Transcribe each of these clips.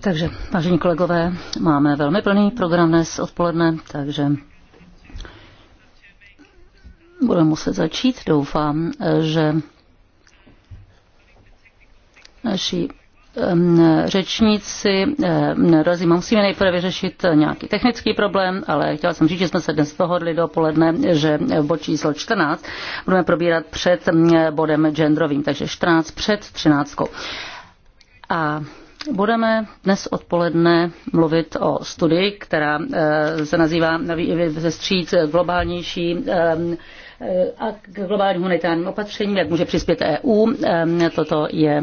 Takže, vážení kolegové, máme velmi plný program dnes odpoledne, takže budeme muset začít. Doufám, že naši řečníci, rozumím, musíme nejprve vyřešit nějaký technický problém, ale chtěla jsem říct, že jsme se dnes dohodli dopoledne, že bod číslo 14 budeme probírat před bodem genderovým, takže 14 před 13. A Budeme dnes odpoledne mluvit o studii, která eh, se nazývá ze stříc globálnější eh, eh, a k globálním humanitárním opatřením, jak může přispět EU. Toto je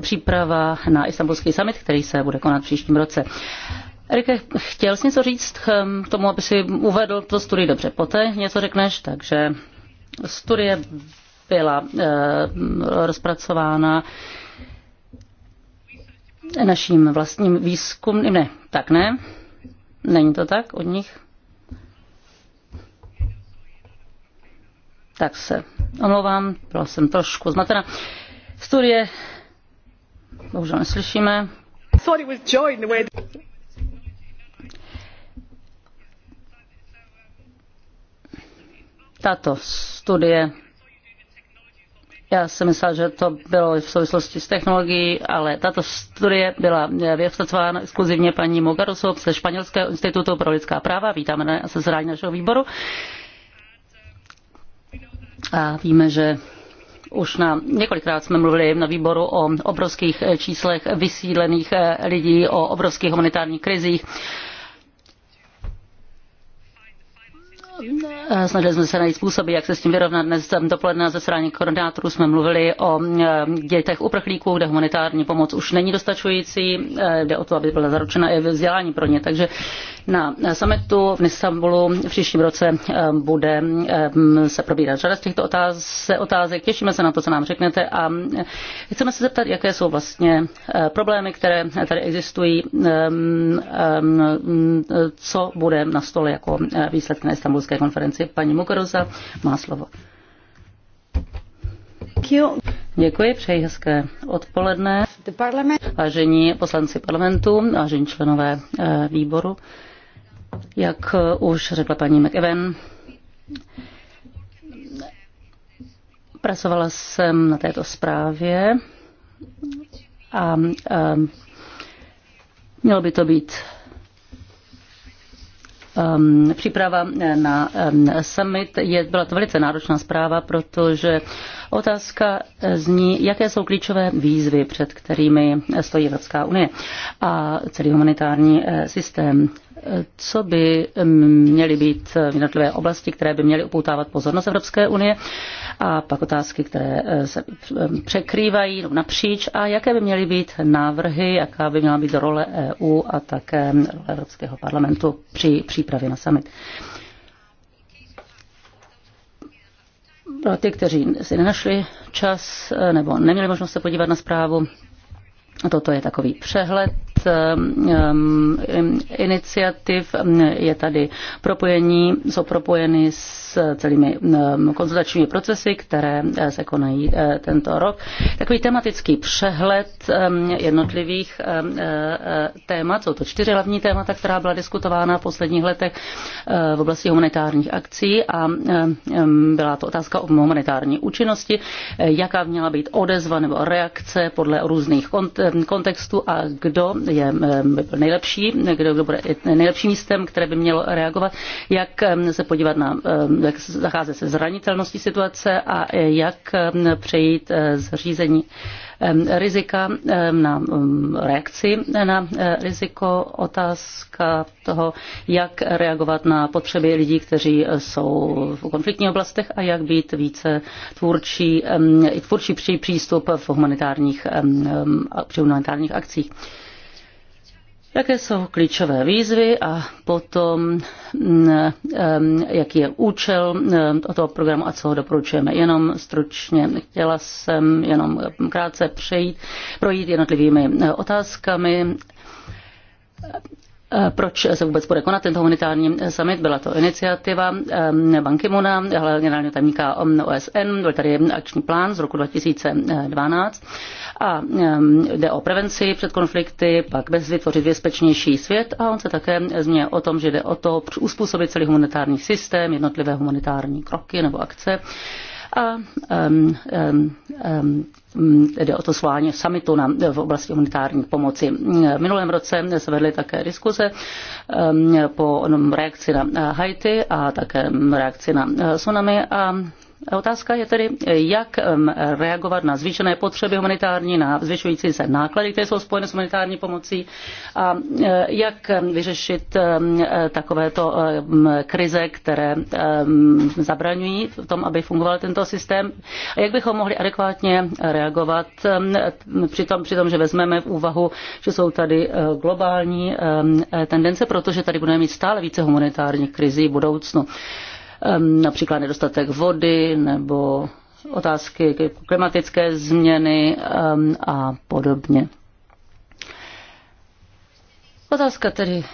příprava na Istanbulský summit, který se bude konat v příštím roce. Erike, chtěl jsi něco říct k tomu, aby si uvedl to studii dobře. Poté něco řekneš, takže studie byla rozpracována naším vlastním výzkumným, ne, tak ne, není to tak od nich. Tak se omlouvám, byla jsem trošku zmatena. Studie, bohužel neslyšíme. Tato studie já jsem myslel, že to bylo v souvislosti s technologií, ale tato studie byla vypracována exkluzivně paní Mogarosov ze Španělského institutu pro lidská práva. Vítáme na zrání našeho výboru. A víme, že už na, několikrát jsme mluvili na výboru o obrovských číslech vysídlených lidí, o obrovských humanitárních krizích Eh, snažili jsme se najít způsoby, jak se s tím vyrovnat. Dnes dopoledne ze zasedání koordinátorů jsme mluvili o eh, dětech uprchlíků, kde humanitární pomoc už není dostačující. Eh, jde o to, aby byla zaručena i vzdělání pro ně. Takže na summitu v Istanbulu v příštím roce eh, bude eh, se probírat řada z těchto otázek. Těšíme se na to, co nám řeknete a eh, chceme se zeptat, jaké jsou vlastně problémy, které tady existují, co bude na stole jako výsledky na istambulské konferenci. Paní Mukaruza má slovo. Děkuji, přeji hezké odpoledne. Vážení poslanci parlamentu, vážení členové výboru. Jak eh, už řekla paní McEwen, pracovala jsem na této zprávě a eh, mělo by to být um, příprava na um, summit je, byla to velice náročná zpráva, protože otázka zní, jaké jsou klíčové výzvy, před kterými stojí Evropská unie a celý humanitární eh, systém co by mm, měly být jednotlivé oblasti, které by měly upoutávat pozornost Evropské unie a pak otázky, které eh, se eh, překrývají napříč a jaké by měly být návrhy, jaká by měla být role EU a také role Evropského parlamentu při přípravě na summit. Pro ty, kteří si nenašli čas eh, nebo neměli možnost se podívat na zprávu, toto je takový přehled Ehm, ehm, iniciativ. Je tady propojení, jsou propojeny s celými ehm, konzultačními procesy, které eh, se konají eh, tento rok. Takový tematický přehled jednotlivých eh, témat. Jsou to čtyři hlavní témata, která byla diskutována v posledních letech v oblasti humanitárních akcí a byla to otázka o humanitární účinnosti, jaká měla být odezva nebo reakce podle různých kontextů a kdo je nejlepší, kdo, kdo bude nejlepším místem, které by mělo reagovat, jak se podívat na, jak zacházet se zranitelností situace a jak přejít eh, z řízení rizika na reakci na eh, riziko, otázka toho, jak reagovat na potřeby lidí, kteří eh, jsou v konfliktních oblastech a jak být více tvůrčí, tvůrčí při přístup v humanitárních, při humanitárních akcích jaké jsou klíčové výzvy a potom mm, jaký je účel toho programu a co ho doporučujeme. Jenom stručně chtěla jsem jenom krátce přejít, projít jednotlivými eh, otázkami eh, proč se vůbec bude konat tento humanitární eh, summit. Byla to iniciativa Banky Muna, generálního tajemníka OSN, byl tady akční plán z roku 2012 a jde o prevenci před konflikty, pak bez vytvořit bezpečnější svět a on se také změní o tom, že jde o to uspůsobit celý humanitární systém, jednotlivé humanitární kroky nebo akce a um, um, um, tedy o to svolání samitu na, v oblasti humanitární pomoci. V minulém roce se vedly také diskuze um, po reakci na Haiti a také reakci na eh, tsunami a Otázka je tedy, jak reagovat na zvýšené potřeby humanitární, na zvyšující se náklady, které jsou spojeny s humanitární pomocí a eh, jak vyřešit eh, takovéto krize, které zabraňují v tom, aby fungoval tento systém a jak bychom mohli adekvátně reagovat při tom, při tom že vezmeme v úvahu, že jsou tady eh, globální tendence, protože tady budeme mít stále více humanitárních krizí v budoucnu. Ehm, například nedostatek vody nebo otázky klimatické změny ehm, a podobně. Otázka tedy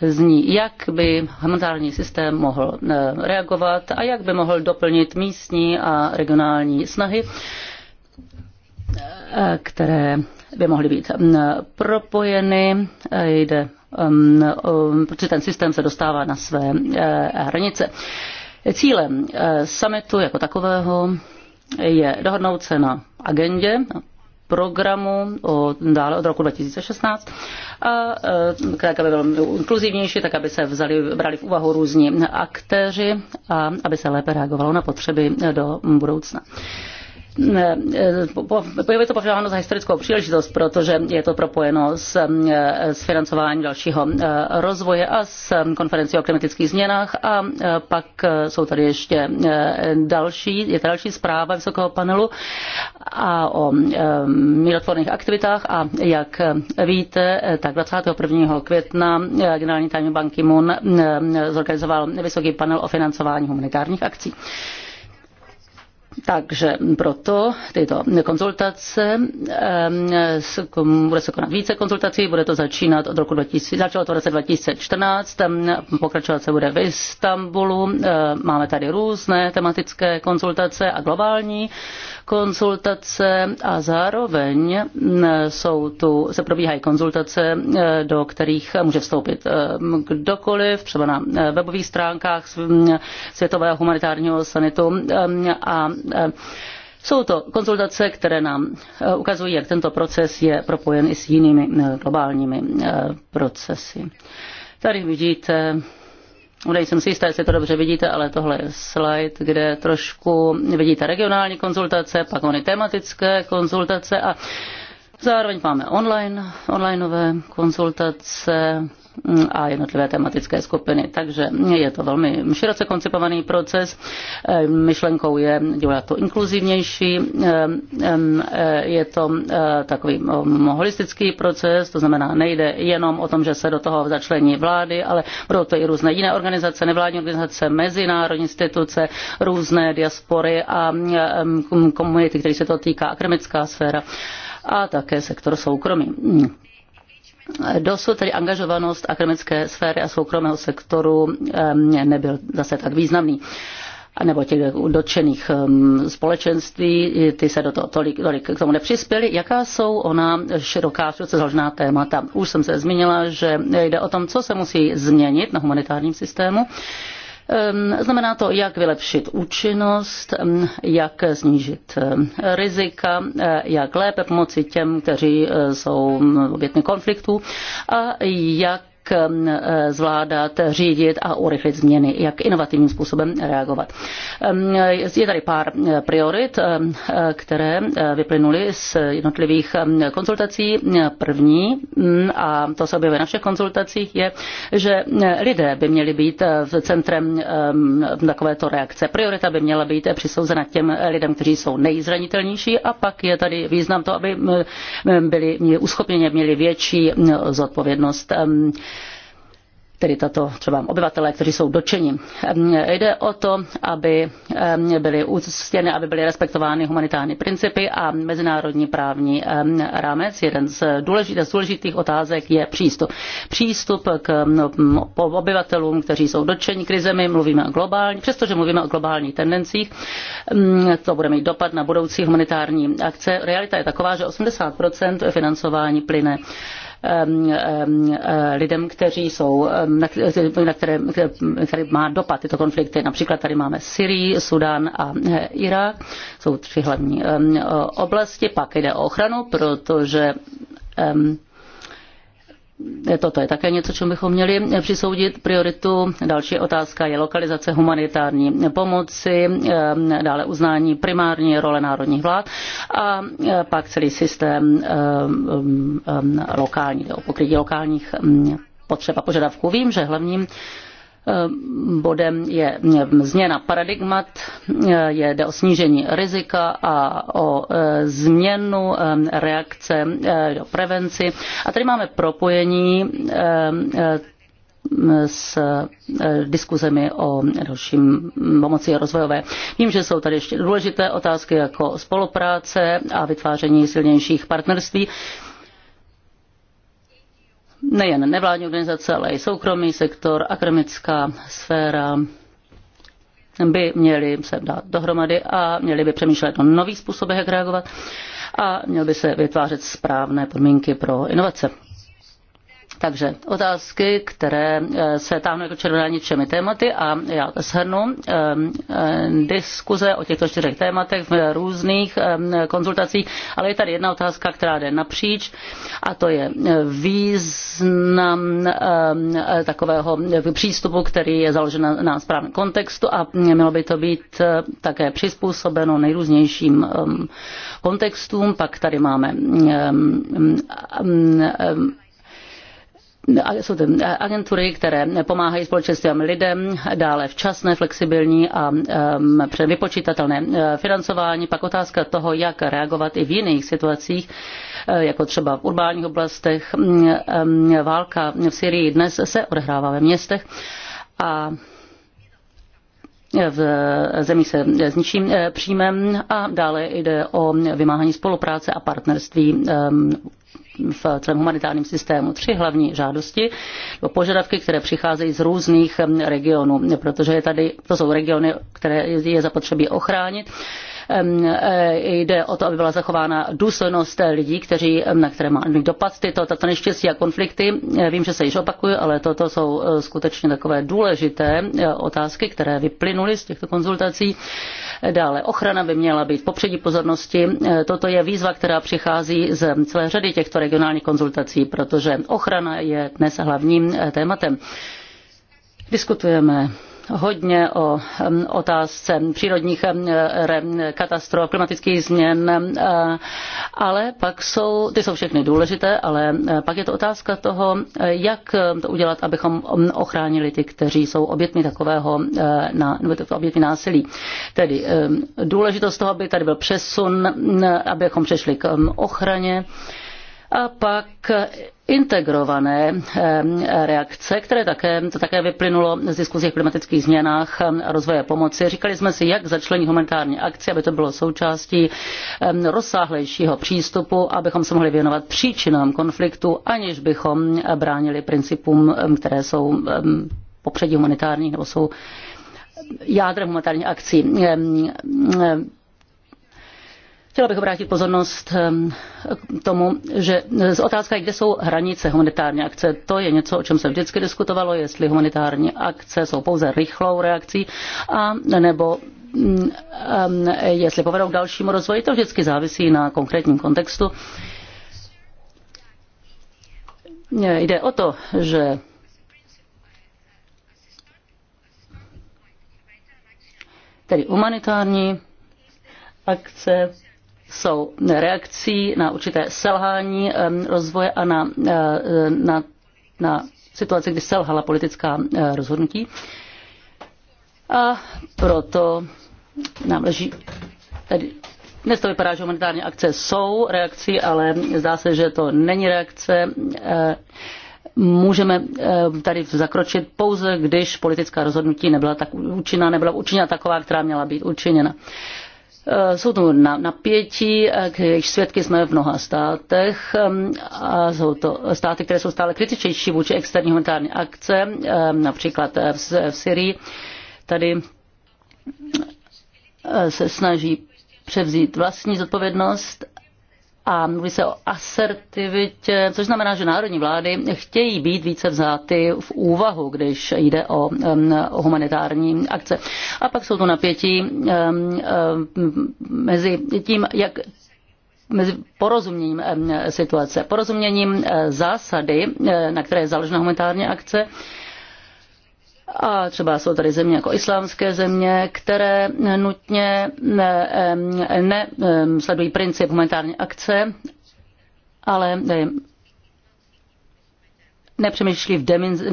zní, jak by humanitární systém mohl eh, reagovat a jak by mohl doplnit místní a regionální snahy, eh, které by mohly být mm, propojeny. Eh, jde Um, um, protože ten systém se dostává na své eh, hranice. Cílem eh, summitu jako takového je dohodnout se na agendě, programu od, dále od roku 2016 a eh, tak, aby byl inkluzivnější, tak aby se vzali, brali v úvahu různí aktéři a aby se lépe reagovalo na potřeby do budoucna je to považováno za historickou příležitost, protože je to propojeno s, s financováním dalšího eh, rozvoje a s konferencí o klimatických změnách a eh, pak eh, jsou tady ještě další, je tady další zpráva vysokého panelu a o mírotvorných aktivitách a jak víte, tak 21. května generální tajemník banky Moon zorganizoval vysoký panel o financování humanitárních akcí. Takže proto tyto konzultace, bude se konat více konzultací, bude to začínat od roku 2000, začalo to v roce 2014, pokračovat se bude v Istanbulu, máme tady různé tematické konzultace a globální konzultace a zároveň mm, jsou tu, se probíhají konzultace, eh, do kterých může vstoupit eh, kdokoliv, třeba na eh, webových stránkách mm, Světového humanitárního sanitu a jsou to konzultace, které nám ukazují, jak tento proces je propojen i s jinými globálními procesy. Tady vidíte Nejsem si jistá, jestli to dobře vidíte, ale tohle je slide, kde trošku vidíte regionální konzultace, pak ony tematické konzultace a zároveň máme online, onlineové konzultace, a jednotlivé tematické skupiny. Takže je to velmi široce koncipovaný proces. Ehm, myšlenkou je dělat to inkluzivnější. Ehm, ehm, je to eh, takový holistický proces, to znamená, nejde jenom o tom, že se do toho začlení vlády, ale budou to i různé jiné organizace, nevládní organizace, mezinárodní instituce, různé diaspory a komunity, které se to týká, akademická sféra a také sektor soukromý. Dosud tedy angažovanost akademické sféry a soukromého sektoru nebyl zase tak významný nebo těch dotčených společenství, ty se do toho tolik, tolik k tomu nepřispěly. Jaká jsou ona široká, široce založená témata? Už jsem se zmínila, že jde o tom, co se musí změnit na humanitárním systému. Ehm, znamená to, jak vylepšit účinnost, ehm, jak snížit ehm, rizika, eh, jak lépe pomoci těm, kteří eh, jsou mm, obětmi konfliktů a jak jak eh, zvládat, řídit a urychlit změny, jak inovativním způsobem reagovat. Ehm, je tady pár eh, priorit, ehm, eh, které vyplynuly z jednotlivých ehm, konzultací. První, mm, a to se objevuje na všech konzultacích, je, že lidé by měli být v centrem takovéto reakce. Priorita by měla být přisouzena těm lidem, kteří jsou nejzranitelnější a pak je tady význam to, aby byli uschopněně měli větší mm, zodpovědnost tedy tato třeba obyvatelé, kteří jsou dočeni. Jde o to, aby byly úctěny, aby byly respektovány humanitární principy a mezinárodní právní rámec. Jeden z důležitých, z důležitých otázek je přístup. Přístup k obyvatelům, kteří jsou dočeni krizemi, mluvíme o globální, přestože mluvíme o globálních tendencích, to bude mít dopad na budoucí humanitární akce. Realita je taková, že 80% financování plyne Eh, lidem, kteří jsou, na, které, které má dopad tyto konflikty. Například tady máme Syrii, Sudán a eh, Irák. Jsou tři hlavní oblasti. Pak jde o ochranu, protože Toto je také něco, čemu bychom měli přisoudit prioritu. Další otázka je lokalizace humanitární pomoci, eh, dále uznání primární role národních vlád a eh, pak celý systém eh, lokální, pokrytí lokálních mm, potřeb a požadavků. Vím, že hlavním Ehm, bodem je změna paradigmat, eh, jde o snížení rizika a o eh, změnu ehm, reakce eh, do prevenci. A tady máme propojení ehm, s diskuzemi o dalším pomoci rozvojové. Vím, že jsou tady ještě důležité otázky jako spolupráce a vytváření silnějších partnerství nejen nevládní organizace, ale i soukromý sektor, akademická sféra by měli se dát dohromady a měli by přemýšlet o nových způsobech, jak reagovat a měly by se vytvářet správné podmínky pro inovace. Takže otázky, které eh, se táhnou jako červená ničemi tématy a já shrnu eh, eh, diskuze o těchto čtyřech tématech v různých konzultacích, ale je tady jedna otázka, která jde napříč a to je význam takového přístupu, který je založen na správném kontextu a mělo by to být také přizpůsobeno nejrůznějším kontextům. Pak tady máme jsou to eh, agentury, které pomáhají společenstvím lidem, dále včasné, flexibilní a ehm, vypočítatelné eh, financování, pak otázka toho, jak reagovat i v jiných situacích, eh, jako třeba v urbánních oblastech. Mm, ehm, válka v Syrii dnes se odehrává ve městech a v zemi se s ničím příjmem a dále jde o vymáhání spolupráce a partnerství ehm, v celém humanitárním systému. Tři hlavní žádosti nebo požadavky, které přicházejí z různých regionů, protože je tady, to jsou regiony, které je zapotřebí ochránit Eh, jde o to, aby byla zachována důstojnost lidí, kteří, na které má dopad tyto, tato neštěstí a konflikty. Eh, vím, že se již opakuju, ale toto jsou eh, skutečně takové důležité otázky, které vyplynuly z těchto konzultací. Dále ochrana by měla být popředí pozornosti. Toto je výzva, která přichází z celé řady těchto regionálních konzultací, protože ochrana je dnes hlavním tématem. Diskutujeme hodně o otázce přírodních katastrof, klimatických změn, ale pak jsou, ty jsou všechny důležité, ale pak je to otázka toho, jak to udělat, abychom ochránili ty, kteří jsou obětmi takového na, obětmi násilí. Tedy důležitost toho, aby tady byl přesun, abychom přešli k ochraně a pak integrované eh, reakce, které také, to také vyplynulo z diskuzí o klimatických změnách a rozvoje pomoci. Říkali jsme si, jak začlenit humanitární akci, aby to bylo součástí rozsáhlejšího přístupu, abychom se mohli věnovat příčinám konfliktu, aniž bychom bránili principům, které jsou popředí humanitárních nebo jsou jádrem humanitárních akcí Chtěla bych obrátit pozornost ehm, k tomu, že z otázka, kde jsou hranice humanitární akce, to je něco, o čem se vždycky diskutovalo, jestli humanitární akce jsou pouze rychlou reakcí a nebo mm, ehm, jestli povedou k dalšímu rozvoji, to vždycky závisí na konkrétním kontextu. Jde o to, že tedy humanitární akce jsou reakcí na určité selhání rozvoje a na, e, na, na situaci, kdy selhala politická e, rozhodnutí. A proto nám leží tady dnes to vypadá, že humanitární akce jsou reakcí, ale zdá se, že to není reakce. E, můžeme tady zakročit pouze, když politická rozhodnutí nebyla tak účinná, nebyla učiněna taková, která měla být učiněna. Eh, jsou to napětí, eh, když svědky jsme v mnoha státech a jsou to státy, které jsou stále kritičtější vůči externí humanitární akce, například eh, v Syrii. Tady se snaží převzít vlastní zodpovědnost a mluví se o asertivitě, což znamená, že národní vlády chtějí být více vzáty v úvahu, když jde o, o um, humanitární akce. A pak jsou tu napětí um, um, mezi tím, jak mezi porozuměním situace, porozuměním uh, zásady, uh, na které je založena humanitární akce, a třeba jsou tady země jako islámské země, které nutně nesledují ne, princip humanitární akce, ale ne nepřemýšlí v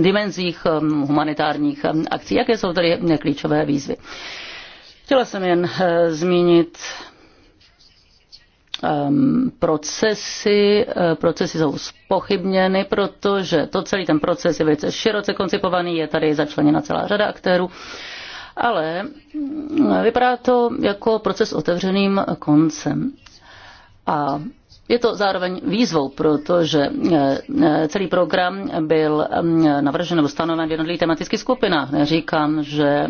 dimenzích humanitárních akcí. Jaké jsou tady klíčové výzvy? Chtěla jsem jen eh, zmínit Ehm, procesy, eh, procesy jsou spochybněny, protože to celý ten proces je velice široce koncipovaný, je tady začleněna celá řada aktérů, ale mm, vypadá to jako proces otevřeným koncem. A je to zároveň výzvou, protože eh, eh, celý program byl mm, navržen nebo stanoven v jednotlivých tematických skupinách. Neříkám, že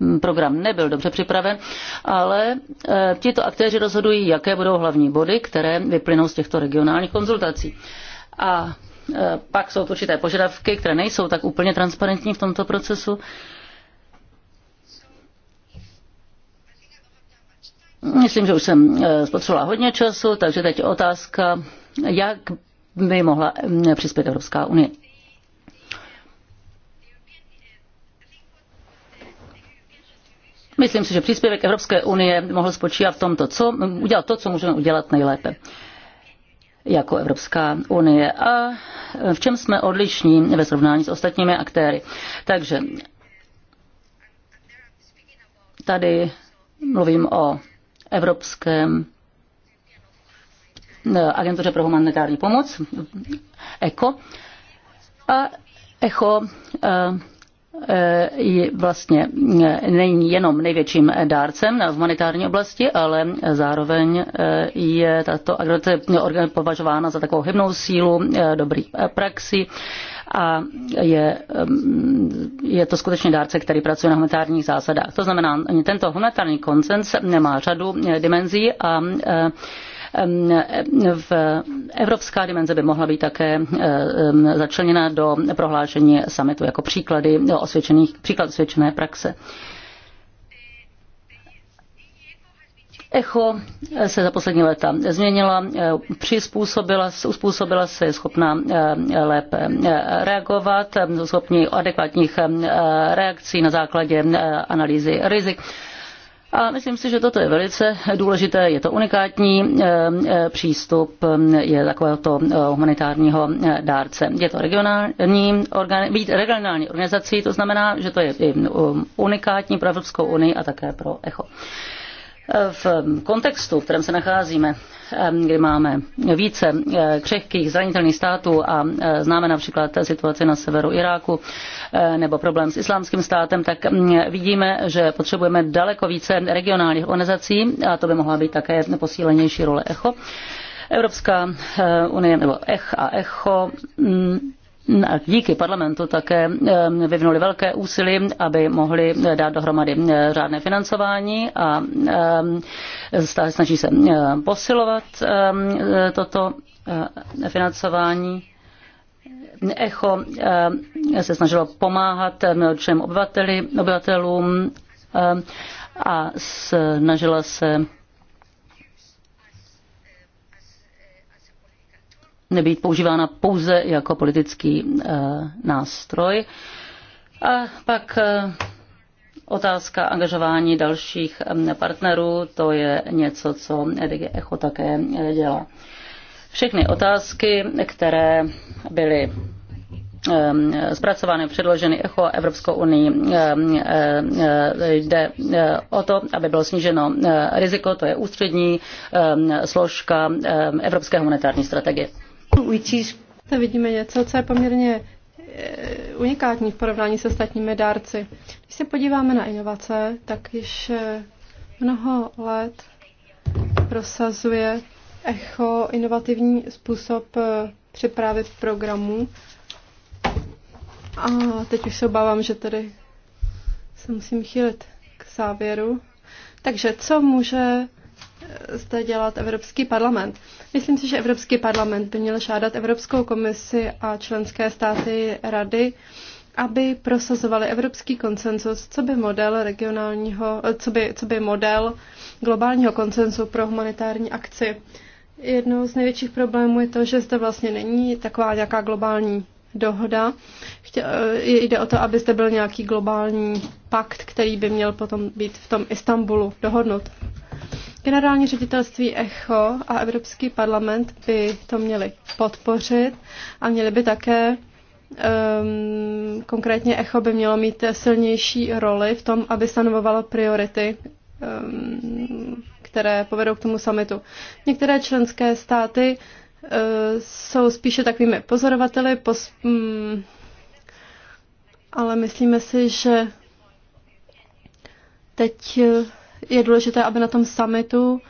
Mm, program nebyl dobře připraven, ale eh, tito aktéři rozhodují, jaké budou hlavní body, které vyplynou z těchto regionálních konzultací. A eh, pak jsou určité požadavky, které nejsou tak úplně transparentní v tomto procesu. Myslím, že už jsem eh, spotřebovala hodně času, takže teď otázka, jak by mohla mm, přispět Evropská unie. Myslím si, že příspěvek Evropské unie mohl spočívat v tomto, co, udělat to, co můžeme udělat nejlépe jako Evropská unie a v čem jsme odlišní ve srovnání s ostatními aktéry. Takže tady mluvím o Evropském eh, agentuře pro humanitární pomoc, ECO. A ECHO eh, Eh, vlastně eh, není jenom největším dárcem na humanitární oblasti, ale zároveň eh, je tato organizace považována za takovou hybnou sílu dobrých praxí a je, mm, je to skutečně dárce, který pracuje na humanitárních zásadách. To znamená, tento humanitární koncens nemá řadu dimenzí a v evropská dimenze by mohla být také začleněna do prohlášení summitu jako příklady osvědčených, příklad osvědčené praxe. Echo se za poslední léta změnila, eh, přizpůsobila, uspůsobila se, je schopná eh, lépe eh, reagovat, schopní adekvátních reakcí na základě analýzy rizik a myslím si, že toto je velice důležité, je to unikátní eh, eh, přístup eh, je takovéhoto humanitárního dárce. Je to regionální, organ, být regionální organizací, to znamená, že to je unikátní pro Evropskou unii a také pro ECHO v kontextu, v kterém se nacházíme, kdy máme více e, křehkých zranitelných států a e, známe například situaci na severu Iráku e, nebo problém s islámským státem, tak vidíme, že potřebujeme daleko více regionálních organizací a to by mohla být také posílenější role ECHO. Evropská unie nebo ECH a ECHO díky parlamentu také vyvinuli velké úsilí, aby mohli dát dohromady řádné financování a snaží se posilovat toto eh, financování. Echo se snažilo pomáhat všem obyvateli, obyvatelům a snažila se být používána pouze jako politický eh, nástroj. A pak eh, Otázka angažování dalších partnerů, to je něco, co DG Echo také eh, dělá. Všechny otázky, které byly zpracovány, předloženy ECHO Evropskou unii. Jde o to, aby bylo sníženo riziko, to je ústřední složka Evropské humanitární strategie. To vidíme něco, co je poměrně eh, unikátní v porovnání se ostatními dárci. Když se podíváme na inovace, tak již eh, mnoho let prosazuje echo inovativní způsob eh, připravy programů. A teď už se obávám, že tady se musím chýlit k závěru. Takže co může zde dělat Evropský parlament. Myslím si, že Evropský parlament by měl žádat Evropskou komisi a členské státy rady, aby prosazovali evropský konsenzus, co by model regionálního, co by, co by model globálního konsenzu pro humanitární akci. Jednou z největších problémů je to, že zde vlastně není taková nějaká globální dohoda. Chtě, eh, jde o to, aby zde byl nějaký globální pakt, který by měl potom být v tom Istanbulu dohodnut. Generální ředitelství ECHO a Evropský parlament by to měli podpořit a měli by také um, konkrétně ECHO by mělo mít silnější roli v tom, aby stanovovalo priority, um, které povedou k tomu samitu. Některé členské státy uh, jsou spíše takovými pozorovateli, pos, um, ale myslíme si, že teď uh, je důležité, aby na tom summitu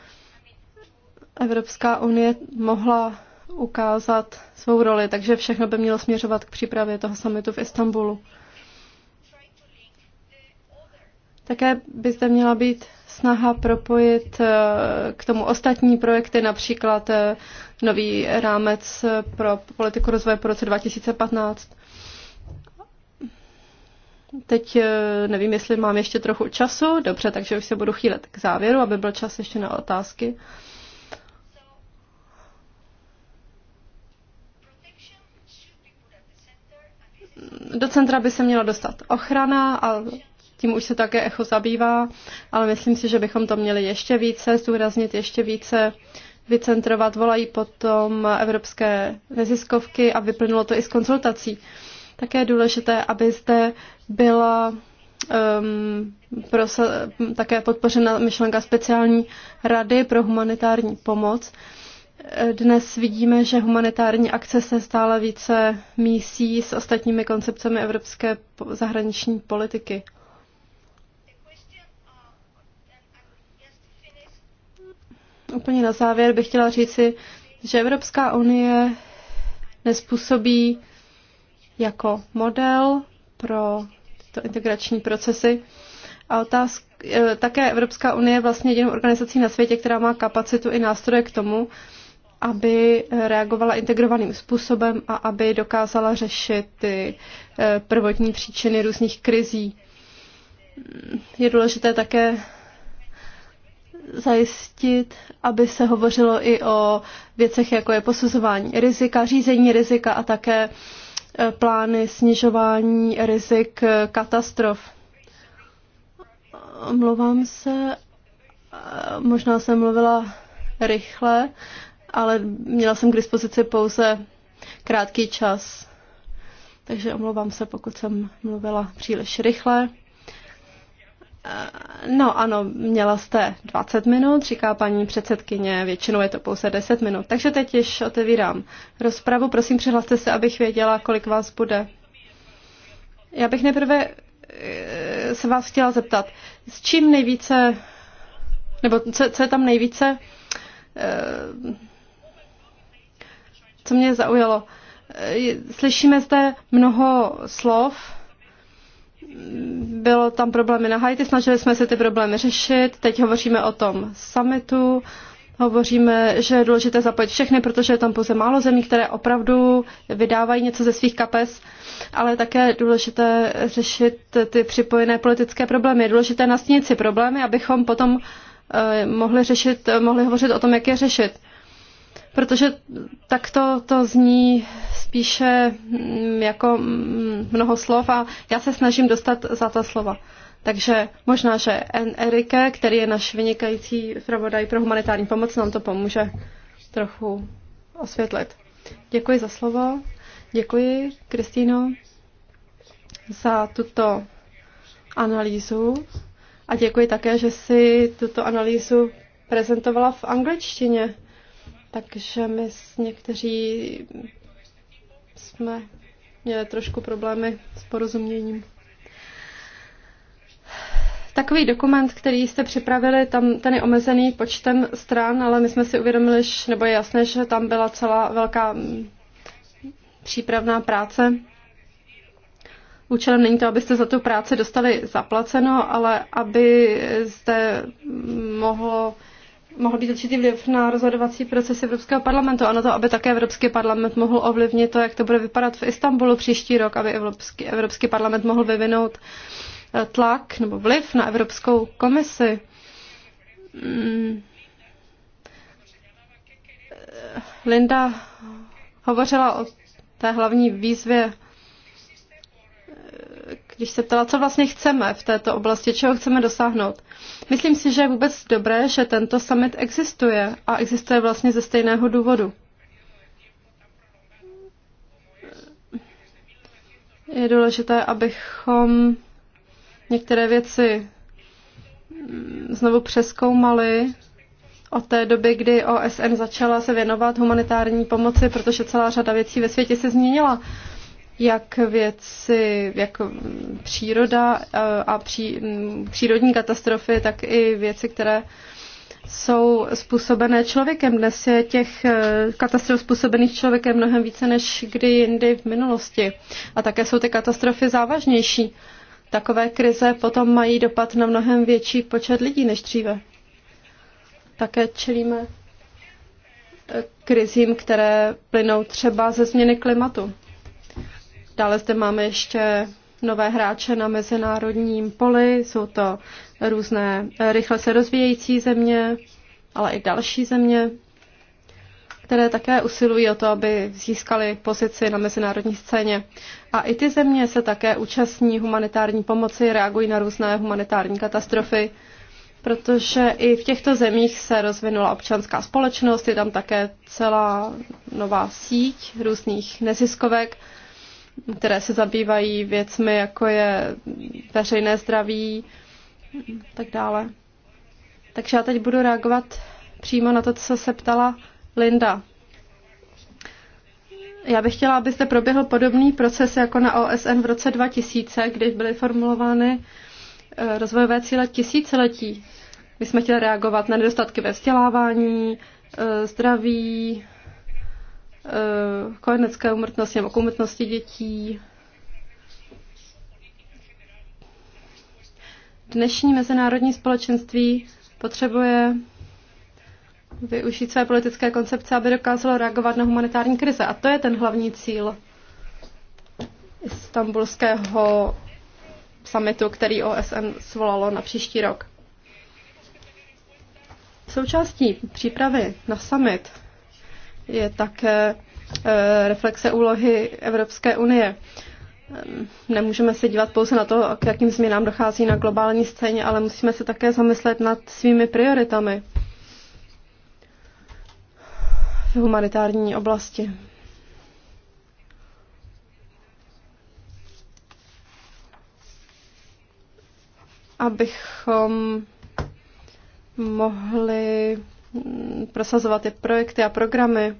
Evropská unie mohla ukázat svou roli, takže všechno by mělo směřovat k přípravě toho summitu v Istanbulu. Také by zde měla být snaha propojit eh, k tomu ostatní projekty, například eh, nový rámec eh, pro politiku rozvoje po roce 2015. Teď eh, nevím, jestli mám ještě trochu času. Dobře, takže už se budu chýlet k závěru, aby byl čas ještě na otázky. Do centra by se měla dostat ochrana a tím už se také echo zabývá, ale myslím si, že bychom to měli ještě více zdůraznit, ještě více vycentrovat. Volají potom evropské neziskovky a vyplnulo to i z konzultací. Uh, také je důležité, aby zde byla um, prosa, také podpořena myšlenka speciální rady pro humanitární pomoc. Dnes vidíme, že humanitární akce se stále více mísí s ostatními koncepcemi evropské zahraniční politiky. Úplně na závěr bych chtěla říci, že Evropská unie nespůsobí jako model pro tyto integrační procesy. A otázka, e, také Evropská unie vlastně je vlastně jedinou organizací na světě, která má kapacitu i nástroje k tomu, aby reagovala integrovaným způsobem a aby dokázala řešit ty e, prvotní příčiny různých krizí. Je důležité také zajistit, aby se hovořilo i o věcech, jako je posuzování rizika, řízení rizika a také plány snižování rizik katastrof. Mluvám se, možná jsem mluvila rychle, ale měla jsem k dispozici pouze krátký čas. Takže omlouvám se, pokud jsem mluvila příliš rychle. Eh, no ano, měla jste 20 minut, říká paní předsedkyně, většinou je to pouze 10 minut. Takže teď již otevírám rozpravu. Prosím, přihlaste se, abych věděla, kolik vás bude. Já bych nejprve eh, se vás chtěla zeptat, s čím nejvíce, nebo co, co je tam nejvíce, eh, co mě zaujalo. Slyšíme zde mnoho slov, bylo tam problémy na Haiti, snažili jsme se ty problémy řešit, teď hovoříme o tom summitu, hovoříme, že je důležité zapojit všechny, protože je tam pouze málo zemí, které opravdu vydávají něco ze svých kapes, ale také je důležité řešit ty připojené politické problémy. Je důležité nastínit si problémy, abychom potom eh, mohli řešit, mohli hovořit o tom, jak je řešit protože tak to zní spíše mm, jako mm, mnoho slov a já se snažím dostat za ta slova. Takže možná, že N. Erike, který je náš vynikající zpravodaj pro humanitární pomoc, nám to pomůže trochu osvětlit. Děkuji za slovo. Děkuji, Kristýno, za tuto analýzu a děkuji také, že si tuto analýzu prezentovala v angličtině takže my s někteří jsme měli trošku problémy s porozuměním. Takový dokument, který jste připravili, tam ten je omezený počtem stran, ale my jsme si uvědomili, že, nebo je jasné, že tam byla celá velká mm, přípravná práce. Účelem není to, abyste za tu práci dostali zaplaceno, ale aby zde mm, mohlo mohl být určitý vliv na rozhodovací proces Evropského parlamentu a na to, aby také Evropský parlament mohl ovlivnit to, jak to bude vypadat v Istanbulu příští rok, aby Evropský, Evropský parlament mohl vyvinout eh, tlak nebo vliv na Evropskou komisi. Mm. Eh, Linda hovořila o té hlavní výzvě, eh, když se ptala, co vlastně chceme v této oblasti, čeho chceme dosáhnout. Myslím si, že je vůbec dobré, že tento summit existuje a existuje vlastně ze stejného důvodu. Je důležité, abychom některé věci mm, znovu přeskoumali od té doby, kdy OSN začala se věnovat humanitární pomoci, protože celá řada věcí ve světě se změnila jak věci, jak mm, příroda eh, a pří, mm, přírodní katastrofy, tak i věci, které jsou způsobené člověkem. Dnes je těch eh, katastrof způsobených člověkem mnohem více než kdy jindy v minulosti. A také jsou ty katastrofy závažnější. Takové krize potom mají dopad na mnohem větší počet lidí než dříve. Také čelíme eh, krizím, které plynou třeba ze změny klimatu. Dále zde máme ještě nové hráče na mezinárodním poli, jsou to různé eh, rychle se rozvíjející země, ale i další země, které také usilují o to, aby získali pozici na mezinárodní scéně. A i ty země se také účastní humanitární pomoci, reagují na různé humanitární katastrofy, protože i v těchto zemích se rozvinula občanská společnost, je tam také celá nová síť různých neziskovek, které se zabývají věcmi, jako je veřejné zdraví a tak dále. Takže já teď budu reagovat přímo na to, co se ptala Linda. Já bych chtěla, abyste proběhl podobný proces jako na OSN v roce 2000, když byly formulovány eh, rozvojové cíle tisíciletí. My jsme chtěli reagovat na nedostatky ve vzdělávání, eh, zdraví, Eh, kojenecké umrtnosti nebo k umrtnosti dětí. Dnešní mezinárodní společenství potřebuje využít své politické koncepce, aby dokázalo reagovat na humanitární krize. A to je ten hlavní cíl istambulského summitu, který OSN svolalo na příští rok. Součástí přípravy na summit je také eh, reflexe úlohy Evropské unie. Ehm, nemůžeme se dívat pouze na to, k jakým změnám dochází na globální scéně, ale musíme se také zamyslet nad svými prioritami v humanitární oblasti. Abychom mohli prosazovat ty projekty a programy.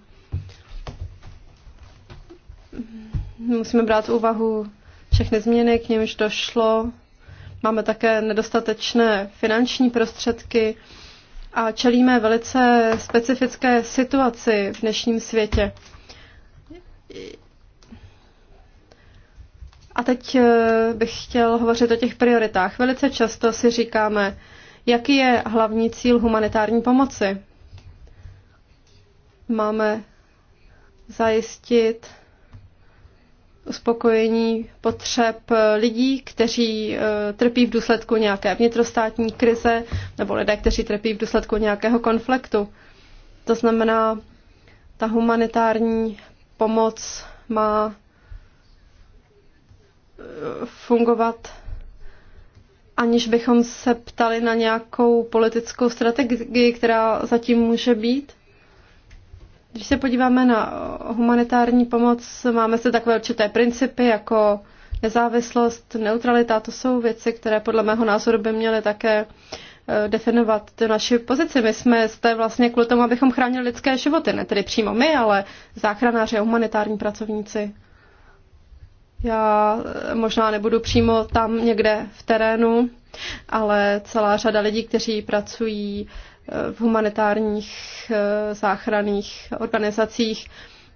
Musíme brát v úvahu všechny změny, k nimž došlo. Máme také nedostatečné finanční prostředky a čelíme velice specifické situaci v dnešním světě. A teď eh, bych chtěl hovořit o těch prioritách. Velice často si říkáme, Jaký je hlavní cíl humanitární pomoci? Máme zajistit uspokojení potřeb lidí, kteří eh, trpí v důsledku nějaké vnitrostátní krize nebo lidé, kteří trpí v důsledku nějakého konfliktu. To znamená, ta humanitární pomoc má eh, fungovat aniž bychom se ptali na nějakou politickou strategii, která zatím může být? Když se podíváme na humanitární pomoc, máme se takové určité principy jako nezávislost, neutralita, to jsou věci, které podle mého názoru by měly také eh, definovat tu naši pozici. My jsme zde vlastně kvůli tomu, abychom chránili lidské životy, ne tedy přímo my, ale záchranáři a humanitární pracovníci. Já možná nebudu přímo tam někde v terénu, ale celá řada lidí, kteří pracují eh, v humanitárních eh, záchranných organizacích,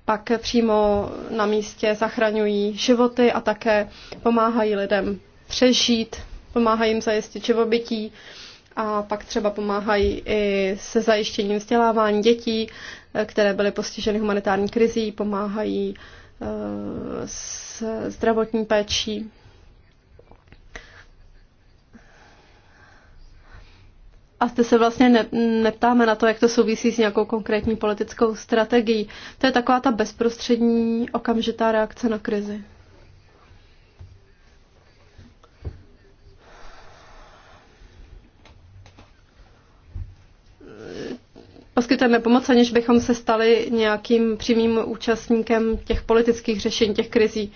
pak přímo na místě zachraňují životy a také pomáhají lidem přežít, pomáhají jim zajistit živobytí a pak třeba pomáhají i se zajištěním vzdělávání dětí, eh, které byly postiženy humanitární krizí, pomáhají uh, s zdravotní péčí. A zde se vlastně ne, neptáme na to, jak to souvisí s nějakou konkrétní politickou strategií. To je taková ta bezprostřední okamžitá reakce na krizi. poskytujeme pomoc, aniž bychom se stali nějakým přímým účastníkem těch politických řešení, těch krizí.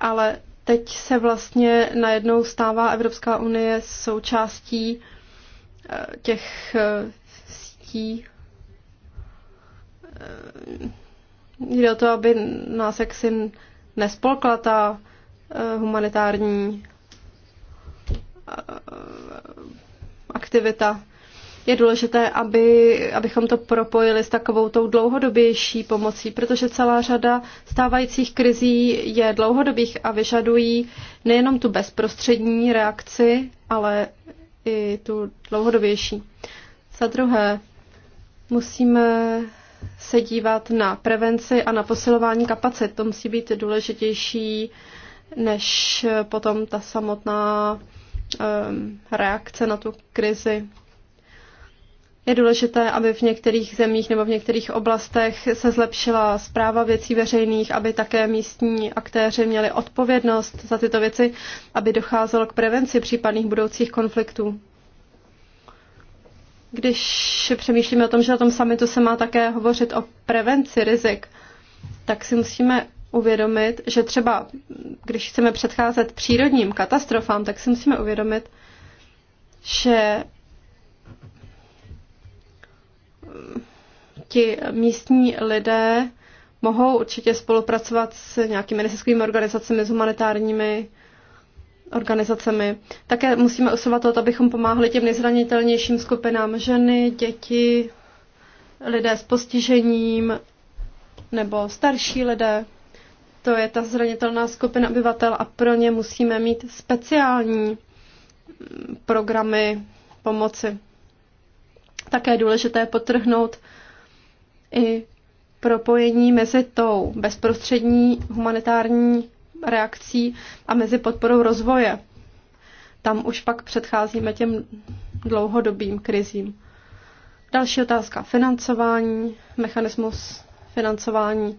Ale teď se vlastně najednou stává Evropská unie součástí eh, těch eh, sítí. Eh, jde o to, aby nás jaksi nespolkla ta humanitární aktivita je důležité, aby, abychom to propojili s takovou tou dlouhodobější pomocí, protože celá řada stávajících krizí je dlouhodobých a vyžadují nejenom tu bezprostřední reakci, ale i tu dlouhodobější. Za druhé, musíme se dívat na prevenci a na posilování kapacit. To musí být důležitější než potom ta samotná um, reakce na tu krizi. Je důležité, aby v některých zemích nebo v některých oblastech se zlepšila zpráva věcí veřejných, aby také místní aktéři měli odpovědnost za tyto věci, aby docházelo k prevenci případných budoucích konfliktů. Když přemýšlíme o tom, že na tom samitu se má také hovořit o prevenci rizik, tak si musíme uvědomit, že třeba když chceme předcházet přírodním katastrofám, tak si musíme uvědomit, že ti místní lidé mohou určitě spolupracovat s nějakými neziskovými organizacemi, s humanitárními organizacemi. Také musíme usilovat o to, abychom pomáhali těm nejzranitelnějším skupinám ženy, děti, lidé s postižením nebo starší lidé. To je ta zranitelná skupina obyvatel a pro ně musíme mít speciální programy pomoci. Také je důležité potrhnout i propojení mezi tou bezprostřední humanitární reakcí a mezi podporou rozvoje. Tam už pak předcházíme těm dlouhodobým krizím. Další otázka. Financování, mechanismus financování.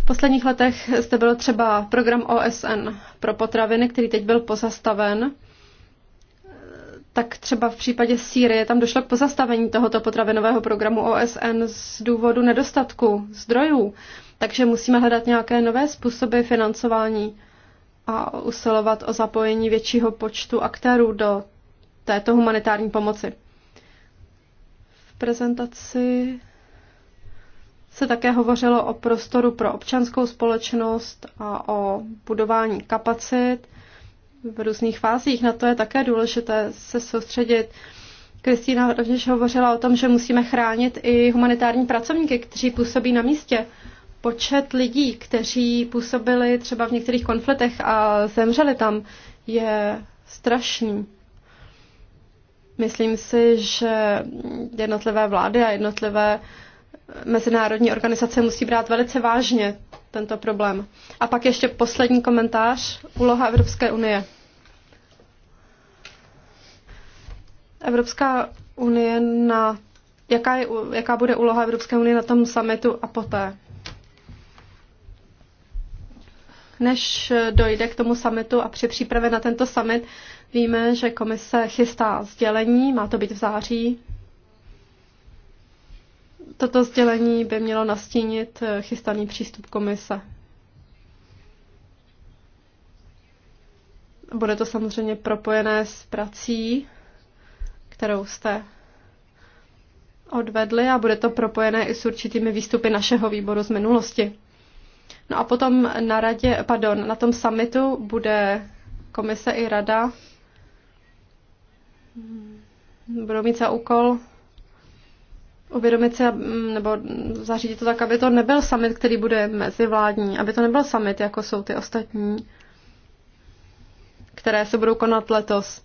V posledních letech zde byl třeba program OSN pro potraviny, který teď byl pozastaven tak třeba v případě Sýrie tam došlo k pozastavení tohoto potravinového programu OSN z důvodu nedostatku zdrojů. Takže musíme hledat nějaké nové způsoby financování a usilovat o zapojení většího počtu aktérů do této humanitární pomoci. V prezentaci se také hovořilo o prostoru pro občanskou společnost a o budování kapacit v různých fázích. Na to je také důležité se soustředit. Kristýna rovněž hovořila o tom, že musíme chránit i humanitární pracovníky, kteří působí na místě. Počet lidí, kteří působili třeba v některých konfliktech a zemřeli tam, je strašný. Myslím si, že jednotlivé vlády a jednotlivé mezinárodní organizace musí brát velice vážně tento problém. A pak ještě poslední komentář, úloha Evropské unie. Evropská unie na, jaká, je, jaká bude úloha Evropské unie na tom summitu a poté? Než dojde k tomu summitu a při přípravě na tento summit víme, že komise chystá sdělení, má to být v září. Toto sdělení by mělo nastínit eh, chystaný přístup komise. Bude to samozřejmě propojené s prací kterou jste odvedli a bude to propojené i s určitými výstupy našeho výboru z minulosti. No a potom na radě, pardon, na tom summitu bude komise i rada budou mít za úkol uvědomit si, nebo zařídit to tak, aby to nebyl summit, který bude mezivládní, aby to nebyl summit, jako jsou ty ostatní, které se budou konat letos.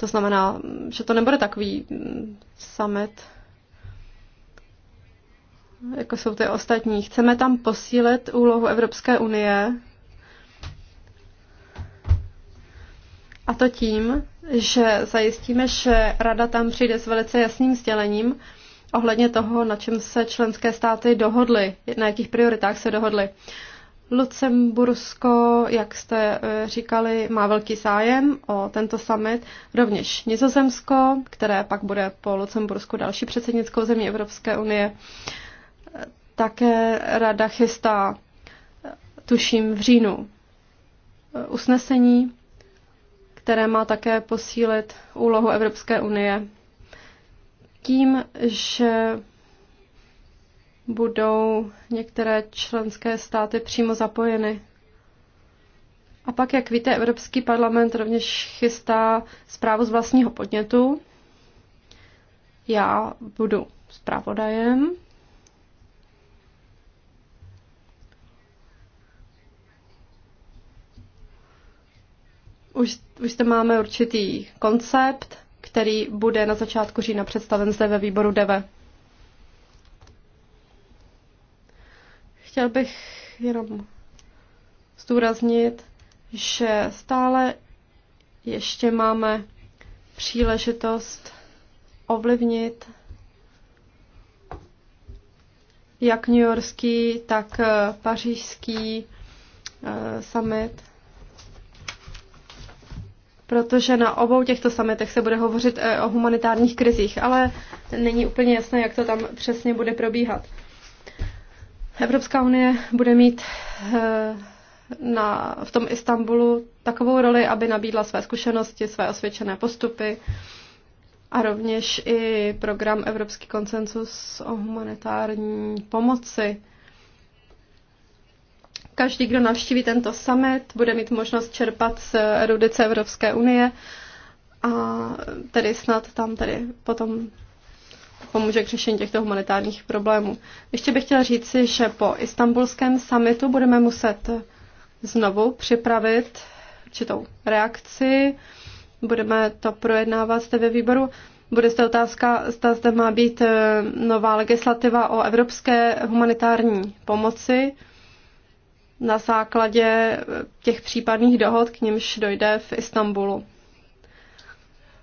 To znamená, že to nebude takový mm, samet, jako jsou ty ostatní. Chceme tam posílit úlohu Evropské unie a to tím, že zajistíme, že Rada tam přijde s velice jasným sdělením ohledně toho, na čem se členské státy dohodly, na jakých prioritách se dohodly. Uh, Lucembursko, jak jste eh, říkali, má velký zájem o tento summit, rovněž Nizozemsko, které pak bude po Lucembursku další předsednickou zemí Evropské unie. Také rada chystá, eh, tuším, v říjnu eh, usnesení, které má také posílit úlohu Evropské unie tím, že budou některé členské státy přímo zapojeny. A pak, jak víte, Evropský parlament rovněž chystá zprávu z vlastního podnětu. Já budu zpravodajem. Už, už zde máme určitý koncept, který bude na začátku října představen zde ve výboru DEVE. Chtěl bych jenom zdůraznit, že stále ještě máme příležitost ovlivnit jak New Yorkský, tak eh, pařížský eh, summit. Protože na obou těchto summitech se bude hovořit eh, o humanitárních krizích, ale není úplně jasné, jak to tam přesně bude probíhat. Evropská unie bude mít eh, na, v tom Istanbulu takovou roli, aby nabídla své zkušenosti, své osvědčené postupy a rovněž i program Evropský konsensus o humanitární pomoci. Každý, kdo navštíví tento summit, bude mít možnost čerpat z erudice Evropské unie a tedy snad tam tedy potom pomůže k řešení těchto humanitárních problémů. Ještě bych chtěla říci, že po istambulském summitu budeme muset znovu připravit určitou reakci. Budeme to projednávat zde ve výboru. Bude zde otázka, zda zde má být eh, nová legislativa o evropské humanitární pomoci na základě eh, těch případných dohod, k nimž dojde v Istanbulu.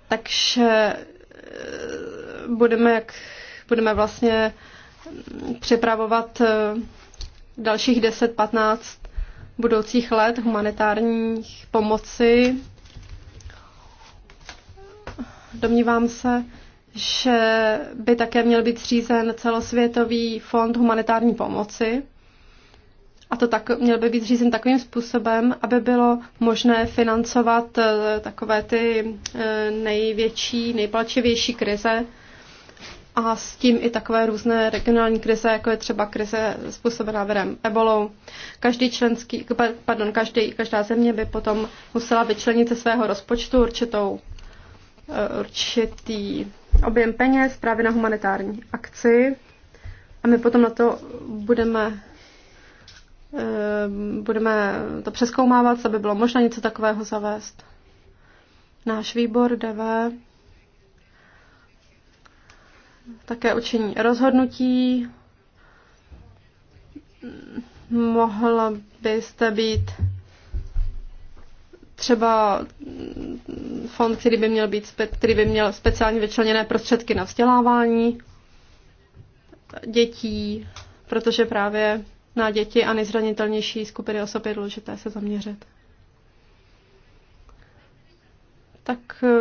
Takže Eh, budeme, jak, budeme vlastně mm, připravovat eh, dalších 10-15 budoucích let humanitárních pomoci. Domnívám se, že by také měl být zřízen celosvětový fond humanitární pomoci. A to tak, měl by být řízen takovým způsobem, aby bylo možné financovat eh, takové ty eh, největší, nejpalčivější krize a s tím i takové různé regionální krize, jako je třeba krize způsobená virem ebolou. Každý členský, pardon, každý, každá země by potom musela vyčlenit ze svého rozpočtu určitou, eh, určitý objem peněz právě na humanitární akci. A my potom na to budeme Eh, budeme to přeskoumávat, aby bylo možné něco takového zavést. Náš výbor DV také učení, rozhodnutí. Mohla byste být třeba fond, který by měl, být, který by měl speciálně vyčleněné prostředky na vzdělávání dětí, protože právě na děti a nejzranitelnější skupiny osob je důležité se zaměřit. Tak eh,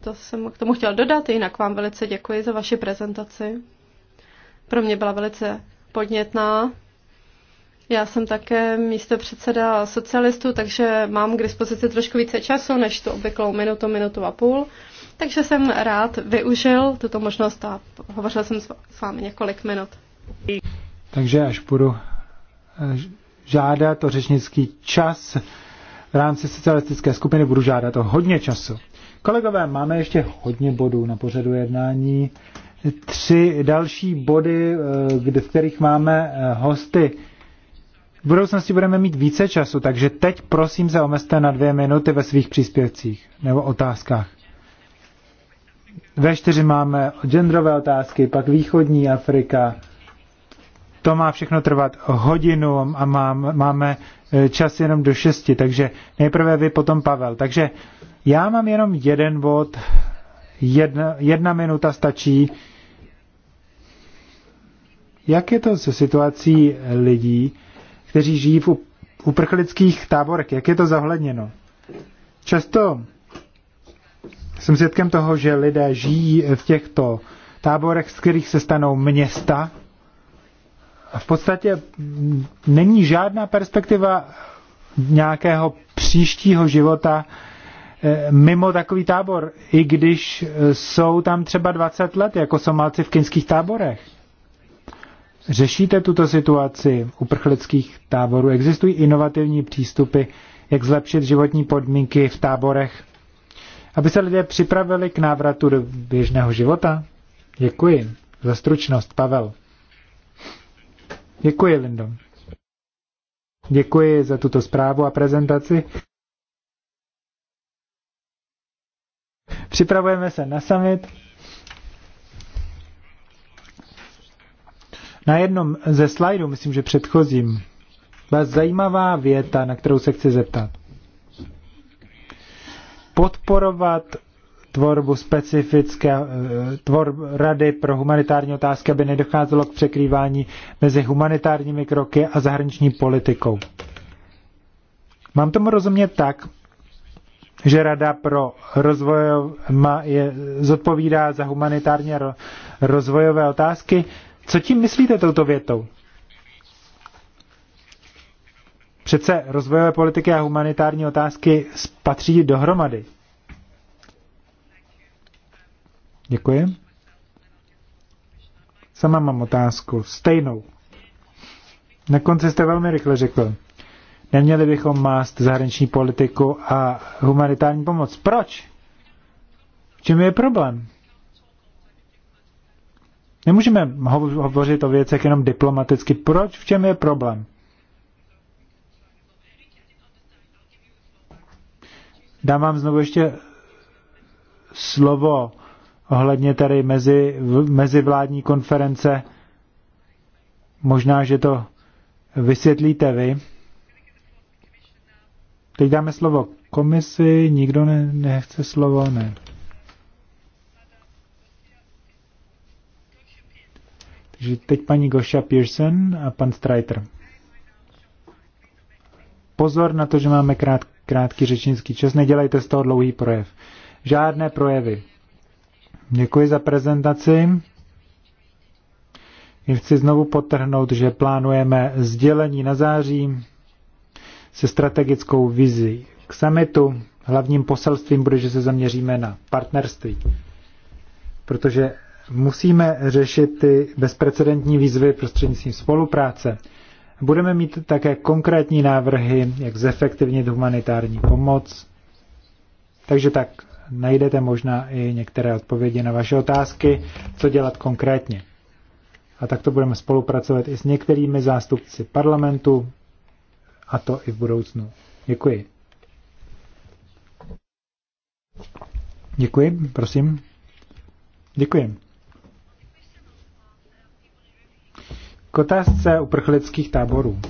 to jsem k tomu chtěla dodat, jinak vám velice děkuji za vaši prezentaci. Pro mě byla velice podnětná. Já jsem také místo předseda socialistů, takže mám k dispozici trošku více času než tu obvyklou minutu, minutu a půl. Takže jsem rád využil tuto možnost a hovořil jsem s vámi několik minut. Takže až budu žádat o řečnický čas. V rámci socialistické skupiny budu žádat o hodně času. Kolegové, máme ještě hodně bodů na pořadu jednání. Tři další body, eh, kde, v kterých máme eh, hosty. V budoucnosti budeme mít více času, takže teď prosím se omezte na dvě minuty ve svých příspěvcích nebo otázkách. Ve čtyři máme genderové otázky, pak východní Afrika, to má všechno trvat hodinu a mám, máme e, čas jenom do šesti, takže nejprve vy, potom Pavel. Takže já mám jenom jeden bod, jedna, jedna minuta stačí. Jak je to se situací lidí, kteří žijí v uprchlických táborech? Jak je to zohledněno? Často jsem svědkem toho, že lidé žijí v těchto táborech, z kterých se stanou města, v podstatě není žádná perspektiva nějakého příštího života eh, mimo takový tábor, i když eh, jsou tam třeba 20 let, jako Somálci v kinských táborech. Řešíte tuto situaci uprchlických táborů? Existují inovativní přístupy, jak zlepšit životní podmínky v táborech, aby se lidé připravili k návratu do běžného života? Děkuji za stručnost, Pavel. Děkuji, Lindo. Děkuji za tuto zprávu a prezentaci. Připravujeme se na summit. Na jednom ze slajdů, myslím, že předchozím, byla zajímavá věta, na kterou se chci zeptat. Podporovat tvorbu specifické eh, tvor Rady pro humanitární otázky, aby nedocházelo k překrývání mezi humanitárními kroky a zahraniční politikou. Mám tomu rozumět tak, že Rada pro rozvoj je, zodpovídá za humanitárně rozvojové otázky. Co tím myslíte touto větou? Přece rozvojové politiky a humanitární otázky patří dohromady. Děkuji. Sama mám otázku, stejnou. Na konci jste velmi rychle řekl, neměli bychom mást zahraniční politiku a humanitární pomoc. Proč? V čem je problém? Nemůžeme hovořit o věcech jenom diplomaticky. Proč? V čem je problém? Dám vám znovu ještě slovo ohledně tady mezi, mezivládní konference. Možná, že to vysvětlíte vy. Teď dáme slovo komisi, nikdo ne, nechce slovo, ne. Takže teď paní Goša Pearson a pan Streiter. Pozor na to, že máme krát, krátký řečnický čas, nedělejte z toho dlouhý projev. Žádné projevy. Děkuji za prezentaci. Já chci znovu potrhnout, že plánujeme sdělení na září se strategickou vizí k summitu. Hlavním poselstvím bude, že se zaměříme na partnerství, protože musíme řešit ty bezprecedentní výzvy prostřednictvím spolupráce. Budeme mít také konkrétní návrhy, jak zefektivnit humanitární pomoc. Takže tak, najdete možná i některé odpovědi na vaše otázky, co dělat konkrétně. A takto budeme spolupracovat i s některými zástupci parlamentu, a to i v budoucnu. Děkuji. Děkuji, prosím. Děkuji. K otázce uprchlických táborů.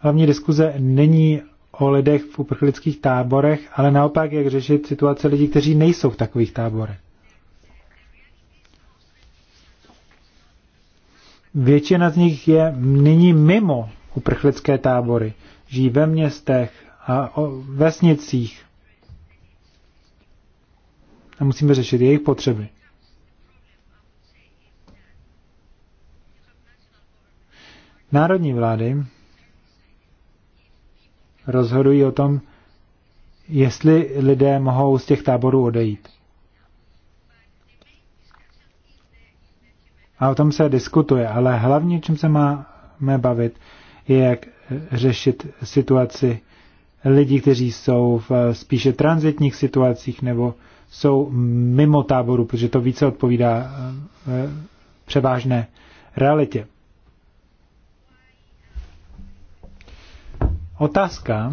Hlavní diskuze není o lidech v uprchlických táborech, ale naopak, jak řešit situace lidí, kteří nejsou v takových táborech. Většina z nich je nyní mimo uprchlické tábory. Žijí ve městech a vesnicích. A musíme řešit jejich potřeby. Národní vlády rozhodují o tom, jestli lidé mohou z těch táborů odejít. A o tom se diskutuje, ale hlavně, čím se máme bavit, je, jak řešit situaci lidí, kteří jsou v spíše transitních situacích nebo jsou mimo táboru, protože to více odpovídá eh, eh, převážné realitě. Otázka,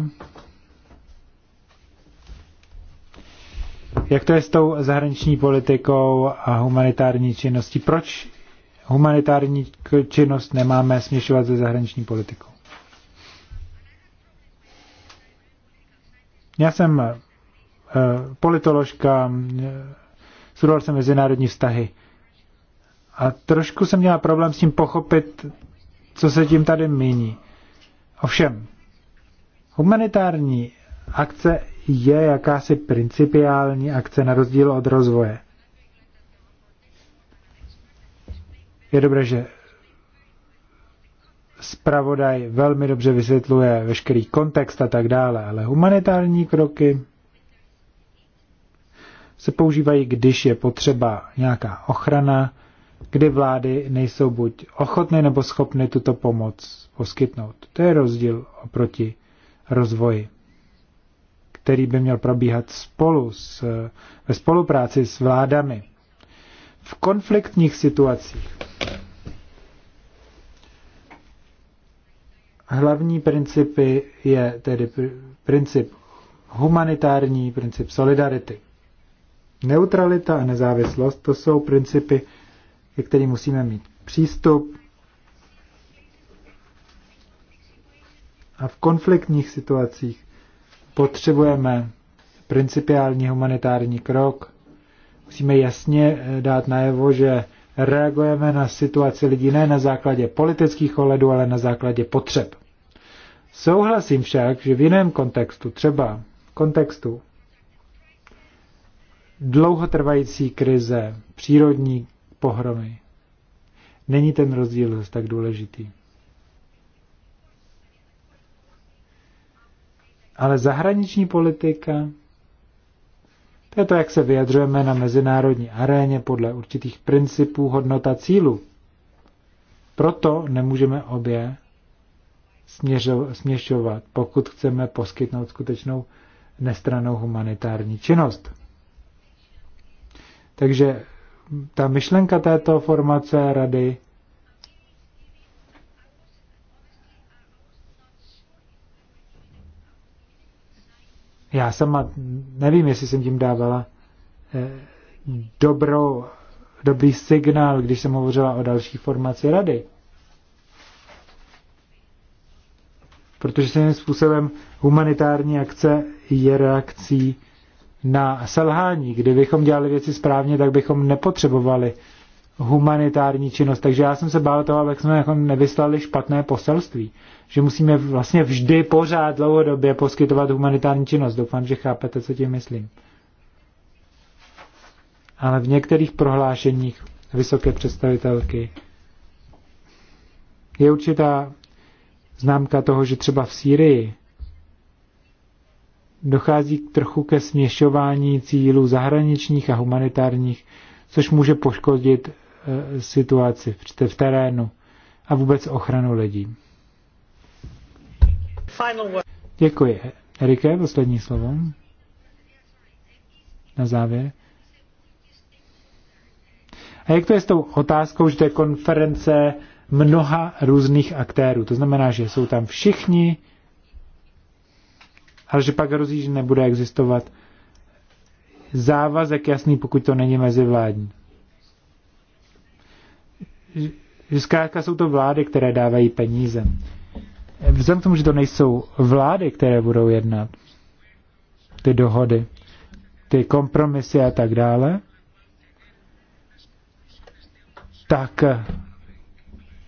jak to je s tou zahraniční politikou a humanitární činností? Proč humanitární činnost nemáme směšovat se zahraniční politikou? Já jsem uh, politoložka, uh, studoval jsem mezinárodní vztahy a trošku jsem měla problém s tím pochopit, co se tím tady míní. Ovšem, Humanitární akce je jakási principiální akce na rozdíl od rozvoje. Je dobré, že zpravodaj velmi dobře vysvětluje veškerý kontext a tak dále, ale humanitární kroky se používají, když je potřeba nějaká ochrana, kdy vlády nejsou buď ochotny nebo schopny tuto pomoc poskytnout. To je rozdíl oproti rozvoji, který by měl probíhat spolu s, ve spolupráci s vládami v konfliktních situacích. Hlavní principy je tedy princip humanitární, princip solidarity. Neutralita a nezávislost to jsou principy, ke kterým musíme mít přístup, A v konfliktních situacích potřebujeme principiální humanitární krok. Musíme jasně eh, dát najevo, že reagujeme na situaci lidí ne na základě politických ohledů, ale na základě potřeb. Souhlasím však, že v jiném kontextu, třeba kontextu dlouhotrvající krize, přírodní pohromy, není ten rozdíl tak důležitý. Ale zahraniční politika, to je to, jak se vyjadřujeme na mezinárodní aréně podle určitých principů, hodnota cílu. Proto nemůžeme obě směšovat, pokud chceme poskytnout skutečnou nestranou humanitární činnost. Takže ta myšlenka této formace rady Já sama nevím, jestli jsem tím dávala eh, dobro, dobrý signál, když jsem hovořila o další formaci rady. Protože svým způsobem humanitární akce je reakcí na selhání. Kdybychom dělali věci správně, tak bychom nepotřebovali humanitární činnost. Takže já jsem se bál toho, abych jsme jako nevyslali špatné poselství. Že musíme vlastně vždy pořád dlouhodobě poskytovat humanitární činnost. Doufám, že chápete, co tím myslím. Ale v některých prohlášeních vysoké představitelky je určitá známka toho, že třeba v Sýrii dochází k trochu ke směšování cílů zahraničních a humanitárních, což může poškodit Eh, situaci v terénu a vůbec ochranu lidí. Děkuji. Erike, poslední slovo. Na závěr. A jak to je s tou otázkou, že to je konference mnoha různých aktérů? To znamená, že jsou tam všichni, ale že pak hrozí, že nebude existovat závazek jasný, pokud to není mezivládní že zkrátka jsou to vlády, které dávají peníze. Vzhledem k tomu, že to nejsou vlády, které budou jednat, ty dohody, ty kompromisy a tak dále, tak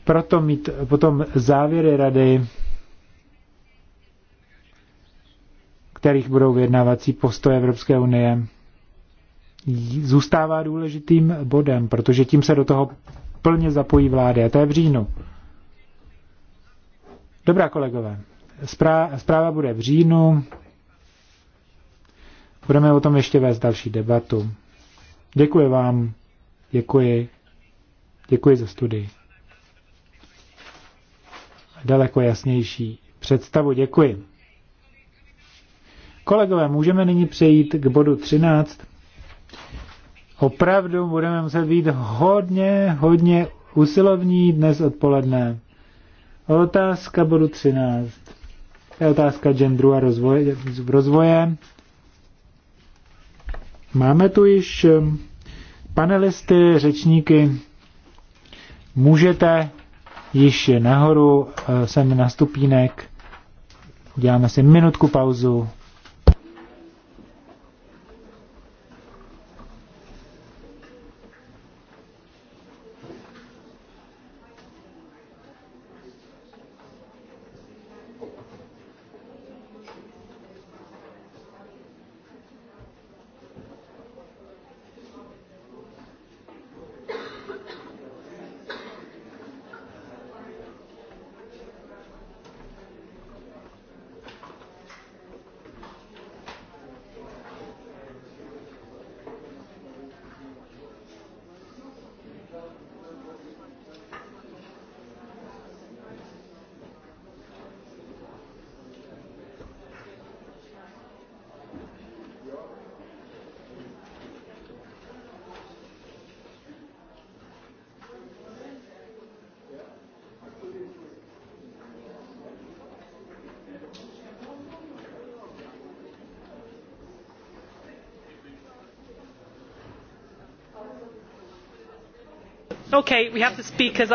proto mít potom závěry rady, kterých budou vyjednávací postoje Evropské unie, zůstává důležitým bodem, protože tím se do toho plně zapojí vlády. A to je v říjnu. Dobrá, kolegové. Zpráva bude v říjnu. Budeme o tom ještě vést další debatu. Děkuji vám. Děkuji. Děkuji za studii. Daleko jasnější představu. Děkuji. Kolegové, můžeme nyní přejít k bodu 13 opravdu budeme muset být hodně, hodně usilovní dnes odpoledne. Otázka bodu 13. To je otázka genderu a rozvoje, rozvoje. Máme tu již um, panelisty, řečníky. Můžete již nahoru, uh, sem na stupínek. Děláme si minutku pauzu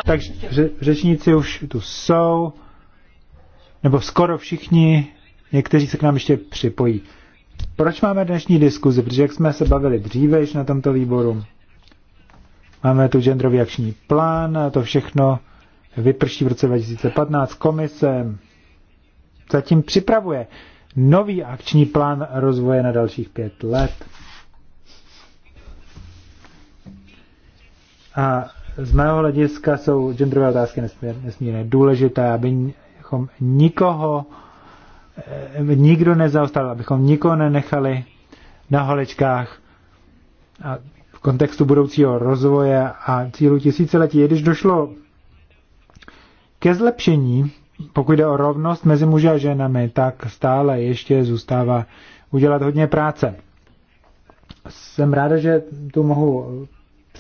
Takže řečníci už tu jsou, nebo skoro všichni, někteří se k nám ještě připojí. Proč máme dnešní diskuzi? Protože jak jsme se bavili dříve již na tomto výboru, máme tu genderový akční plán a to všechno vyprší v roce 2015. Komise zatím připravuje nový akční plán rozvoje na dalších pět let. A z mého hlediska jsou genderové otázky nesmír, nesmírně důležité, abychom nikoho, eh, nikdo nezaostal, abychom nikoho nenechali na holičkách a v kontextu budoucího rozvoje a cílu tisíciletí. když došlo ke zlepšení, pokud jde o rovnost mezi muži a ženami, tak stále ještě zůstává udělat hodně práce. Jsem ráda, že tu mohu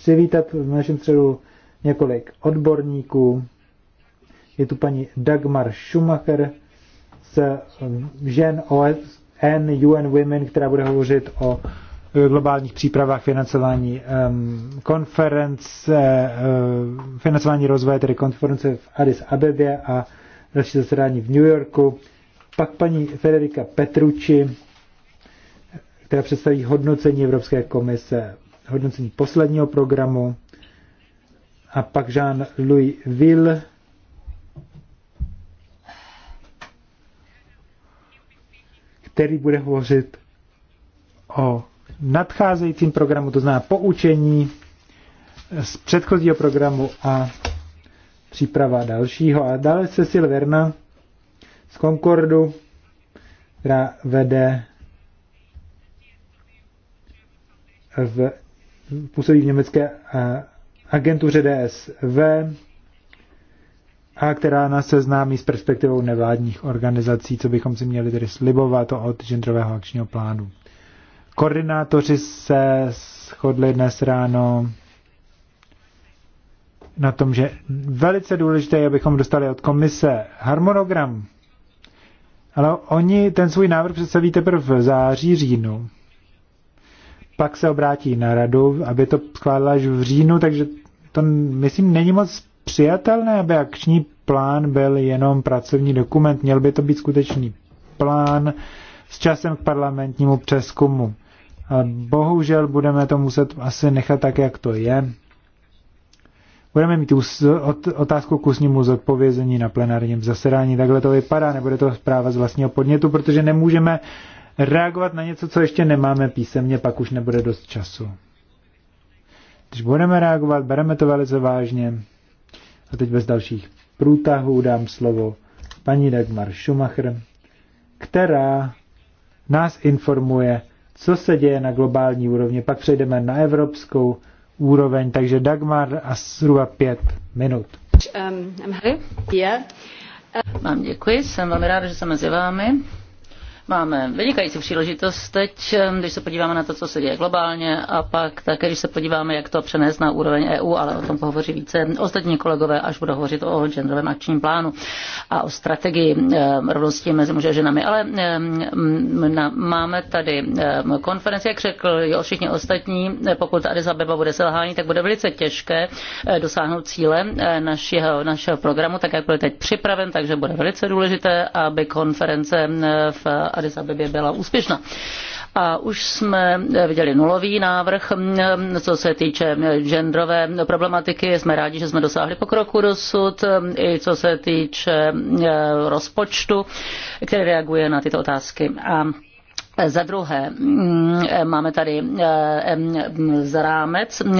přivítat v našem středu několik odborníků. Je tu paní Dagmar Schumacher z um, žen OSN, UN Women, která bude hovořit o eh, globálních přípravách financování um, konference, uh, financování rozvoje, tedy konference v Addis Abebě a další zasedání v New Yorku. Pak paní Federika Petruči, která představí hodnocení Evropské komise hodnocení posledního programu. A pak Jean-Louis Ville, který bude hovořit o nadcházejícím programu, to znamená poučení z předchozího programu a příprava dalšího. A dále Cecil Verna z Concordu, která vede v působí v německé eh, agentuře DSV, a která nás seznámí s perspektivou nevládních organizací, co bychom si měli tedy slibovat to od genderového akčního plánu. Koordinátoři se shodli dnes ráno na tom, že velice důležité je, abychom dostali od komise harmonogram, ale oni ten svůj návrh představí teprve v září, říjnu pak se obrátí na radu, aby to schválila až v říjnu, takže to, myslím, není moc přijatelné, aby akční plán byl jenom pracovní dokument. Měl by to být skutečný plán s časem k parlamentnímu přeskumu. Ale bohužel budeme to muset asi nechat tak, jak to je. Budeme mít otázku k ústnímu zodpovězení na plenárním zasedání. Takhle to vypadá, nebude to zpráva z vlastního podnětu, protože nemůžeme uh, reagovat na něco, co ještě nemáme písemně, pak už nebude dost času. Když budeme reagovat, bereme to velice vážně. A teď bez dalších průtahů dám slovo paní Dagmar Schumacher, která nás informuje, co se děje na globální úrovni. Pak přejdeme na evropskou úroveň, takže Dagmar a zhruba pět minut. Mám um, děkuji, jsem velmi ráda, že jsem mezi vámi. Máme vynikající příležitost teď, když se podíváme na to, co se děje globálně a pak také, když se podíváme, jak to přenést na úroveň EU, ale o tom pohovoří více ostatní kolegové, až budou hovořit o genderovém akčním plánu a o strategii rovnosti mezi muži a ženami. Ale máme tady konferenci, jak řekl jo, všichni ostatní, pokud Addis Abeba bude selhání, tak bude velice těžké eh, dosáhnout cíle eh, našeho, našeho programu, tak jak byl teď připraven, takže bude velice důležité, aby konference v Addis Abebě byla úspěšná. A už jsme eh, viděli nulový návrh, mm, co se týče eh, genderové problematiky. Jsme rádi, že jsme dosáhli pokroku dosud, eh, i co se týče rozpočtu, který reaguje na tyto otázky. A za druhé, mm, máme tady eh, mm, z rámec. Mm,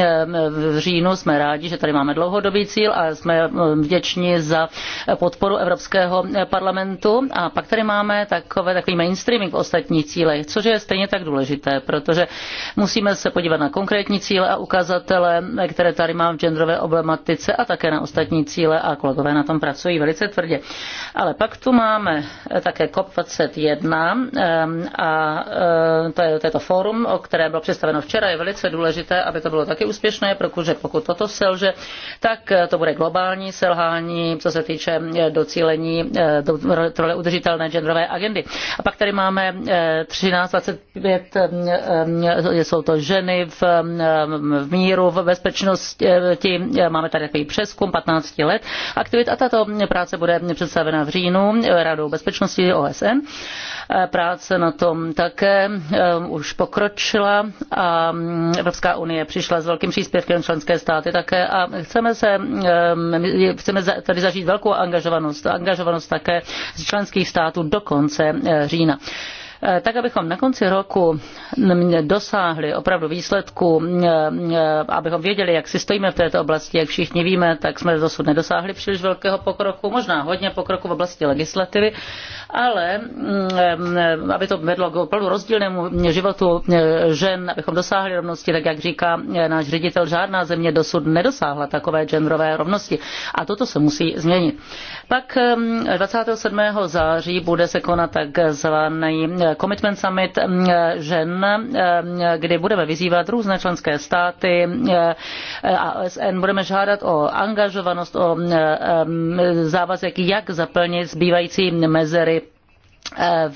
v říjnu jsme rádi, že tady máme dlouhodobý cíl a jsme vděční za podporu Evropského parlamentu. A pak tady máme takové, takový mainstreaming v ostatních cílech, což je stejně tak důležité, protože musíme se podívat na konkrétní cíle a ukazatele, které tady mám v genderové problematice a také na ostatní cíle a kolegové na tom pracují velice tvrdě. Ale pak tu máme také COP21 eh, a a eh, to, této fórum, o které bylo představeno včera, je velice důležité, aby to bylo taky úspěšné, protože pokud toto selže, tak eh, to bude globální selhání, co se týče eh, docílení do trvale udržitelné genderové agendy. A pak tady máme 1325, jsou to ženy v, v míru, v bezpečnosti, máme tady takový přeskum 15 let aktivit a tato práce bude představena v říjnu Radou bezpečnosti OSN. Eh, práce na tom také eh, už pokročila a mm, Evropská unie přišla s velkým příspěvkem členské státy také a chceme, se, eh, chceme tady zažít velkou angažovanost, angažovanost také z členských států do konce října. Eh, tak abychom na konci roku dosáhli opravdu výsledku, eh, eh, abychom věděli, jak si stojíme v této oblasti, jak všichni víme, tak jsme dosud nedosáhli příliš velkého pokroku, možná hodně pokroku v oblasti legislativy, ale mm, aby to vedlo k opravdu rozdílnému životu žen, abychom dosáhli rovnosti, tak jak říká náš ředitel, žádná země dosud nedosáhla takové genderové rovnosti. A toto se musí změnit. Pak 27. Ehm, září bude se konat takzvaný eh, Commitment Summit mm, eh, žen, ehm, kdy budeme vyzývat různé členské státy eh, a OSN, budeme žádat o angažovanost, o mm, ehm, závazek, jak zaplnit zbývající mezery Eh,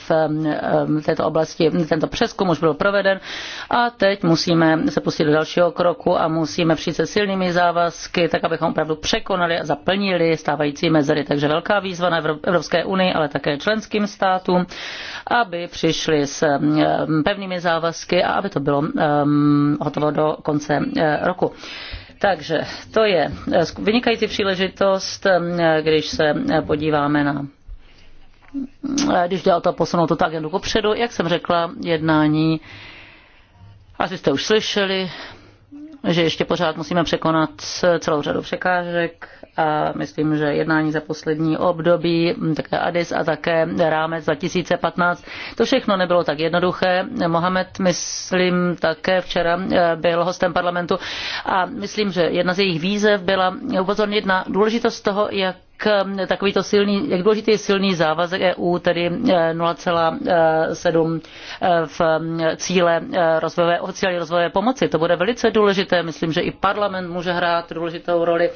v této oblasti. Tento přeskum už byl proveden a teď musíme se pustit do dalšího kroku a musíme přijít se silnými závazky, tak abychom opravdu překonali a zaplnili stávající mezery. Takže velká výzva na Evropské unii, ale také členským státům, aby přišli s pevnými závazky a aby to bylo hotovo do konce eh, roku. Takže to je eh, vynikající příležitost, když se podíváme na Eh, když jde o to posunout tak jen kopředu, jak jsem řekla, jednání, asi jste už slyšeli, že ještě pořád musíme překonat celou řadu překážek a myslím, že jednání za poslední období, hm, také Adis a také rámec 2015, to všechno nebylo tak jednoduché. Mohamed, myslím, také včera eh, byl hostem parlamentu a myslím, že jedna z jejich výzev byla upozornit na důležitost toho, jak to silný, jak důležitý je silný závazek EU, tedy 0,7 e, e, v cíle e, rozvojové, oficiální rozvojové pomoci. To bude velice důležité, myslím, že i parlament může hrát důležitou roli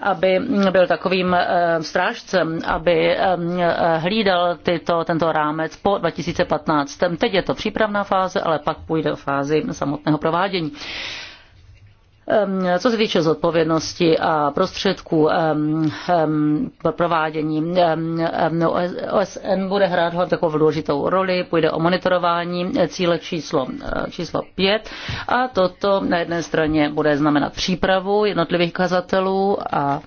aby byl takovým strážcem, aby hlídal tyto, tento rámec po 2015. Teď je to přípravná fáze, ale pak půjde o fázi samotného provádění. Co se týče zodpovědnosti a prostředků provádění, OSN no, bude hrát takovou důležitou roli, půjde o monitorování cíle číslo, eh, číslo 5 a toto na jedné straně bude znamenat přípravu jednotlivých kazatelů a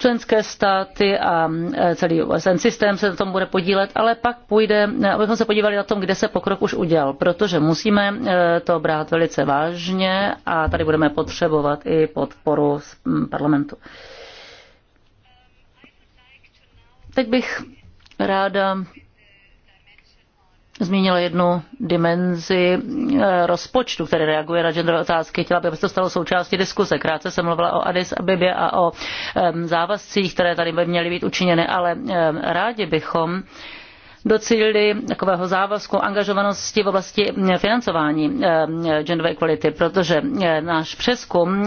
Členské státy a e, celý OSN systém se na tom bude podílet, ale pak půjde, e, abychom se podívali na tom, kde se pokrok už udělal, protože musíme e, to brát velice vážně a tady budeme potřebovat i podporu z parlamentu. Teď bych ráda zmínil jednu dimenzi eh, rozpočtu, který reaguje na genderové otázky. Chtěla bych, aby se to stalo součástí diskuze. Krátce jsem mluvila o Addis Abibě a o závazcích, které tady by měly být učiněny, ale rádi bychom docílili takového závazku angažovanosti v oblasti financování genderové equality, protože eh, náš přeskum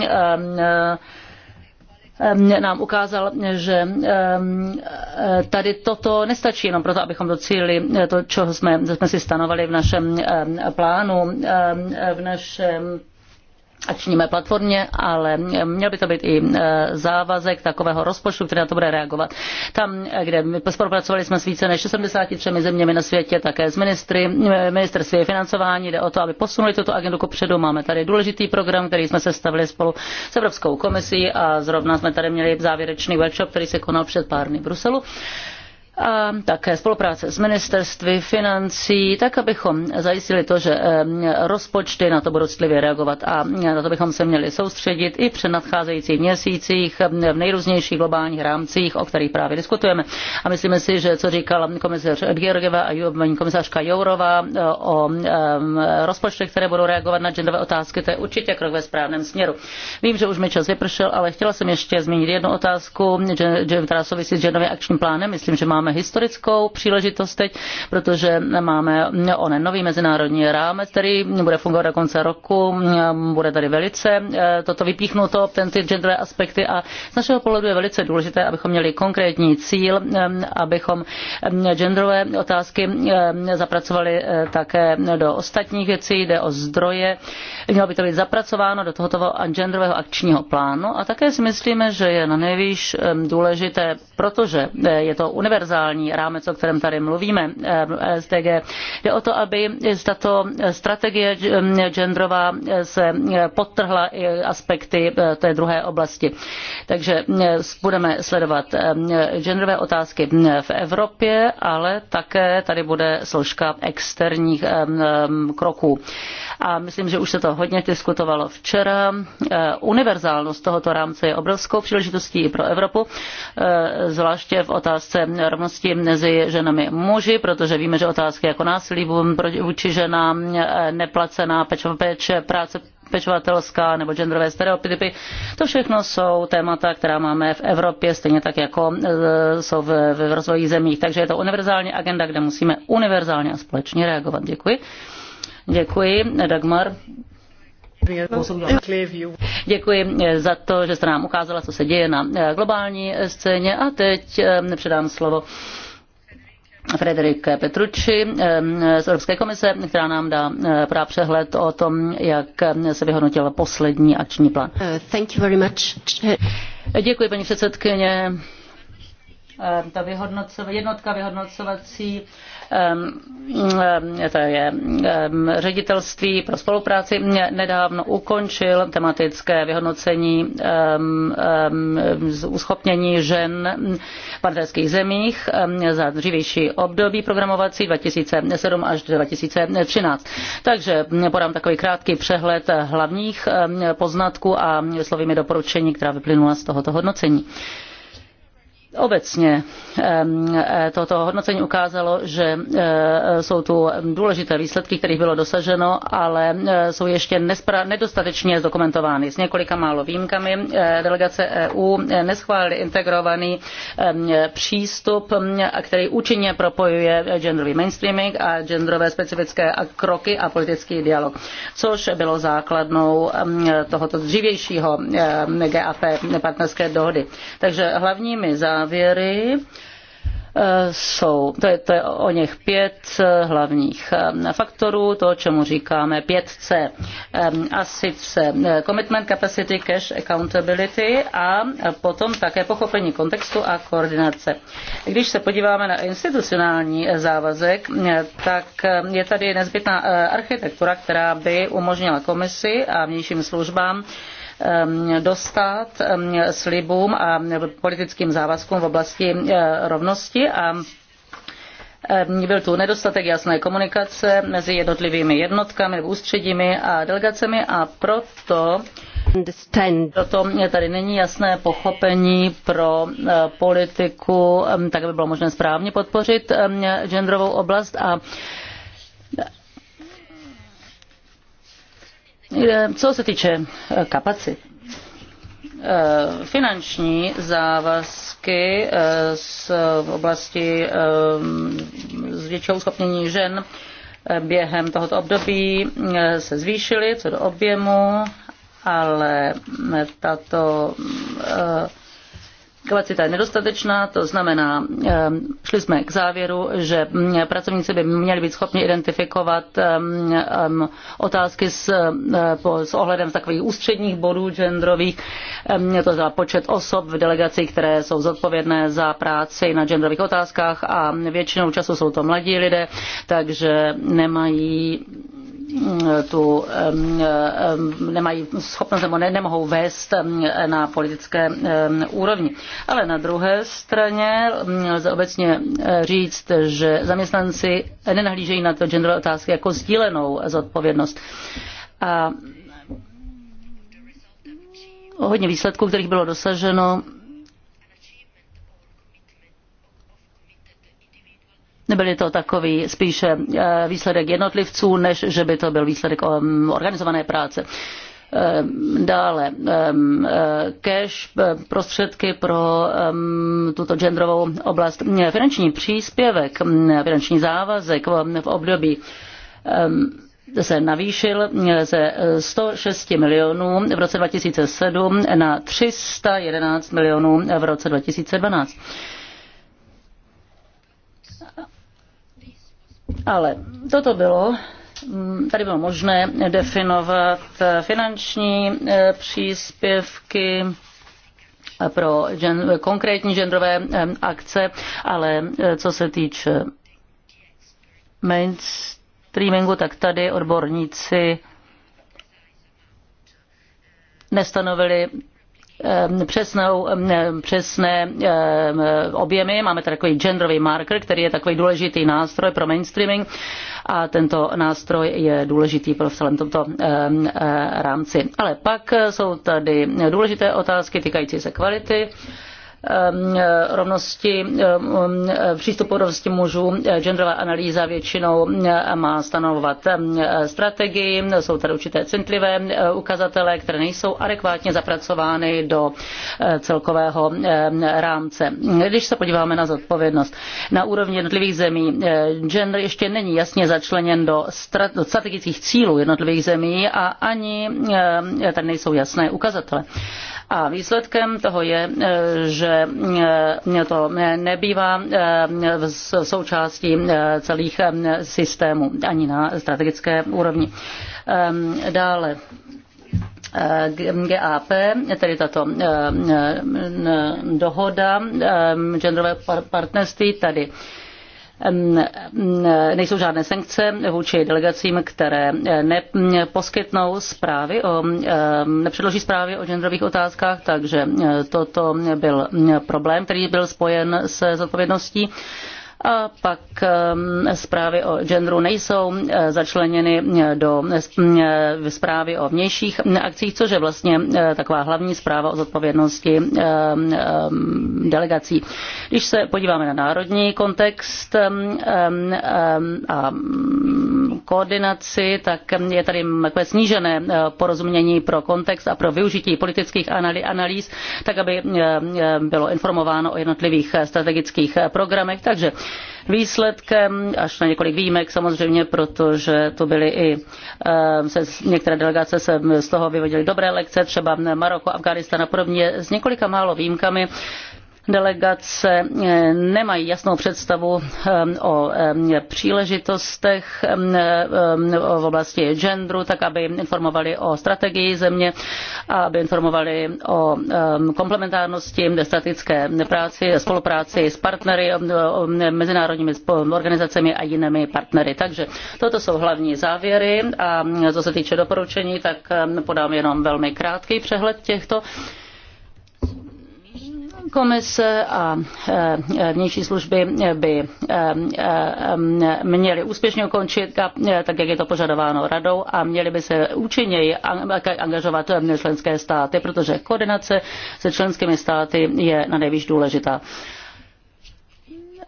Ehm, nám ukázal, že ehm, eh, tady toto nestačí jenom proto, abychom docílili eh, to, čeho jsme, jsme si stanovali v našem ehm, plánu, v našem akční platformě, ale měl by to být i e, závazek takového rozpočtu, který na to bude reagovat. Tam, e, kde my spolupracovali jsme s více než 73 zeměmi na světě, také s ministry, e, ministerství financování, jde o to, aby posunuli tuto agendu kupředu. Máme tady důležitý program, který jsme sestavili spolu s Evropskou komisí a zrovna jsme tady měli závěrečný workshop, který se konal před pár dny v Bruselu a také spolupráce s ministerstvy financí, tak abychom zajistili to, že rozpočty na to budou citlivě reagovat a na to bychom se měli soustředit i před nadcházejících měsících v nejrůznějších globálních rámcích, o kterých právě diskutujeme. A myslíme si, že co říkala komisař Georgieva a paní komisařka Jourová e, o rozpočtech, které budou reagovat na genderové otázky, to je určitě krok ve správném směru. Vím, že už mi čas vypršel, ale chtěla jsem ještě zmínit jednu otázku, která souvisí s genderovým akčním plánem. Myslím, že máme máme historickou příležitost teď, protože máme onen nový mezinárodní rámec, který bude fungovat do konce roku, bude tady velice eh, toto vypíchnuto, ten, ty genderové aspekty a z našeho pohledu je velice důležité, abychom měli konkrétní cíl, eh, abychom eh, genderové otázky zapracovali také do ostatních věcí, jde o zdroje, mělo by to být zapracováno do tohoto genderového akčního plánu a také si myslíme, že je na nejvýš důležité, protože je to univerzální univerzální rámec, o kterém tady mluvíme, eh, SDG. Jde o to, aby tato strategie eh, genderová eh, se podtrhla i aspekty té druhé oblasti. Takže budeme sledovat genderové otázky v Evropě, ale také tady bude složka externích kroků. A myslím, že už se to hodně diskutovalo včera. Univerzálnost tohoto rámce je obrovskou příležitostí i pro Evropu, zvláště v otázce rovnosti rovnosti mezi ženami a muži, protože víme, že otázky jako násilí vůči ženám, neplacená péče, práce pečovatelská nebo genderové stereotypy. To všechno jsou témata, která máme v Evropě, stejně tak jako e, jsou v, v zemích. Takže je to univerzální agenda, kde musíme univerzálně a společně reagovat. Děkuji. Děkuji, Dagmar. Děkuji za to, že jste nám ukázala, co se děje na eh, globální scéně a teď eh, předám slovo Frederik Petrucci eh, z Evropské komise, která nám dá právě přehled o tom, jak se vyhodnotil poslední akční plán. Thank you very much. Děkuji, paní předsedkyně. Ta vyhodnocovací, jednotka vyhodnocovací to je ředitelství pro spolupráci, nedávno ukončil tematické vyhodnocení z uschopnění žen v partnerských zemích za dřívější období programovací 2007 až 2013. Takže podám takový krátký přehled hlavních poznatků a slovými doporučení, která vyplynula z tohoto hodnocení. Obecně e, toto hodnocení ukázalo, že e, jsou tu důležité výsledky, kterých bylo dosaženo, ale e, jsou ještě nedostatečně zdokumentovány. S několika málo výjimkami delegace EU neschválili integrovaný přístup, který účinně propojuje genderový mainstreaming a genderové specifické kroky a politický dialog, což bylo základnou tohoto dřívějšího GAP partnerské dohody. Takže hlavními za závěry eh, jsou, to je, to je o něch pět eh, hlavních eh, faktorů, to, čemu říkáme 5C. A sice commitment, capacity, cash, accountability a potom také pochopení kontextu a koordinace. Když se podíváme na institucionální závazek, tak je tady nezbytná architektura, která by umožnila komisi a vnějším službám Ehm, dostat ehm, slibům a politickým závazkům v oblasti eh, rovnosti a ehm, byl tu nedostatek jasné komunikace mezi jednotlivými jednotkami, ústředími a delegacemi a proto proto tady není jasné pochopení pro eh, politiku, tak aby bylo možné správně podpořit genderovou oblast a Co se týče eh, kapacit, eh, finanční závazky eh, z oblasti zvětšou schopnění žen během tohoto období se zvýšily co do objemu, ale tato Kapacita je nedostatečná, to znamená, ehm, šli jsme k závěru, že mm, pracovníci by měli být schopni identifikovat ehm, ehm, otázky s, eh, s ohledem z takových ústředních bodů genderových, to za počet osob v delegaci, které jsou zodpovědné za práci na genderových otázkách a většinou času jsou to mladí lidé, takže nemají Mm, tu nemají schopnost nebo nemohou vést na politické úrovni. Ale na druhé straně lze obecně eh, říct, že zaměstnanci nenahlížejí na to genderové otázky jako sdílenou zodpovědnost. A hodně výsledků, kterých bylo dosaženo, Nebyly to takový spíše eh, výsledek jednotlivců, než že by to byl výsledek um, organizované práce. Ehm, dále ehm, eh, cash, eh, prostředky pro ehm, tuto genderovou oblast, finanční příspěvek, finanční závazek v období se navýšil ze 106 milionů v roce 2007 na 311 milionů v roce 2012. Ale toto bylo mm, tady bylo možné definovat finanční e, příspěvky pro gen, konkrétní genderové e, akce, ale e, co se týče mainstreamingu, tak tady odborníci nestanovili Ehm, přesnou, ehm, přesné ehm, objemy. Máme tady takový genderový marker, který je takový důležitý nástroj pro mainstreaming a tento nástroj je důležitý pro v celém tomto eh, rámci. Ale pak jsou tady důležité otázky týkající se kvality Um, eh, rovnosti, um, um, eh, přístupu rovnosti mužů, eh, genderová analýza většinou má stanovovat strategii, jsou tady určité centlivé ukazatele, které nejsou adekvátně zapracovány do celkového rámce. Když se podíváme na zodpovědnost na úrovni jednotlivých zemí, gender ještě není jasně začleněn do strategických cílů jednotlivých zemí a ani tady nejsou jasné ukazatele. A výsledkem toho je, eh, že eh, to nebývá v eh, součástí celých systémů ani na strategické úrovni. Ehm, dále GAP, tedy tato dohoda ehm, genderové partnerství tady nejsou žádné sankce vůči delegacím, které eh, neposkytnou zprávy o, nepředloží zprávy o genderových otázkách, takže eh, toto byl mm, problém, který byl spojen se zodpovědností a pak zprávy o genderu nejsou eh, začleněny eh, do eh, zprávy o vnějších akcích, což je vlastně taková hlavní zpráva o zodpovědnosti delegací. Když se podíváme na národní kontext a mm, koordinaci, tak je tady takové snížené porozumění pro kontext a pro využití politických analýz, tak aby bylo informováno o jednotlivých strategických programech. Takže výsledkem, až na několik výjimek samozřejmě, protože to byly i eh, se, některé delegace se z toho vyvodily dobré lekce, třeba Maroko, Afganistán a podobně, s několika málo výjimkami delegace eh, nemají jasnou představu eh, o eh, příležitostech v oblasti genderu, tak aby informovali o strategii země a aby informovali o komplementárnosti statické práci, spolupráci s partnery, mezinárodními organizacemi a jinými partnery. Takže toto jsou hlavní závěry a co se týče doporučení, tak podám jenom velmi krátký přehled těchto Komise a eh, vnější služby by eh, eh, měly úspěšně ukončit, tak jak je to požadováno radou, a měly by se účinněji angažovat členské státy, protože koordinace se členskými státy je na nejvíc důležitá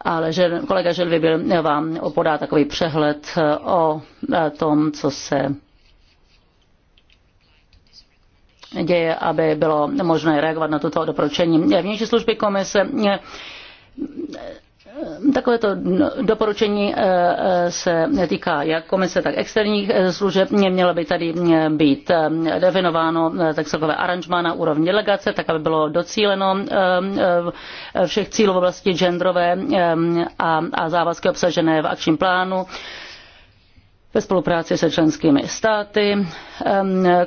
ale že kolega Želvy byl, vám podá takový přehled o tom, co se děje, aby bylo možné reagovat na toto doporučení. Vnější služby komise Takovéto doporučení eh, eh, se týká jak komise, tak externích eh, služeb. Mělo by tady být definováno takové aranžma na úrovni delegace, tak aby bylo docíleno všech cílů v oblasti genderové a závazky obsažené v akčním plánu ve spolupráci se členskými státy.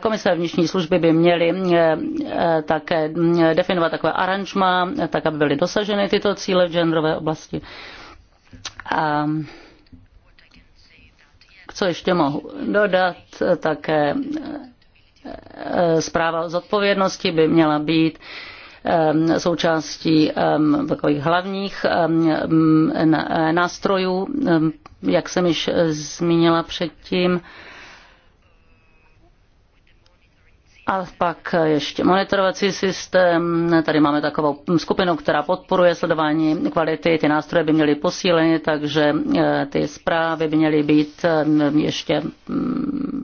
Komise vnitřní služby by měly eh, také definovat takové aranžma, tak aby byly dosaženy tyto cíle v genderové oblasti. A co ještě mohu dodat, také eh, zpráva o zodpovědnosti by měla být součástí takových hlavních eh, nástrojů, jak jsem již eh, zmínila předtím. A pak ještě monitorovací systém. Tady máme takovou skupinu, která podporuje sledování kvality. Ty nástroje by měly posíleny, takže eh, ty zprávy by měly být ještě mm,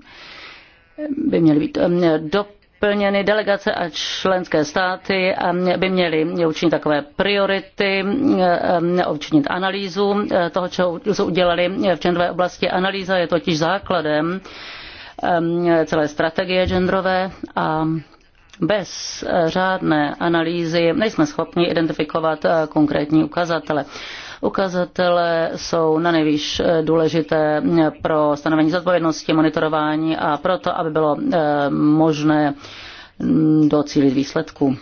by měly být do plněny. Delegace a členské státy by měly učinit takové priority, eh, eh, učinit analýzu eh, toho, čeho udělali v genderové oblasti. Analýza je totiž základem celé strategie genderové a bez řádné analýzy nejsme schopni identifikovat konkrétní ukazatele. Ukazatele jsou na nejvýš eh, důležité eh, pro stanovení zodpovědnosti, monitorování a proto, aby bylo eh, možné mm, docílit výsledků.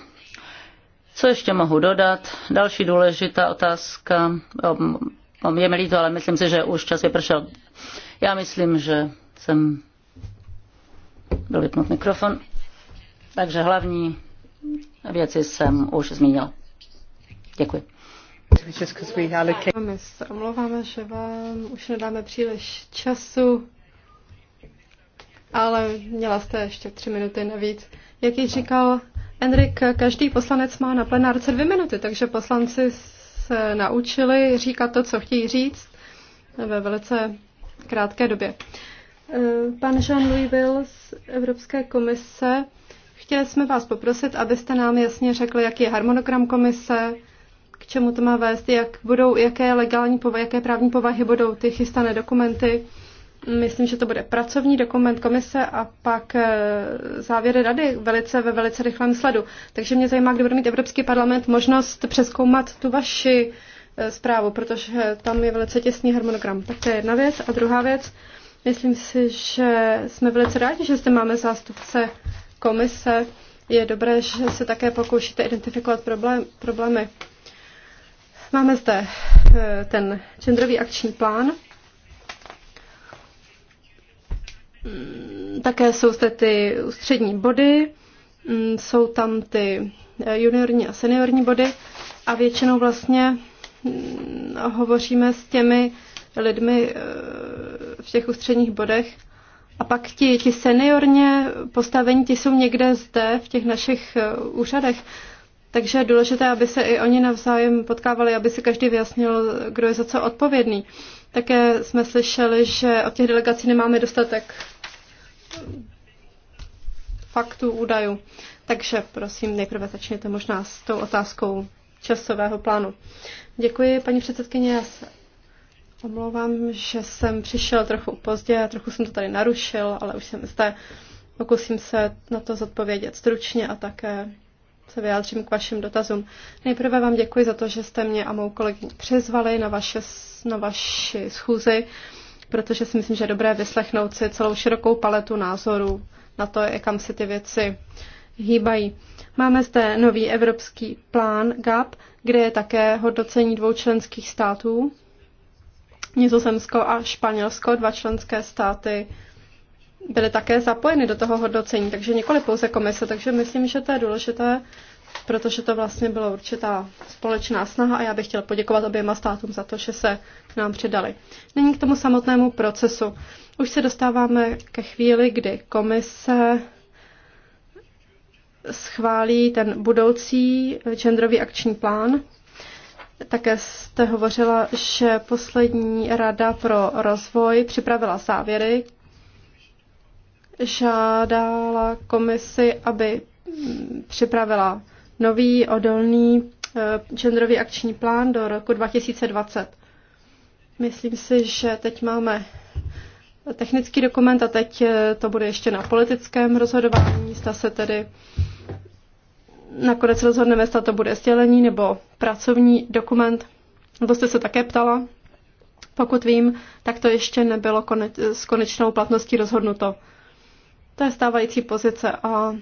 Co ještě mohu dodat? Další důležitá otázka. Je mi líto, ale myslím si, že už čas vypršel. Já myslím, že jsem byl vypnut mikrofon. Takže hlavní věci jsem už zmínil. Děkuji. My se omlouváme, že vám už nedáme příliš času, ale měla jste ještě tři minuty navíc. Jak již říkal Enrik, každý poslanec má na plenárce dvě minuty, takže poslanci se naučili říkat to, co chtějí říct ve velice krátké době. Eh, pan Jean-Louis Will z Evropské komise, chtěli jsme vás poprosit, abyste nám jasně řekli, jaký je harmonogram komise, čemu to má vést, jak budou, jaké legální, jaké právní povahy budou ty chystané dokumenty. Myslím, že to bude pracovní dokument komise a pak eh, závěry rady velice ve velice rychlém sledu. Takže mě zajímá, kdy bude mít Evropský parlament možnost přeskoumat tu vaši eh, zprávu, protože tam je velice těsný harmonogram. Tak to je jedna věc. A druhá věc, myslím si, že jsme velice rádi, že zde máme zástupce komise. Je dobré, že se také pokoušíte identifikovat problém, problémy. Máme zde eh, ten genderový akční plán. Mm, také jsou zde ty ústřední body, mm, jsou tam ty eh, juniorní a seniorní body a většinou vlastně mm, hovoříme s těmi lidmi eh, v těch ústředních bodech. A pak ti, ti seniorně postavení, ti jsou někde zde v těch našich úřadech. Takže je důležité, aby se i oni navzájem potkávali, aby si každý vyjasnil, kdo je za co odpovědný. Také jsme slyšeli, že od těch delegací nemáme dostatek faktů, údajů. Takže prosím, nejprve začněte možná s tou otázkou časového plánu. Děkuji, paní předsedkyně. Já se omlouvám, že jsem přišel trochu pozdě, trochu jsem to tady narušil, ale už jsem zde. Pokusím se na to zodpovědět stručně a také se vyjádřím k vašim dotazům. Nejprve vám děkuji za to, že jste mě a mou kolegyni přizvali na, vaše, na vaši schůzi, protože si myslím, že je dobré vyslechnout si celou širokou paletu názorů na to, kam se ty věci hýbají. Máme zde nový evropský plán GAP, kde je také hodnocení dvou členských států, Nizozemsko a Španělsko, dva členské státy, byly také zapojeny do toho hodnocení, takže nikoli pouze komise, takže myslím, že to je důležité, protože to vlastně byla určitá společná snaha a já bych chtěl poděkovat oběma státům za to, že se k nám přidali. Nyní k tomu samotnému procesu. Už se dostáváme ke chvíli, kdy komise schválí ten budoucí genderový akční plán. Také jste hovořila, že poslední rada pro rozvoj připravila závěry žádala komisi, aby mm, připravila nový odolný eh, genderový akční plán do roku 2020. Myslím si, že teď máme technický dokument a teď eh, to bude ještě na politickém rozhodování. Zda se tedy nakonec rozhodneme, zda to bude sdělení nebo pracovní dokument. to jste se také ptala. Pokud vím, tak to ještě nebylo koneč, s konečnou platností rozhodnuto to je stávající pozice a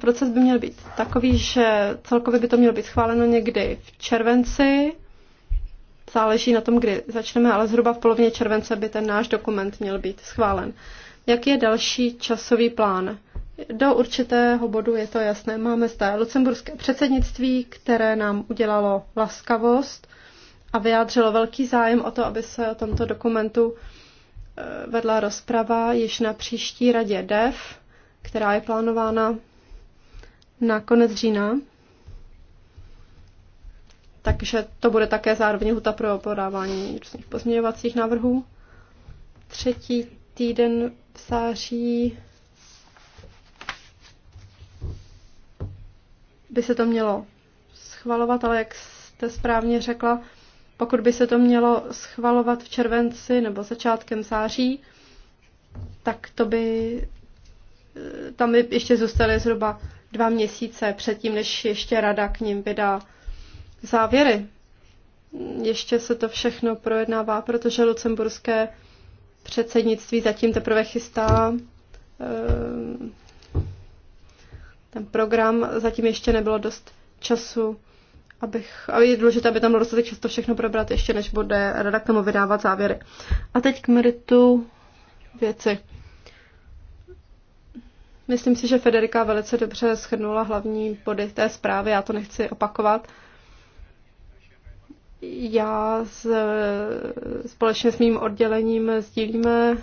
proces by měl být takový, že celkově by to mělo být schváleno někdy v červenci. Záleží na tom, kdy začneme, ale zhruba v polovině července by ten náš dokument měl být schválen. Jaký je další časový plán? Do určitého bodu je to jasné. Máme stále lucemburské předsednictví, které nám udělalo laskavost a vyjádřilo velký zájem o to, aby se o tomto dokumentu eh, vedla rozprava již na příští radě DEV, která je plánována na konec října. Takže to bude také zároveň huta pro podávání různých pozměňovacích návrhů. Třetí týden v září by se to mělo schvalovat, ale jak jste správně řekla, pokud by se to mělo schvalovat v červenci nebo začátkem září, tak to by eh, tam by ještě zůstaly zhruba dva měsíce předtím, než ještě rada k ním vydá závěry. Ještě se to všechno projednává, protože lucemburské předsednictví zatím teprve chystá eh, ten program, zatím ještě nebylo dost času abych, a je důležité, aby tam bylo dostatek často všechno probrat, ještě než bude rada k tomu vydávat závěry. A teď k meritu věci. Myslím si, že Federika velice dobře schrnula hlavní body té zprávy, já to nechci opakovat. Já s, společně s mým oddělením sdílíme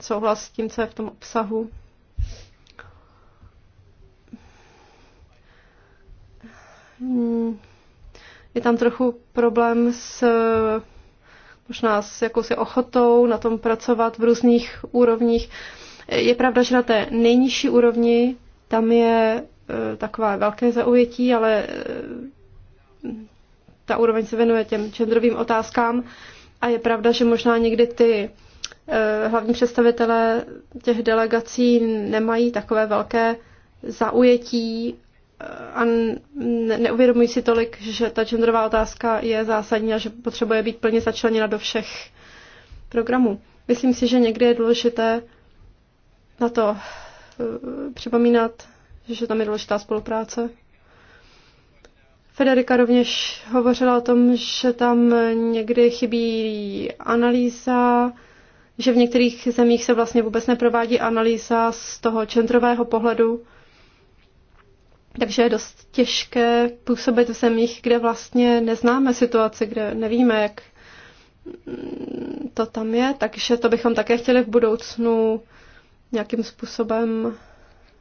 souhlas s tím, co je v tom obsahu. Hmm. je tam trochu problém s možná s jakousi ochotou na tom pracovat v různých úrovních. Je pravda, že na té nejnižší úrovni tam je e, takové velké zaujetí, ale e, ta úroveň se věnuje těm genderovým otázkám a je pravda, že možná někdy ty e, hlavní představitelé těch delegací nemají takové velké zaujetí a neuvědomují si tolik, že ta genderová otázka je zásadní a že potřebuje být plně začleněna do všech programů. Myslím si, že někdy je důležité na to eh, připomínat, že tam je důležitá spolupráce. Federika rovněž hovořila o tom, že tam někdy chybí analýza, že v některých zemích se vlastně vůbec neprovádí analýza z toho čentrového pohledu. Takže je dost těžké působit v zemích, kde vlastně neznáme situaci, kde nevíme, jak mm, to tam je. Takže to bychom také chtěli v budoucnu nějakým způsobem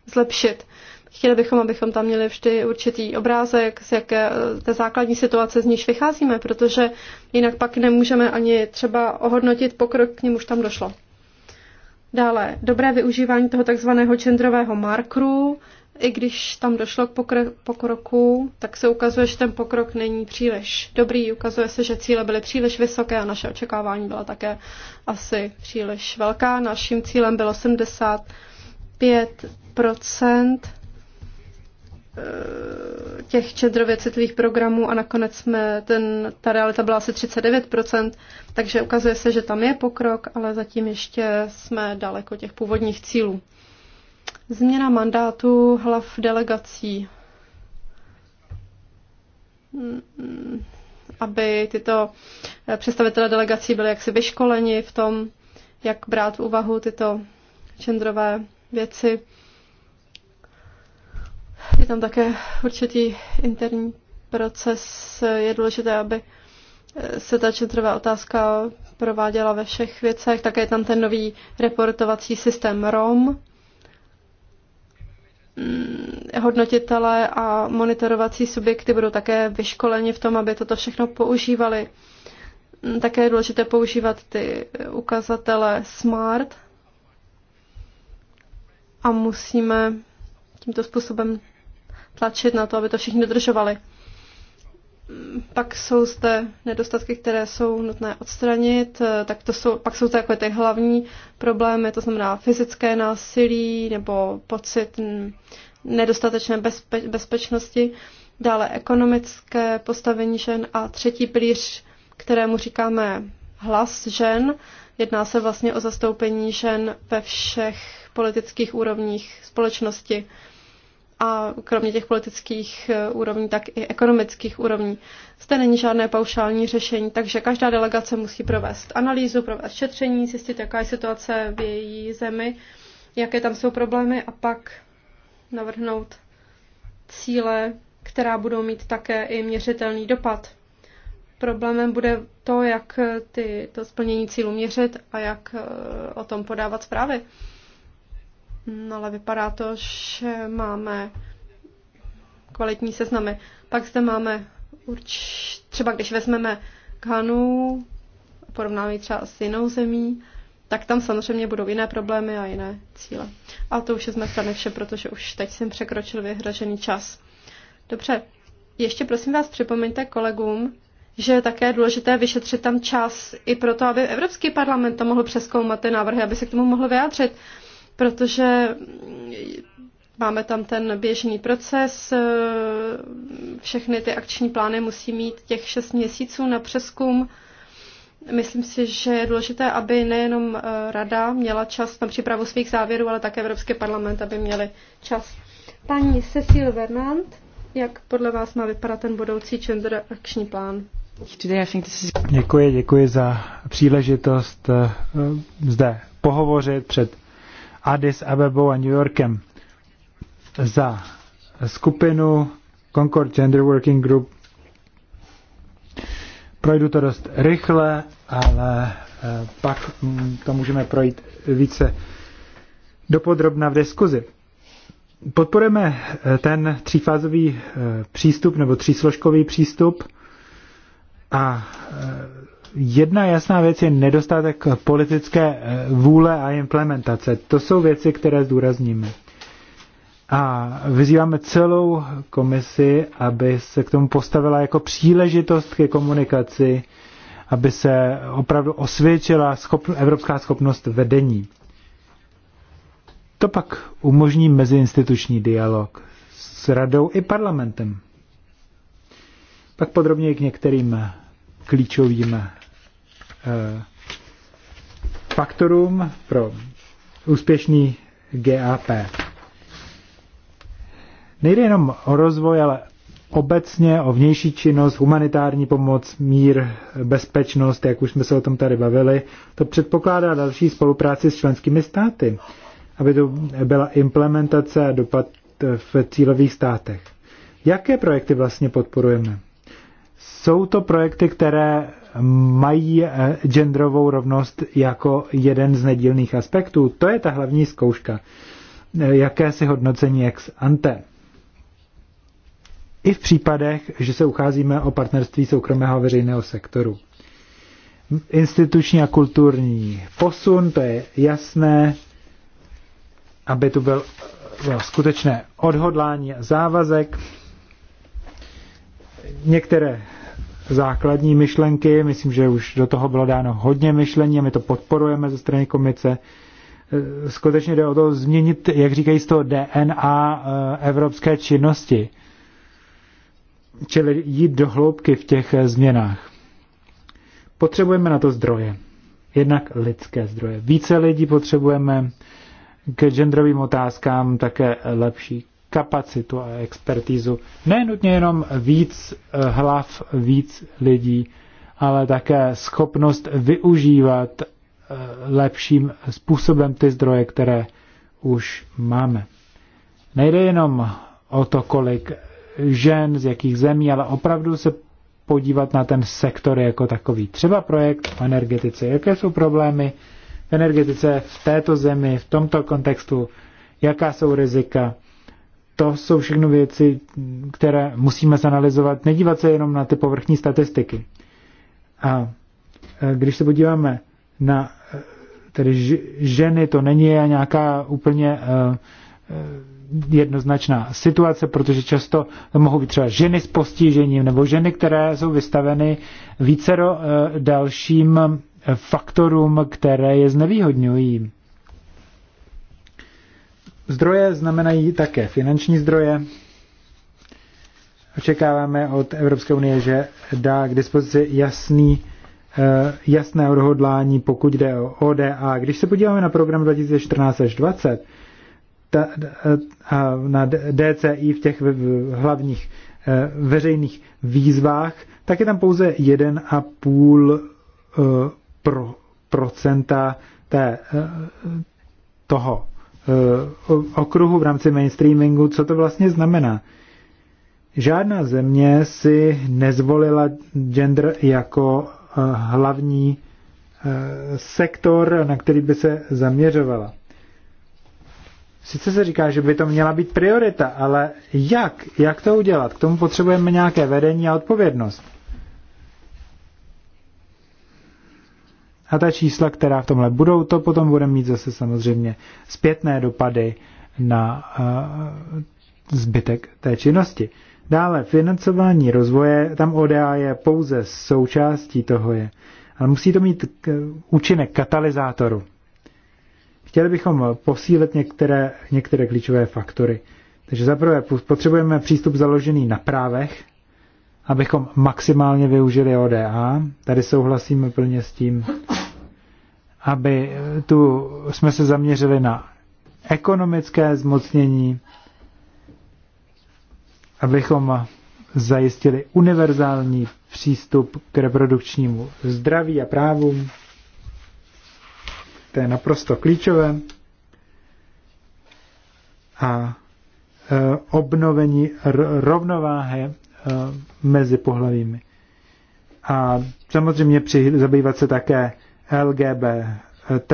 zlepšit. Chtěli bychom, abychom tam měli vždy určitý obrázek z jaké té základní situace, z níž vycházíme, protože jinak pak nemůžeme ani třeba ohodnotit pokrok, k němuž tam došlo. Dále, dobré využívání toho takzvaného genderového markru i když tam došlo k pokroku, tak se ukazuje, že ten pokrok není příliš dobrý. Ukazuje se, že cíle byly příliš vysoké a naše očekávání byla také asi příliš velká. Naším cílem bylo 75 eh, těch čendrově citlivých programů a nakonec jsme ten, ta realita byla asi 39%, takže ukazuje se, že tam je pokrok, ale zatím ještě jsme daleko těch původních cílů. Změna mandátu hlav delegací, aby tyto eh, představitelé delegací byli jaksi vyškoleni v tom, jak brát v úvahu tyto čendrové věci. Je tam také určitý interní proces. Je důležité, aby eh, se ta čendrová otázka prováděla ve všech věcech. Také je tam ten nový reportovací systém ROM. Mm, hodnotitelé a monitorovací subjekty budou také vyškoleni v tom, aby toto všechno používali. Mm, také je důležité používat ty ukazatele SMART a musíme tímto způsobem tlačit na to, aby to všichni dodržovali pak jsou zde nedostatky, které jsou nutné odstranit, eh, tak to jsou, pak jsou to takové ty hlavní problémy, to znamená fyzické násilí nebo pocit nedostatečné bezpe, bezpečnosti, dále ekonomické postavení žen a třetí pilíř, kterému říkáme hlas žen. Jedná se vlastně o zastoupení žen ve všech politických úrovních společnosti a kromě těch politických eh, úrovní, tak i ekonomických úrovní. Zde není žádné paušální řešení, takže každá delegace musí provést analýzu, provést šetření, zjistit, jaká je situace v její zemi, jaké tam jsou problémy a pak navrhnout cíle, která budou mít také i měřitelný dopad. Problémem bude to, jak ty, to splnění cílu měřit a jak eh, o tom podávat zprávy. No ale vypadá to, že máme kvalitní seznamy. Pak zde máme urč... třeba když vezmeme Ghanu, porovnáme ji třeba s jinou zemí, tak tam samozřejmě budou jiné problémy a jiné cíle. A to už je stane vše, protože už teď jsem překročil vyhražený čas. Dobře, ještě prosím vás připomeňte kolegům, že je také důležité vyšetřit tam čas i proto, aby Evropský parlament to mohl přeskoumat ty návrhy, aby se k tomu mohl vyjádřit protože máme tam ten běžný proces, všechny ty akční plány musí mít těch šest měsíců na přeskum. Myslím si, že je důležité, aby nejenom Rada měla čas na přípravu svých závěrů, ale také Evropský parlament, aby měli čas. Paní Cecil Vernant, jak podle vás má vypadat ten budoucí gender akční plán? Děkuji, děkuji za příležitost eh, zde pohovořit před Addis Abebou a New Yorkem. Za skupinu Concord Gender Working Group projdu to dost rychle, ale eh, pak mm, to můžeme projít více dopodrobna v diskuzi. Podporujeme eh, ten třífázový eh, přístup nebo třísložkový přístup a jedna jasná věc je nedostatek politické eh, vůle a implementace. To jsou věci, které zdůrazníme. A vyzýváme celou komisi, aby se k tomu postavila jako příležitost ke komunikaci, aby se opravdu osvědčila schop, evropská schopnost vedení. To pak umožní meziinstituční dialog s radou i parlamentem. Pak podrobněji k některým klíčovým Eh, faktorům pro úspěšný GAP. Nejde jenom o rozvoj, ale obecně o vnější činnost, humanitární pomoc, mír, bezpečnost, jak už jsme se o tom tady bavili. To předpokládá další spolupráci s členskými státy, aby to byla implementace a dopad eh, v cílových státech. Jaké projekty vlastně podporujeme? Jsou to projekty, které mají eh, genderovou rovnost jako jeden z nedílných aspektů. To je ta hlavní zkouška. Eh, jaké si hodnocení ex ante. I v případech, že se ucházíme o partnerství soukromého a veřejného sektoru. Instituční a kulturní posun, to je jasné, aby tu byl, bylo skutečné odhodlání a závazek. Některé základní myšlenky. Myslím, že už do toho bylo dáno hodně myšlení a my to podporujeme ze strany komice. E, skutečně jde o to změnit, jak říkají, z toho DNA e, evropské činnosti. Čili jít do hloubky v těch e, změnách. Potřebujeme na to zdroje. Jednak lidské zdroje. Více lidí potřebujeme k genderovým otázkám, také lepší kapacitu a expertízu. Ne nutně jenom víc eh, hlav, víc lidí, ale také schopnost využívat eh, lepším způsobem ty zdroje, které už máme. Nejde jenom o to, kolik žen, z jakých zemí, ale opravdu se podívat na ten sektor jako takový. Třeba projekt v energetice. Jaké jsou problémy v energetice v této zemi, v tomto kontextu? Jaká jsou rizika? to jsou všechno věci, které musíme zanalizovat, nedívat se jenom na ty povrchní statistiky. A e, když se podíváme na e, tedy ženy, to není nějaká úplně e, jednoznačná situace, protože často mohou být třeba ženy s postižením nebo ženy, které jsou vystaveny vícero dalším faktorům, které je znevýhodňují. Zdroje znamenají také finanční zdroje. Očekáváme od Evropské unie, že dá k dispozici jasný, eh, jasné odhodlání, pokud jde o ODA. Když se podíváme na program 2014 až 20, ta, eh, a na DCI v těch hlavních eh, veřejných výzvách, tak je tam pouze 1,5 pro, procenta té, toho Eh, okruhu v rámci mainstreamingu, co to vlastně znamená. Žádná země si nezvolila gender jako eh, hlavní eh, sektor, na který by se zaměřovala. Sice se říká, že by to měla být priorita, ale jak? Jak to udělat? K tomu potřebujeme nějaké vedení a odpovědnost. A ta čísla, která v tomhle budou, to potom bude mít zase samozřejmě zpětné dopady na uh, zbytek té činnosti. Dále financování rozvoje, tam ODA je pouze součástí toho je, ale musí to mít k, účinek katalyzátoru. Chtěli bychom posílit některé, některé klíčové faktory. Takže zaprvé potřebujeme přístup založený na právech, abychom maximálně využili ODA. Tady souhlasíme plně s tím, aby tu jsme se zaměřili na ekonomické zmocnění, abychom zajistili univerzální přístup k reprodukčnímu zdraví a právům. To je naprosto klíčové. A e, obnovení rovnováhy e, mezi pohlavími. A samozřejmě při, zabývat se také LGBT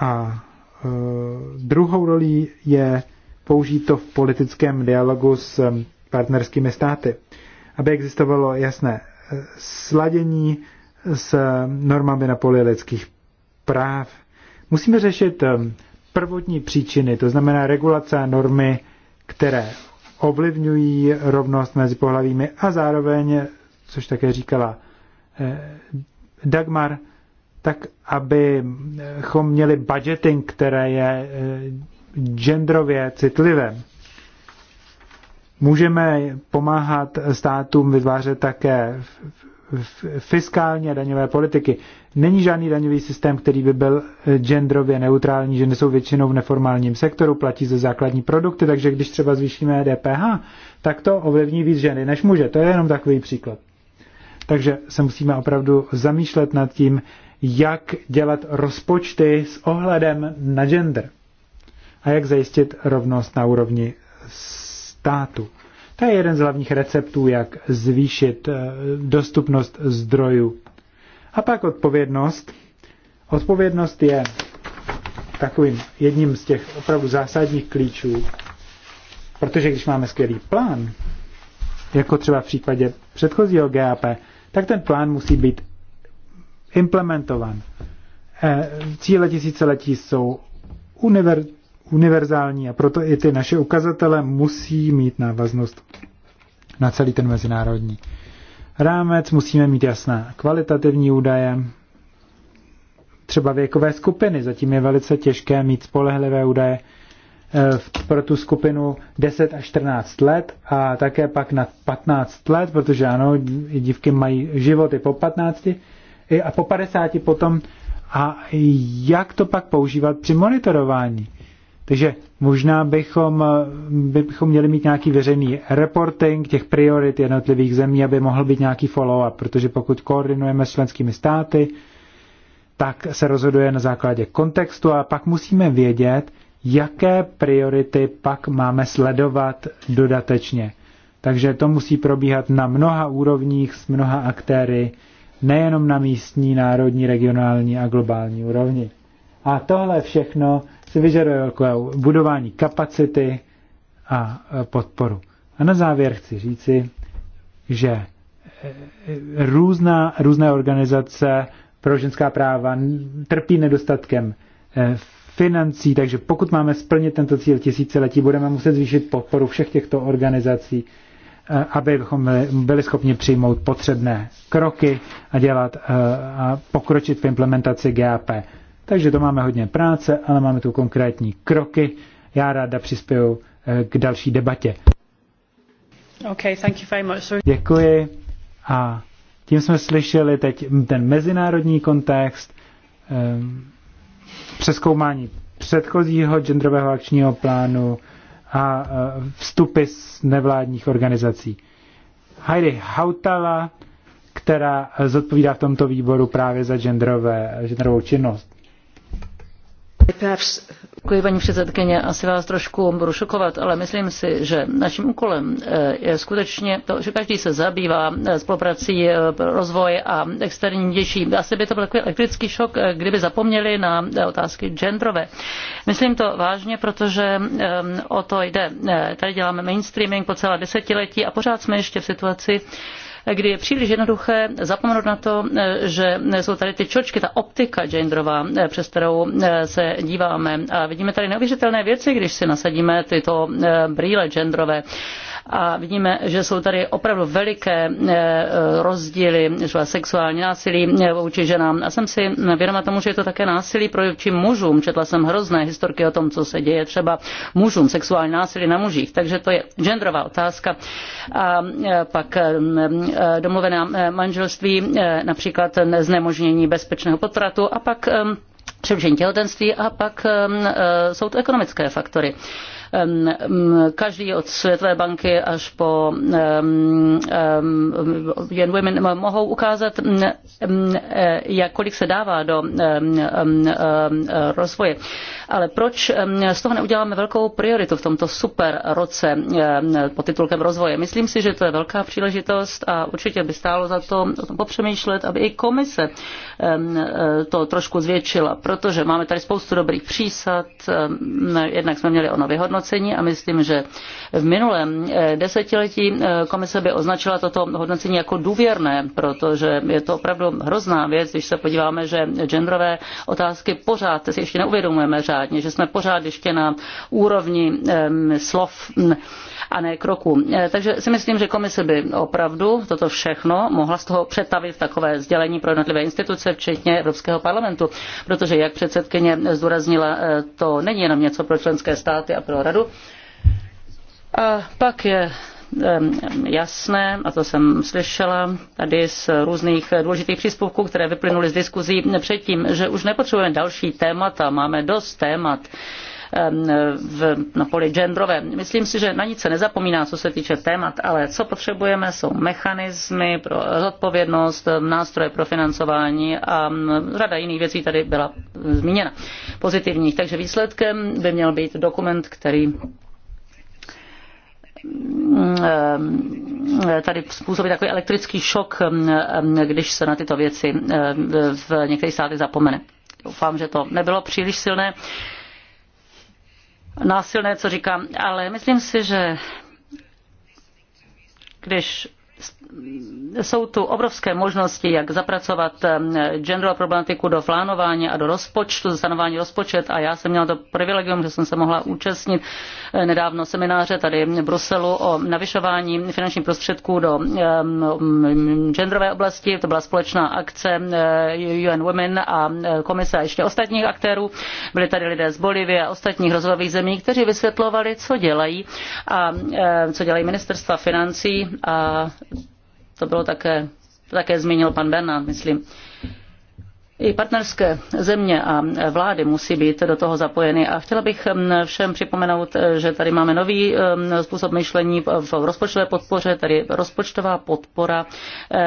a e, druhou rolí je použít to v politickém dialogu s e, partnerskými státy, aby existovalo jasné e, sladění s normami na poli lidských práv. Musíme řešit prvotní příčiny, to znamená regulace a normy, které ovlivňují rovnost mezi pohlavími a zároveň, což také říkala Eh, Dagmar, tak abychom měli budgeting, které je eh, genderově citlivé. Můžeme pomáhat státům vytvářet také fiskálně daňové politiky. Není žádný daňový systém, který by byl eh, genderově neutrální, že nejsou většinou v neformálním sektoru, platí ze základní produkty, takže když třeba zvýšíme DPH, tak to ovlivní víc ženy než muže. To je jenom takový příklad. Takže se musíme opravdu zamýšlet nad tím, jak dělat rozpočty s ohledem na gender a jak zajistit rovnost na úrovni státu. To je jeden z hlavních receptů, jak zvýšit eh, dostupnost zdrojů. A pak odpovědnost. Odpovědnost je takovým jedním z těch opravdu zásadních klíčů, protože když máme skvělý plán, jako třeba v případě předchozího GAP, tak ten plán musí být implementovan. E, cíle tisíciletí jsou univer, univerzální a proto i ty naše ukazatele musí mít návaznost na celý ten mezinárodní rámec. Musíme mít jasná kvalitativní údaje, třeba věkové skupiny. Zatím je velice těžké mít spolehlivé údaje Eh, pro tu skupinu 10 až 14 let a také pak na 15 let, protože ano, dívky mají životy po 15 a po 50 potom a jak to pak používat při monitorování. Takže možná bychom, eh, bychom měli mít nějaký veřejný reporting těch priorit jednotlivých zemí, aby mohl být nějaký follow-up, protože pokud koordinujeme s členskými státy, tak se rozhoduje na základě kontextu a pak musíme vědět, jaké priority pak máme sledovat dodatečně. Takže to musí probíhat na mnoha úrovních s mnoha aktéry, nejenom na místní, národní, regionální a globální úrovni. A tohle všechno si vyžaduje jako budování kapacity a e, podporu. A na závěr chci říci, že e, různá, různé organizace pro ženská práva trpí nedostatkem e, financí, takže pokud máme splnit tento cíl tisíciletí, budeme muset zvýšit podporu všech těchto organizací, eh, abychom byli schopni přijmout potřebné kroky a dělat eh, a pokročit v implementaci GAP. Takže to máme hodně práce, ale máme tu konkrétní kroky. Já ráda přispěju eh, k další debatě. Okay, thank you very much. So... Děkuji. A tím jsme slyšeli teď ten mezinárodní kontext. Um, přeskoumání předchozího genderového akčního plánu a e, vstupy z nevládních organizací. Heidi Hautala, která zodpovídá v tomto výboru právě za genderové, genderovou činnost paní předsedající Asi vás trošku budu šokovat, ale myslím si, že naším úkolem eh, je skutečně to, že každý se zabývá eh, spoluprací eh, rozvoj a externí vnější. Asi by to byl takový elektrický šok, kdyby zapomněli na otázky genderové. Myslím to vážně, protože o to jde. Tady děláme mainstreaming po celá desetiletí a pořád jsme ještě v situaci, kdy je příliš jednoduché zapomenout na to, eh, že jsou tady ty čočky, ta optika genderová, eh, přes kterou eh, se díváme. A vidíme tady neuvěřitelné věci, když si nasadíme tyto brýle genderové a vidíme, že jsou tady opravdu veliké eh, rozdíly, třeba sexuální násilí eh, vůči ženám. A jsem si vědoma tomu, že je to také násilí proti mužům. Četla jsem hrozné historky o tom, co se děje třeba mužům, sexuální násilí na mužích. Takže to je genderová otázka. A eh, pak domluvené manželství, například znemožnění bezpečného potratu a pak přerušení těhotenství a pak jsou to ekonomické faktory. Každý od Světové banky až po Young women mohou ukázat, e, jak kolik se dává do rozvoje. Ale proč z toho neuděláme velkou prioritu v tomto super roce pod titulkem rozvoje? Myslím si, že to je velká příležitost a určitě by stálo za to o tom popřemýšlet, aby i komise e, to trošku zvětšila, protože máme tady spoustu dobrých přísad, jednak jsme měli ono vyhodnocení, hodnocení a myslím, že v minulém eh, desetiletí eh, komise by označila toto hodnocení jako důvěrné, protože je to opravdu hrozná věc, když se podíváme, že genderové otázky pořád si ještě neuvědomujeme řádně, že jsme pořád ještě na úrovni slov mm, a ne kroků. Eh, takže si myslím, že komise by opravdu toto všechno mohla z toho přetavit takové sdělení pro jednotlivé instituce, včetně Evropského parlamentu, protože, jak předsedkyně zdůraznila, to není jenom něco pro členské státy a pro radu. A pak je jasné, a to jsem slyšela tady z různých důležitých příspěvků, které vyplynuly z diskuzí předtím, že už nepotřebujeme další témata, máme dost témat v, na poli genderovém. Myslím si, že na nic se nezapomíná, co se týče témat, ale co potřebujeme, jsou mechanismy pro zodpovědnost, nástroje pro financování a řada jiných věcí tady byla zmíněna pozitivních. Takže výsledkem by měl být dokument, který tady způsobí takový elektrický šok, když se na tyto věci v některých státech zapomene. Doufám, že to nebylo příliš silné násilné, co říkám, ale myslím si, že když jsou tu obrovské možnosti, jak zapracovat ehm, genderovou problematiku do plánování a do rozpočtu, stanování rozpočet a já jsem měla to privilegium, že jsem se mohla účastnit eh, nedávno semináře tady v Bruselu o navyšování finančních prostředků do ehm, mm, genderové oblasti. To byla společná akce eh, UN Women a eh, komise a ještě ostatních aktérů. Byli tady lidé z Bolivie a ostatních rozvojových zemí, kteří vysvětlovali, co dělají a co dělají ministerstva financí a to bylo také, to také zmínil pan Bernard, myslím. I partnerské země a vlády musí být do toho zapojeny. A chtěla bych mm, všem připomenout, že tady máme nový mm, způsob myšlení v rozpočtové podpoře, Tady rozpočtová podpora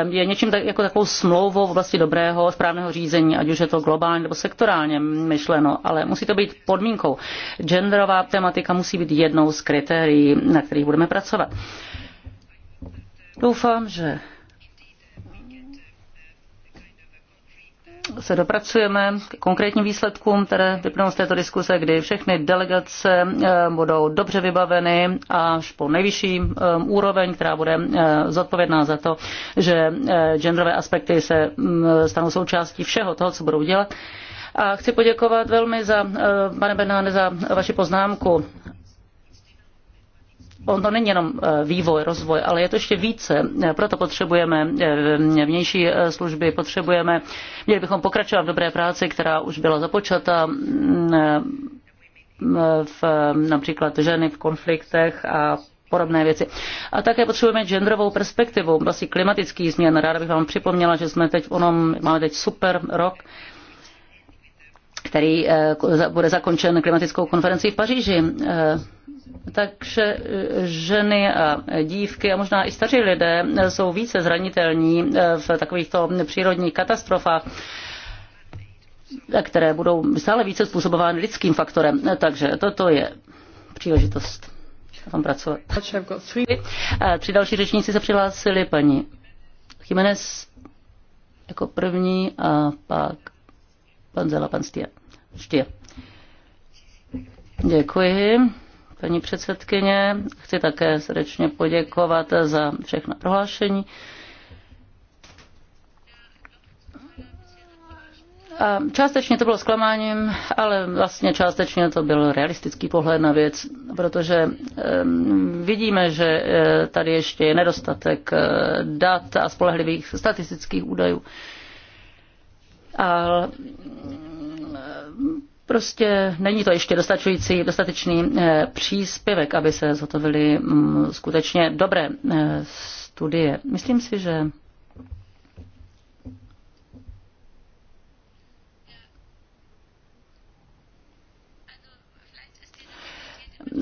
mm, je něčím tak, jako takovou smlouvou v oblasti dobrého, správného řízení, ať už je to globálně nebo sektorálně myšleno, ale musí to být podmínkou. Genderová tematika musí být jednou z kritérií, na kterých budeme pracovat. Doufám, že se dopracujeme k konkrétním výsledkům, které vyplnou z této diskuse, kdy všechny delegace eh, budou dobře vybaveny až po nejvyšší eh, úroveň, která bude eh, zodpovědná za to, že genderové aspekty se mm, stanou součástí všeho toho, co budou dělat. A chci poděkovat velmi za, pane Bernáne, za vaši poznámku On to není jenom eh, vývoj, rozvoj, ale je to ještě více. Eh, proto potřebujeme eh, vnější služby, potřebujeme, měli bychom pokračovat v dobré práci, která už byla započata mm, v, například ženy v konfliktech a podobné věci. A také potřebujeme genderovou perspektivu, vlastně klimatický změn. Ráda bych vám připomněla, že jsme teď v onom, máme teď super rok, který bude zakončen klimatickou konferencí v Paříži takže eh, ženy a dívky a možná i staří lidé eh, jsou více zranitelní eh, v takovýchto přírodních katastrofách které budou stále více způsobovány lidským faktorem. Takže toto je příležitost tam pracovat. Tři další řečníci se přihlásili, paní Jiménez jako první a pak pan Zela, pan Stie. Děkuji paní předsedkyně. Chci také srdečně poděkovat za všechna prohlášení. A částečně to bylo zklamáním, ale vlastně částečně to byl realistický pohled na věc, protože vidíme, že e, tady ještě je nedostatek e, dat a spolehlivých statistických údajů. A Prostě není to ještě dostačující, dostatečný eh, příspěvek, aby se zhotovily mm, skutečně dobré eh, studie. Myslím si, že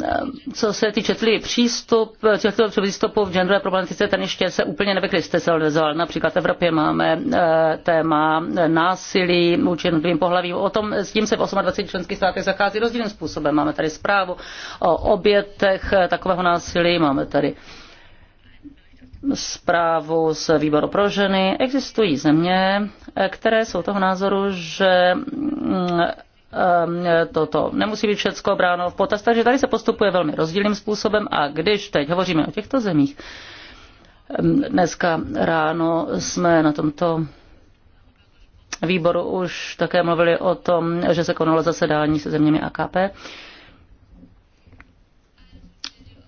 Eh, co se týče tlí přístup, těchto přístupů v genderové problematice, ten ještě se úplně nevykrystalizoval. Například v Evropě máme eh, téma násilí vůči jednotlivým pohlavím. O tom, s tím se v 28 členských státech zachází rozdílným způsobem. Máme tady zprávu o obětech eh, takového násilí, máme tady zprávu z výboru pro ženy. Existují země, které jsou toho názoru, že mm, Ehm, toto nemusí být všecko bráno v potaz, takže tady se postupuje velmi rozdílným způsobem a když teď hovoříme o těchto zemích, ehm, dneska ráno jsme na tomto výboru už také mluvili o tom, že se konalo zasedání se zeměmi AKP.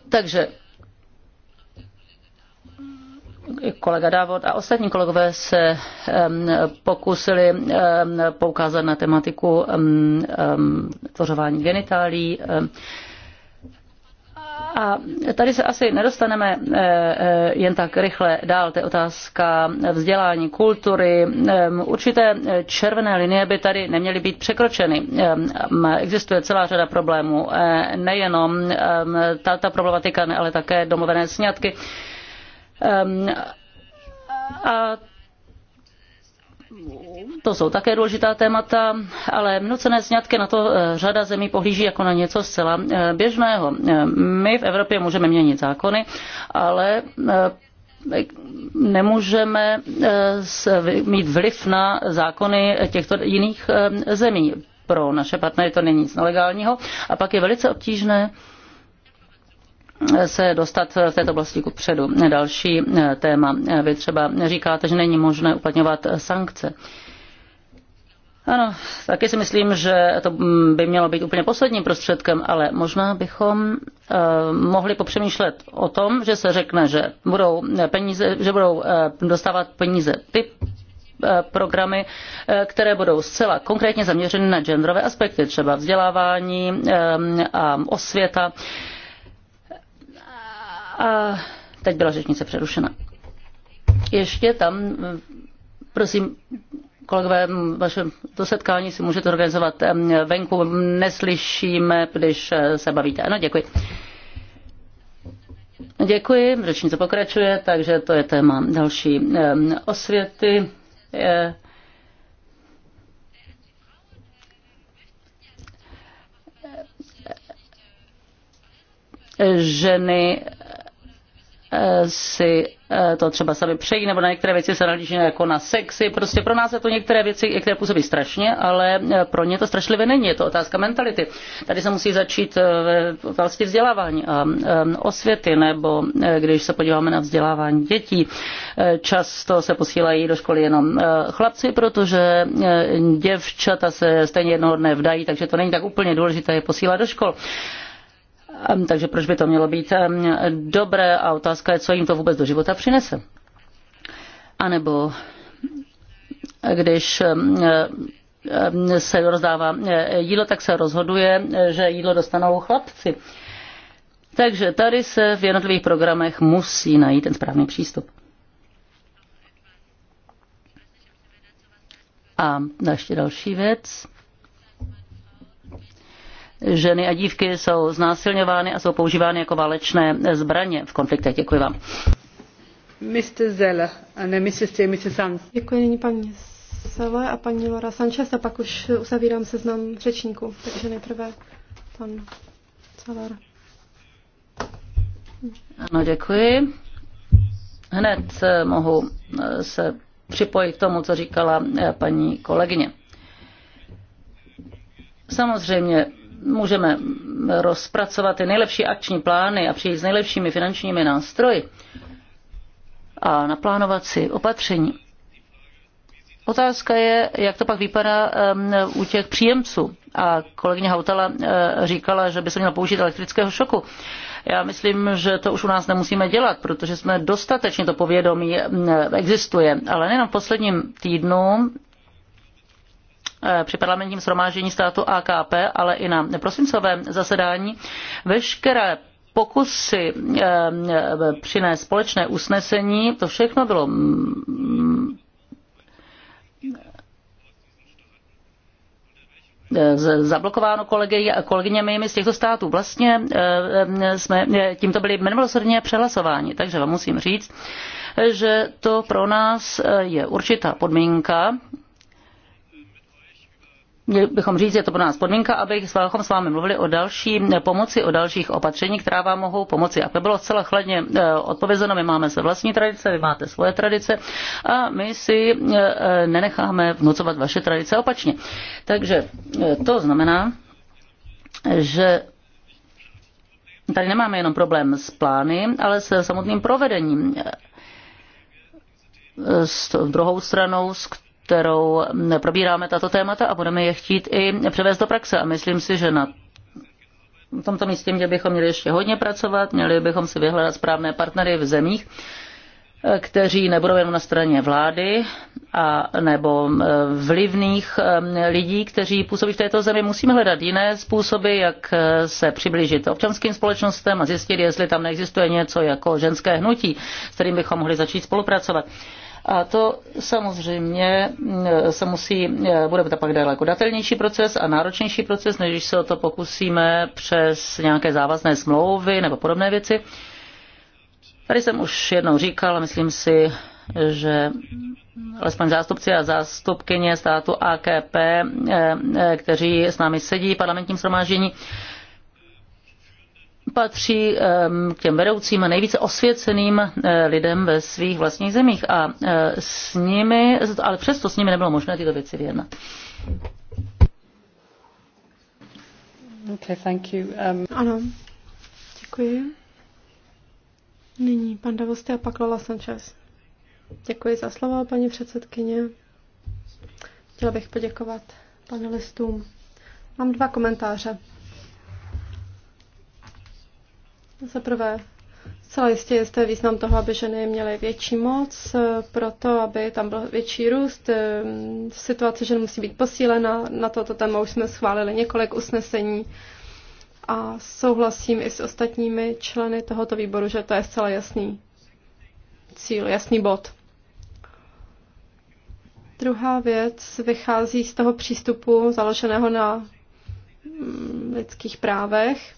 Takže kolega Davod a ostatní kolegové se pokusili poukázat na tematiku tvořování genitálí. A tady se asi nedostaneme eh, eh, jen tak rychle dál. To je otázka vzdělání, kultury. Určité červené linie by tady neměly být překročeny. Existuje celá řada problémů. Eh, nejenom ta, problematika, ale také domovené sňatky Ehm, a to jsou také důležitá témata, ale nucené sňatky na to eh, řada zemí pohlíží jako na něco zcela eh, běžného. Ehm, my v Evropě můžeme měnit zákony, ale eh, nemůžeme mít vliv na zákony těchto jiných zemí. Pro naše partnery to není nic nelegálního a pak je velice obtížné se dostat v této oblasti ku předu. Další eh, téma. Eh, vy třeba říkáte, že není možné uplatňovat eh, sankce. Ano, taky si myslím, že to mm, by mělo být úplně posledním prostředkem, ale možná bychom mohli popřemýšlet o tom, že se řekne, že budou, peníze, že budou dostávat peníze ty programy, které budou zcela konkrétně zaměřeny na genderové aspekty, třeba vzdělávání a osvěta a teď byla řečnice přerušena. Ještě tam, prosím, kolegové, vaše to setkání si můžete organizovat venku, neslyšíme, když eh, se bavíte. Ano, děkuji. Děkuji, řečnice pokračuje, takže to je téma další osvěty. Eh, ženy Eh, si eh, to třeba sami přejí, nebo na některé věci se nalíží jako na sexy. Prostě pro nás je to některé věci, které působí strašně, ale eh, pro ně to strašlivě není. Je to otázka mentality. Tady se musí začít v vzdělávání a osvěty, nebo když se podíváme na vzdělávání dětí, často se posílají do školy jenom chlapci, protože děvčata se stejně jednoho dne vdají, takže to není tak úplně důležité je posílat do škol takže proč by to mělo být dobré a otázka je, co jim to vůbec do života přinese. A nebo když se rozdává e, jídlo, tak se rozhoduje, e, že jídlo dostanou chlapci. Takže tady se v jednotlivých programech musí najít ten správný přístup. A ještě další věc ženy a dívky jsou znásilňovány a jsou používány jako válečné zbraně v konfliktech. Děkuji vám. Mr. Zeller, a ne Mrs. T, Mr. Sanz. Děkuji, nyní paní Sele a paní Laura Sanchez a pak už uzavírám seznam řečníků. Takže nejprve pan Celer. Ano, děkuji. Hned eh, mohu eh, se připojit k tomu, co říkala eh, paní kolegyně. Samozřejmě můžeme rozpracovat ty nejlepší akční plány a přijít s nejlepšími finančními nástroji a naplánovat si opatření. Otázka je, jak to pak vypadá u těch příjemců. A kolegyně Hautala eh, říkala, že by se měl použít elektrického šoku. Já myslím, že to už u nás nemusíme dělat, protože jsme dostatečně to povědomí existuje. Ale nejenom v posledním týdnu Eh, při parlamentním shromáždění státu AKP, ale i na prosincovém zasedání veškeré pokusy eh, přinést společné usnesení, to všechno bylo mm, eh, zablokováno kolegy, kolegyněmi z těchto států. Vlastně jsme tímto byli minimalosrdně přehlasováni, takže vám musím říct, že to pro nás je určitá podmínka, měli bychom říct, je to pro nás podmínka, abychom s vámi mluvili o další pomoci, o dalších opatření, která vám mohou pomoci. A to bylo zcela chladně eh, odpovězeno, my máme své vlastní tradice, vy máte svoje tradice a my si eh, nenecháme vnucovat vaše tradice opačně. Takže eh, to znamená, že tady nemáme jenom problém s plány, ale se samotným provedením. S druhou stranou, s kterou probíráme tato témata a budeme je chtít i převést do praxe. A myslím si, že na tomto místě měli bychom měli ještě hodně pracovat, měli bychom si vyhledat správné partnery v zemích, kteří nebudou jenom na straně vlády a nebo eh, vlivných eh, lidí, kteří působí v této zemi. Musíme hledat jiné způsoby, jak eh, se přiblížit občanským společnostem a zjistit, jestli tam neexistuje něco jako ženské hnutí, s kterým bychom mohli začít spolupracovat. A to samozřejmě e, se musí, e, bude to pak daleko datelnější proces a náročnější proces, než když se o to pokusíme přes nějaké závazné smlouvy nebo podobné věci. Tady jsem už jednou říkal, myslím si, že alespoň zástupci a zástupkyně státu AKP, e, kteří s námi sedí v parlamentním shromáždění, patří k těm vedoucím a nejvíce osvěceným eh, lidem ve svých vlastních zemích a eh, s nimi, ale přesto s nimi nebylo možné tyto věci vyjednat. Okay, thank you. Um... Ano, děkuji. Nyní pan Davosti a pak Lola Sanchez. Děkuji za slovo, paní předsedkyně. Chtěla bych poděkovat panelistům. Mám dva komentáře. Za prvé, Zcela jistě je zde význam toho, aby ženy měly větší moc, eh, proto aby tam byl větší růst. Eh, situace žen musí být posílena. Na toto téma už jsme schválili několik usnesení a souhlasím i s ostatními členy tohoto výboru, že to je zcela jasný cíl, jasný bod. Druhá věc vychází z toho přístupu založeného na mm, lidských právech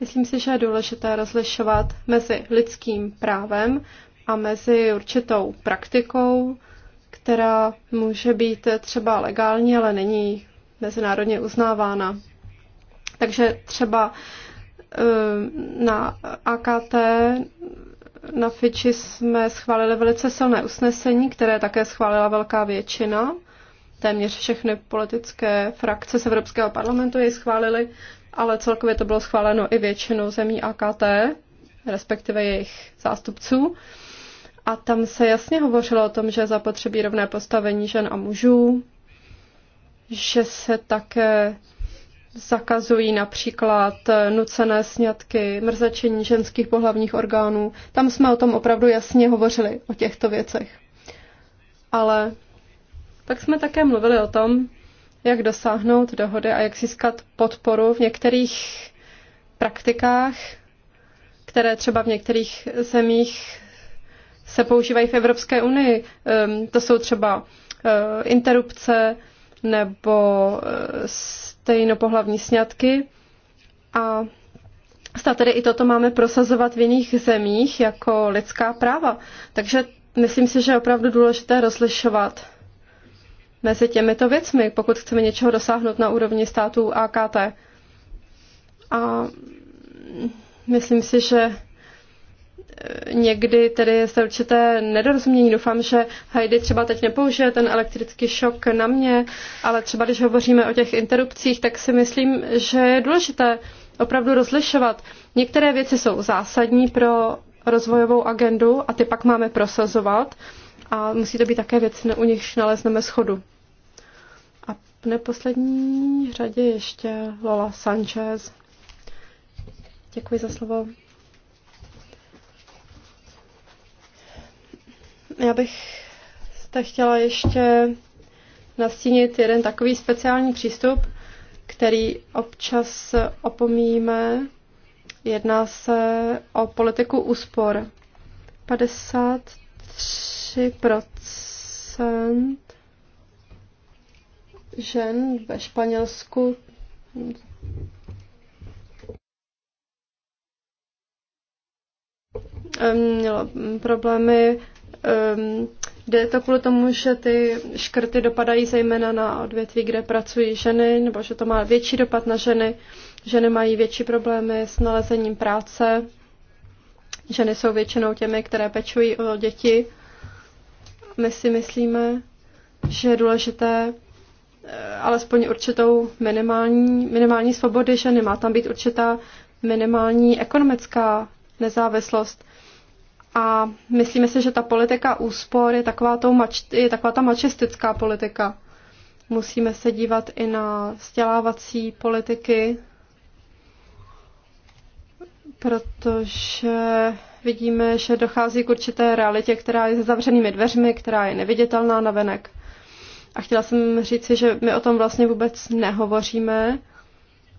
Myslím si, že je důležité rozlišovat mezi lidským právem a mezi určitou praktikou, která může být třeba legální, ale není mezinárodně uznávána. Takže třeba eh, na AKT na Fiči jsme schválili velice silné usnesení, které také schválila velká většina. Téměř všechny politické frakce z Evropského parlamentu jej schválili ale celkově to bylo schváleno i většinou zemí AKT, respektive jejich zástupců. A tam se jasně hovořilo o tom, že zapotřebí rovné postavení žen a mužů, že se také zakazují například nucené sňatky, mrzačení ženských pohlavních orgánů. Tam jsme o tom opravdu jasně hovořili, o těchto věcech. Ale tak jsme také mluvili o tom, jak dosáhnout dohody a jak získat podporu v některých praktikách, které třeba v některých zemích se používají v Evropské unii. Ehm, to jsou třeba eh, interrupce nebo eh, stejnopohlavní sňatky. A stát tedy i toto máme prosazovat v jiných zemích jako lidská práva. Takže myslím si, že je opravdu důležité rozlišovat mezi těmito věcmi, pokud chceme něčeho dosáhnout na úrovni států AKT. A myslím si, že eh, někdy tedy je zde určité nedorozumění. Doufám, že Heidi třeba teď nepoužije ten elektrický šok na mě, ale třeba když hovoříme o těch interrupcích, tak si myslím, že je důležité opravdu rozlišovat. Některé věci jsou zásadní pro rozvojovou agendu a ty pak máme prosazovat a musí to být také věci, u nichž nalezneme schodu. A v neposlední řadě ještě Lola Sanchez. Děkuji za slovo. Já bych jste chtěla ještě nastínit jeden takový speciální přístup, který občas opomíme. Jedná se o politiku úspor. 53 3% žen ve Španělsku mělo problémy. Jde to kvůli tomu, že ty škrty dopadají zejména na odvětví, kde pracují ženy, nebo že to má větší dopad na ženy. Ženy mají větší problémy s nalezením práce. Ženy jsou většinou těmi, které pečují o děti my si myslíme, že je důležité eh, alespoň určitou minimální, minimální svobody ženy. Má tam být určitá minimální ekonomická nezávislost. A myslíme si, že ta politika úspor je taková, tou mač, je taková ta mačistická politika. Musíme se dívat i na vzdělávací politiky, protože vidíme, že dochází k určité realitě, která je se zavřenými dveřmi, která je neviditelná na venek. A chtěla jsem říci, že my o tom vlastně vůbec nehovoříme.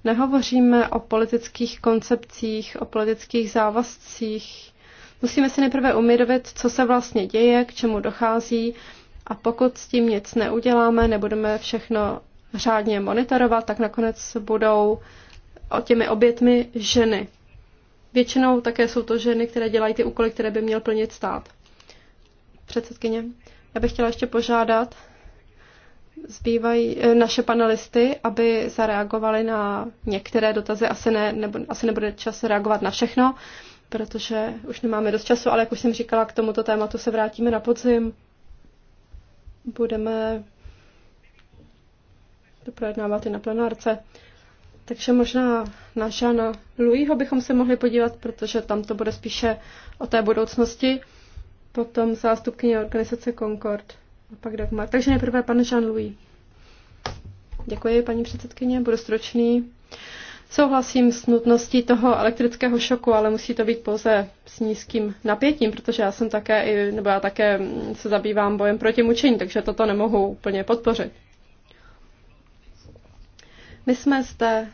Nehovoříme o politických koncepcích, o politických závazcích. Musíme si nejprve umědovit, co se vlastně děje, k čemu dochází a pokud s tím nic neuděláme, nebudeme všechno řádně monitorovat, tak nakonec budou o těmi obětmi ženy. Většinou také jsou to ženy, které dělají ty úkoly, které by měl plnit stát. Předsedkyně, já bych chtěla ještě požádat zbývají eh, naše panelisty, aby zareagovali na některé dotazy. Asi, ne, nebo, asi nebude čas reagovat na všechno, protože už nemáme dost času, ale jak už jsem říkala, k tomuto tématu se vrátíme na podzim. Budeme to projednávat i na plenárce. Takže možná na Žana Louisho bychom se mohli podívat, protože tam to bude spíše o té budoucnosti. Potom zástupkyně organizace Concord a pak Dagmar. Takže nejprve pan Jean Louis. Děkuji, paní předsedkyně, budu stročný. Souhlasím s nutností toho elektrického šoku, ale musí to být pouze s nízkým napětím, protože já jsem také, i, nebo já také se zabývám bojem proti mučení, takže toto nemohu úplně podpořit. My jsme zde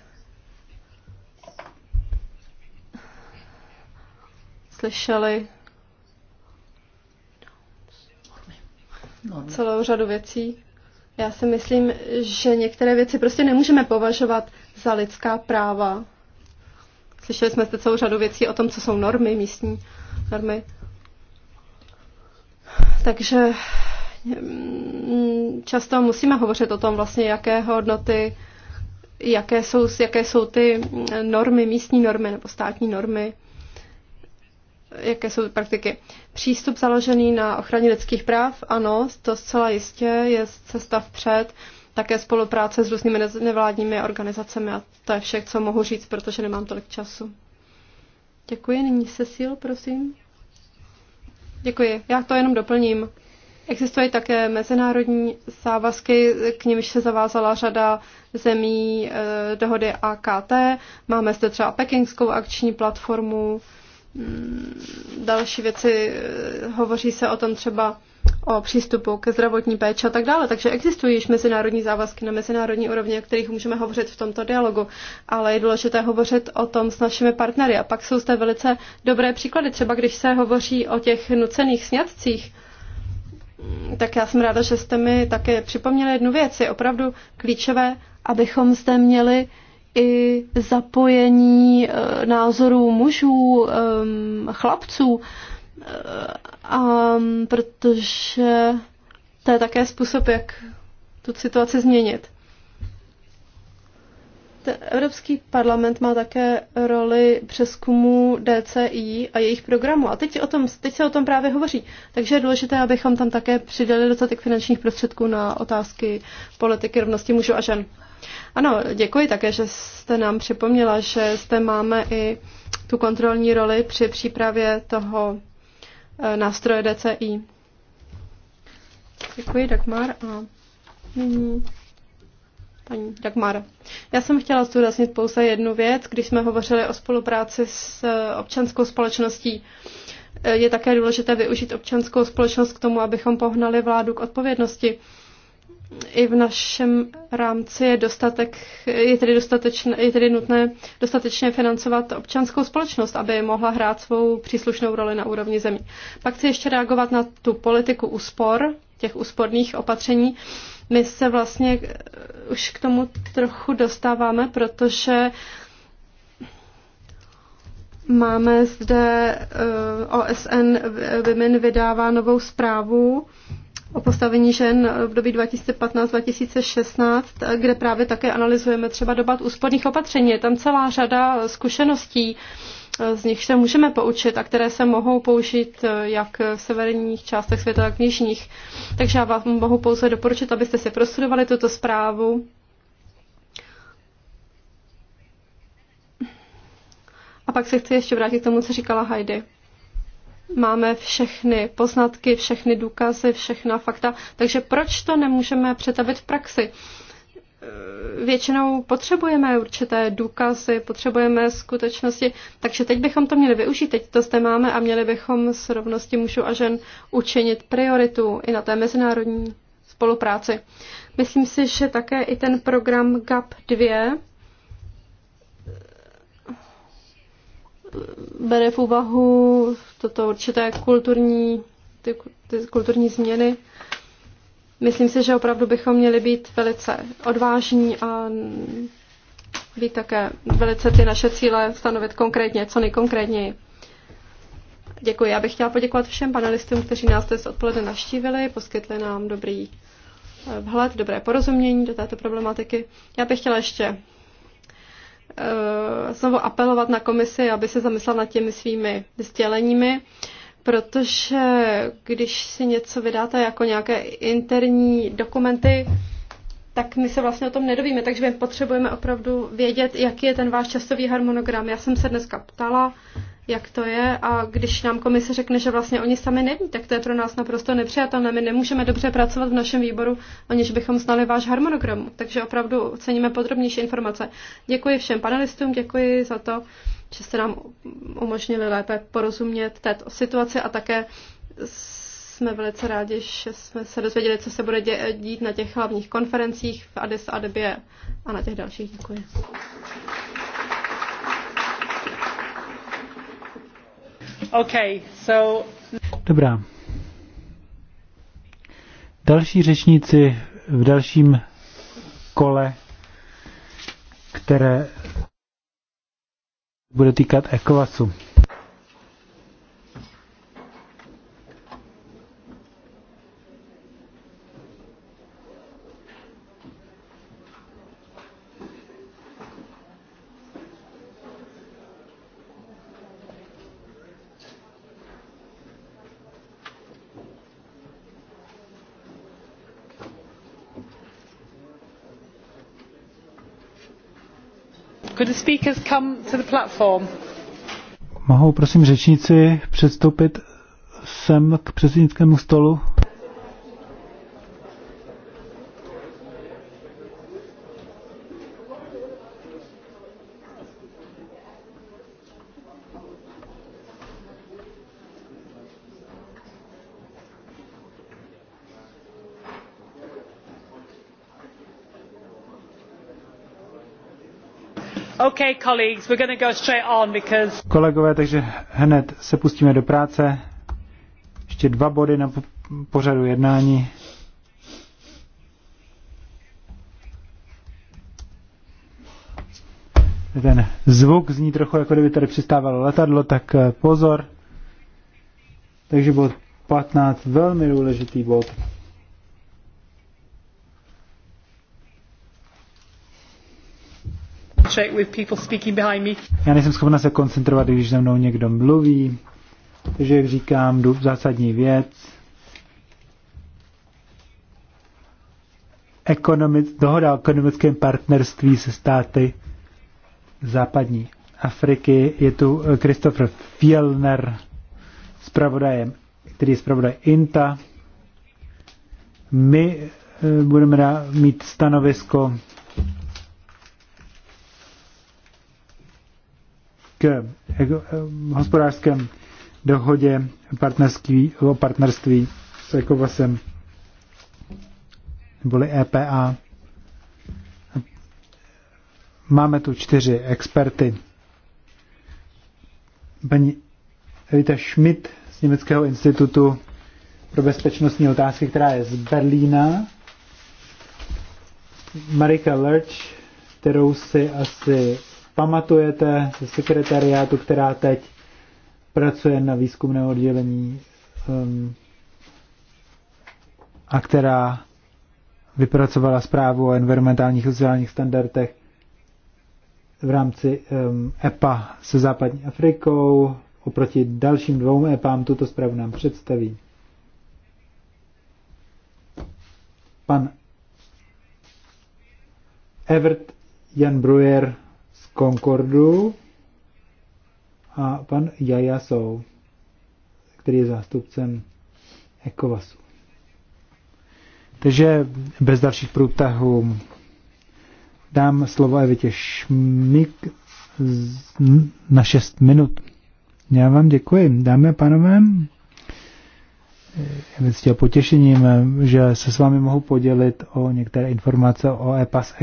slyšeli no, no. celou řadu věcí. Já si myslím, že některé věci prostě nemůžeme považovat za lidská práva. Slyšeli jsme zde celou řadu věcí o tom, co jsou normy, místní normy. Takže mm, často musíme hovořit o tom vlastně, jaké hodnoty, jaké jsou, jaké jsou ty normy, místní normy nebo státní normy jaké jsou praktiky. Přístup založený na ochraně lidských práv, ano, to zcela jistě je cesta vpřed. Také spolupráce s různými nevládními organizacemi a to je vše, co mohu říct, protože nemám tolik času. Děkuji. Nyní Cecil, prosím. Děkuji. Já to jenom doplním. Existují také mezinárodní závazky, k nimž se zavázala řada zemí eh, dohody AKT. Máme zde třeba pekingskou akční platformu, Mm, další věci, eh, hovoří se o tom třeba o přístupu ke zdravotní péči a tak dále. Takže existují již mezinárodní závazky na mezinárodní úrovni, o kterých můžeme hovořit v tomto dialogu, ale je důležité hovořit o tom s našimi partnery. A pak jsou zde velice dobré příklady. Třeba když se hovoří o těch nucených sňatcích, tak já jsem ráda, že jste mi také připomněli jednu věc. Je opravdu klíčové, abychom zde měli i zapojení eh, názorů mužů, chlapců, eh, a mm, protože to je také způsob, jak tu situaci změnit. Ten Evropský parlament má také roli přeskumu DCI a jejich programu. A teď, o tom, teď se o tom právě hovoří. Takže je důležité, abychom tam také přidali dostatek finančních prostředků na otázky politiky rovnosti mužů a žen. Ano, děkuji také, že jste nám připomněla, že zde máme i tu kontrolní roli při přípravě toho eh, nástroje DCI. Děkuji, Dagmar. A nyní paní Dagmar. Já jsem chtěla zdůraznit pouze jednu věc, když jsme hovořili o spolupráci s eh, občanskou společností. Eh, je také důležité využít občanskou společnost k tomu, abychom pohnali vládu k odpovědnosti i v našem rámci je dostatek, je tedy, je tedy nutné dostatečně financovat občanskou společnost, aby mohla hrát svou příslušnou roli na úrovni zemí. Pak chci ještě reagovat na tu politiku úspor, těch úsporných opatření. My se vlastně eh, už k tomu trochu dostáváme, protože máme zde eh, OSN Women vydává novou zprávu, o postavení žen v době 2015-2016, kde právě také analyzujeme třeba dobat úsporných opatření. Je tam celá řada zkušeností, z nich se můžeme poučit a které se mohou použít jak v severních částech světa, tak v jižních. Takže já vám mohu pouze doporučit, abyste si prostudovali tuto zprávu. A pak se chci ještě vrátit k tomu, co říkala Heidi máme všechny poznatky, všechny důkazy, všechna fakta, takže proč to nemůžeme přetavit v praxi? E, většinou potřebujeme určité důkazy, potřebujeme skutečnosti, takže teď bychom to měli využít, teď to zde máme a měli bychom s rovností mužů a žen učinit prioritu i na té mezinárodní spolupráci. Myslím si, že také i ten program GAP 2 bere v úvahu toto určité kulturní, ty, ty kulturní změny. Myslím si, že opravdu bychom měli být velice odvážní a být také velice ty naše cíle stanovit konkrétně, co nejkonkrétněji. Děkuji. Já bych chtěla poděkovat všem panelistům, kteří nás dnes odpoledne navštívili, poskytli nám dobrý eh, vhled, dobré porozumění do této problematiky. Já bych chtěla ještě Eh, znovu apelovat na komisi, aby se zamyslela nad těmi svými sděleními, protože když si něco vydáte jako nějaké interní dokumenty, tak my se vlastně o tom nedovíme, takže my potřebujeme opravdu vědět, jaký je ten váš časový harmonogram. Já jsem se dneska ptala jak to je a když nám komise řekne, že vlastně oni sami neví, tak to je pro nás naprosto nepřijatelné. My nemůžeme dobře pracovat v našem výboru, aniž bychom znali váš harmonogram. Takže opravdu ceníme podrobnější informace. Děkuji všem panelistům, děkuji za to, že jste nám umožnili lépe porozumět této situaci a také jsme velice rádi, že jsme se dozvěděli, co se bude dít na těch hlavních konferencích v Addis Adebě a na těch dalších. Děkuji. Okay, so... Dobrá. Další řečníci v dalším kole, které bude týkat ECOWASu. speakers come to the platform? Mohou prosím řečníci předstoupit sem k předsednickému stolu? Okay, colleagues, we're going to go straight on because... Kolegové, takže hned se pustíme do práce. Ještě dva body na pořadu jednání. Ten zvuk zní trochu, jako kdyby tady přistávalo letadlo, tak eh, pozor. Takže bod 15, velmi důležitý bod. Já nejsem schopna se koncentrovat, když se mnou někdo mluví. Takže, jak říkám, jdu zásadní věc. Ekonomic, dohoda o ekonomickém partnerství se státy západní Afriky. Je tu eh, Christopher Fielner, zpravodajem, který je zpravodaj INTA. My eh, budeme mít stanovisko k eh, hospodářském dohodě partnerství, o partnerství s Ekovasem, neboli EPA. Máme tu čtyři experty. Paní Rita Schmidt z Německého institutu pro bezpečnostní otázky, která je z Berlína. Marika Lerch, kterou si asi pamatujete ze sekretariátu, která teď pracuje na výzkumném oddělení um, a která vypracovala zprávu o environmentálních a sociálních standardech v rámci um, EPA se západní Afrikou. Oproti dalším dvou EPAM tuto zprávu nám představí. Pan Evert Jan Brujer Concordu a pan Jajasou, který je zástupcem ekovasu. Takže bez dalších průtahů dám slovo Evitě Šmik na 6 minut. Já vám děkuji. Dámy a pánové, já bych chtěl potěšením, že se s vámi mohu podělit o některé informace o EPAS s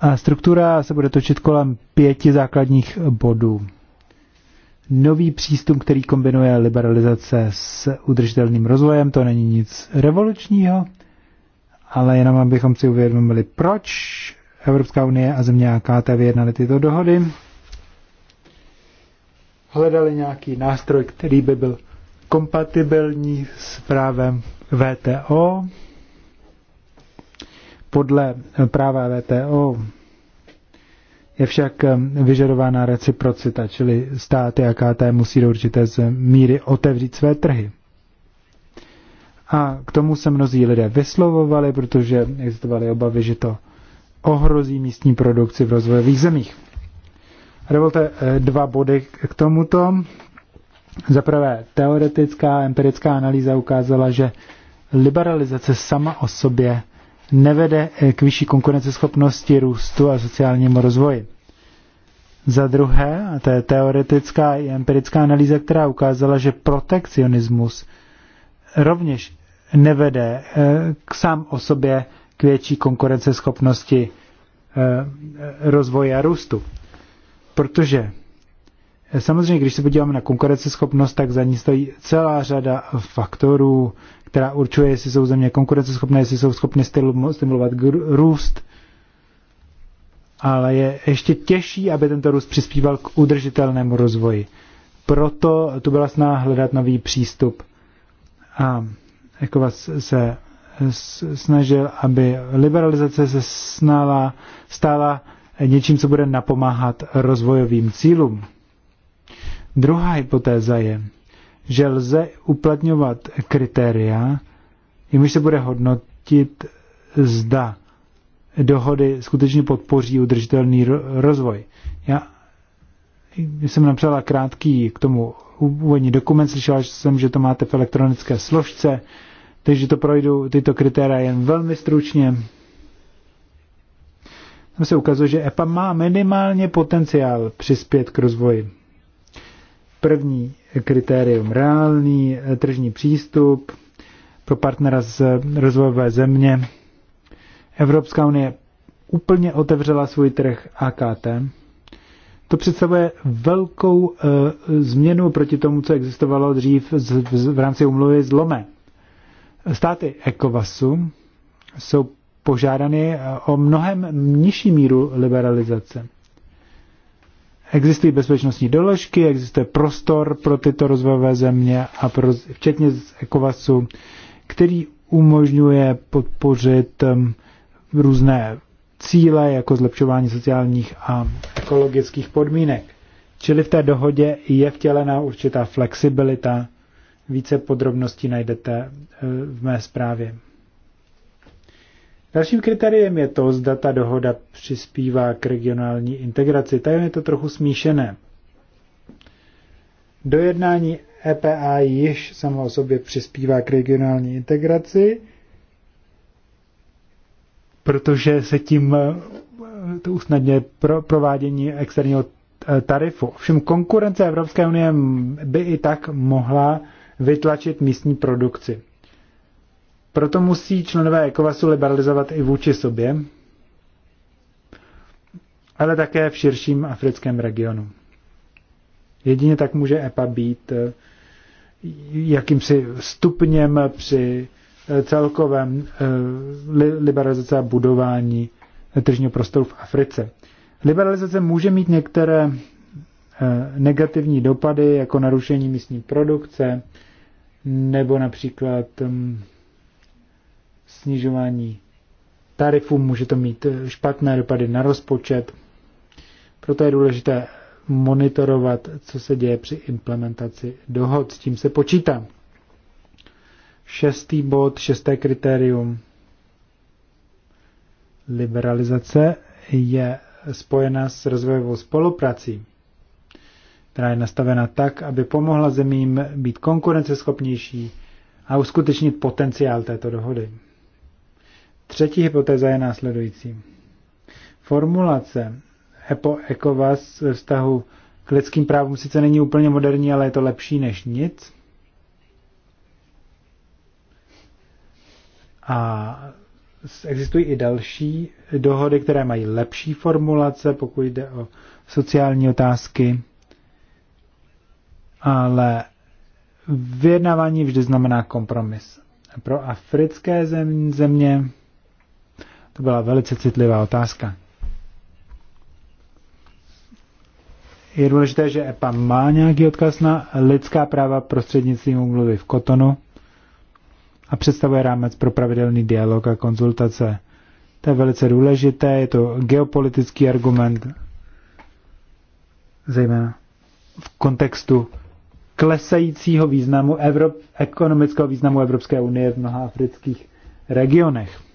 a struktura se bude točit kolem pěti základních bodů. Nový přístup, který kombinuje liberalizace s udržitelným rozvojem, to není nic revolučního, ale jenom abychom si uvědomili, proč Evropská unie a země AKT vyjednaly tyto dohody. Hledali nějaký nástroj, který by byl kompatibilní s právem VTO, podle práva VTO. Je však eh, vyžadována reciprocita, čili státy a KT musí do určité míry otevřít své trhy. A k tomu se mnozí lidé vyslovovali, protože existovaly obavy, že to ohrozí místní produkci v rozvojových zemích. A dovolte eh, dva body k tomuto. Za prvé, teoretická empirická analýza ukázala, že liberalizace sama o sobě nevede eh, k vyšší konkurenceschopnosti, růstu a sociálnímu rozvoji. Za druhé, a to je teoretická i empirická analýza, která ukázala, že protekcionismus rovněž nevede eh, k sám o sobě k větší konkurenceschopnosti eh, rozvoje a růstu. Protože Samozřejmě, když se podíváme na konkurenceschopnost, tak za ní stojí celá řada faktorů, která určuje, jestli jsou země konkurenceschopné, jestli jsou schopny stimulovat růst. Ale je ještě těžší, aby tento růst přispíval k udržitelnému rozvoji. Proto tu byla snaha hledat nový přístup. A jako vás se snažil, aby liberalizace se snala, stala něčím, co bude napomáhat rozvojovým cílům. Druhá hypotéza je, že lze uplatňovat kritéria, jimž se bude hodnotit, zda dohody skutečně podpoří udržitelný rozvoj. Já jsem napsala krátký k tomu úvodní dokument, slyšela jsem, že to máte v elektronické složce, takže to projdu tyto kritéria jen velmi stručně. Tam se ukazuje, že EPA má minimálně potenciál přispět k rozvoji První kritérium, reálný eh, tržní přístup pro partnera z rozvojové země. Evropská unie úplně otevřela svůj trh AKT. To představuje velkou e, změnu proti tomu, co existovalo dřív z, v, v rámci umluvy z Lome. Státy ECOVASu jsou požádany eh, o mnohem nižší míru liberalizace. Existují bezpečnostní doložky, existuje prostor pro tyto rozvojové země a pro, včetně z ECOWASu, který umožňuje podpořit um, různé cíle, jako zlepšování sociálních a ekologických podmínek. Čili v té dohodě je vtělená určitá flexibilita. Více podrobností najdete uh, v mé zprávě. Dalším kritériem je to, zda ta dohoda přispívá k regionální integraci. Tady je to trochu smíšené. Dojednání EPA již samo o sobě přispívá k regionální integraci, protože se tím eh, to usnadňuje pro provádění externího eh, tarifu. Všem konkurence Evropské unie by i tak mohla vytlačit místní produkci. Proto musí členové ECOWASu liberalizovat i vůči sobě, ale také v širším africkém regionu. Jedině tak může EPA být eh, jakýmsi stupněm při eh, celkovém eh, liberalizaci a budování tržního prostoru v Africe. Liberalizace může mít některé negativní dopady, jako narušení místní produkce, nebo například mm, snižování tarifů, může to mít eh, špatné dopady na rozpočet. Proto je důležité monitorovat, co se děje při implementaci dohod. S tím se počítá. Šestý bod, šesté kritérium. Liberalizace je spojena s rozvojovou spoluprací, která je nastavena tak, aby pomohla zemím být konkurenceschopnější a uskutečnit potenciál této dohody. Třetí hypotéza je následující. Formulace EPO ECOVAS ve vztahu k lidským právům sice není úplně moderní, ale je to lepší než nic. A existují i další dohody, které mají lepší formulace, pokud jde o sociální otázky. Ale vyjednávání vždy znamená kompromis. Pro africké země to byla velice citlivá otázka. Je důležité, že EPA má nějaký odkaz na lidská práva prostřednictvím úmluvy v Kotonu a představuje rámec pro pravidelný dialog a konzultace. To je velice důležité, je to geopolitický argument, zejména v kontextu klesajícího významu Evrop, ekonomického významu Evropské unie v mnoha afrických regionech.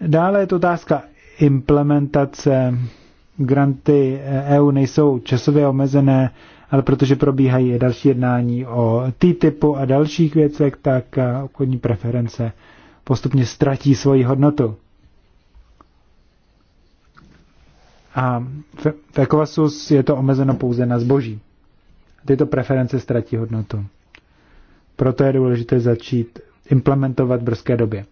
Dále je to otázka implementace. Granty EU nejsou časově omezené, ale protože probíhají další jednání o T-typu a dalších věcech, tak obchodní preference postupně ztratí svoji hodnotu. A v ECOWASu je to omezeno pouze na zboží. Tyto preference ztratí hodnotu. Proto je důležité začít implementovat v brzké době.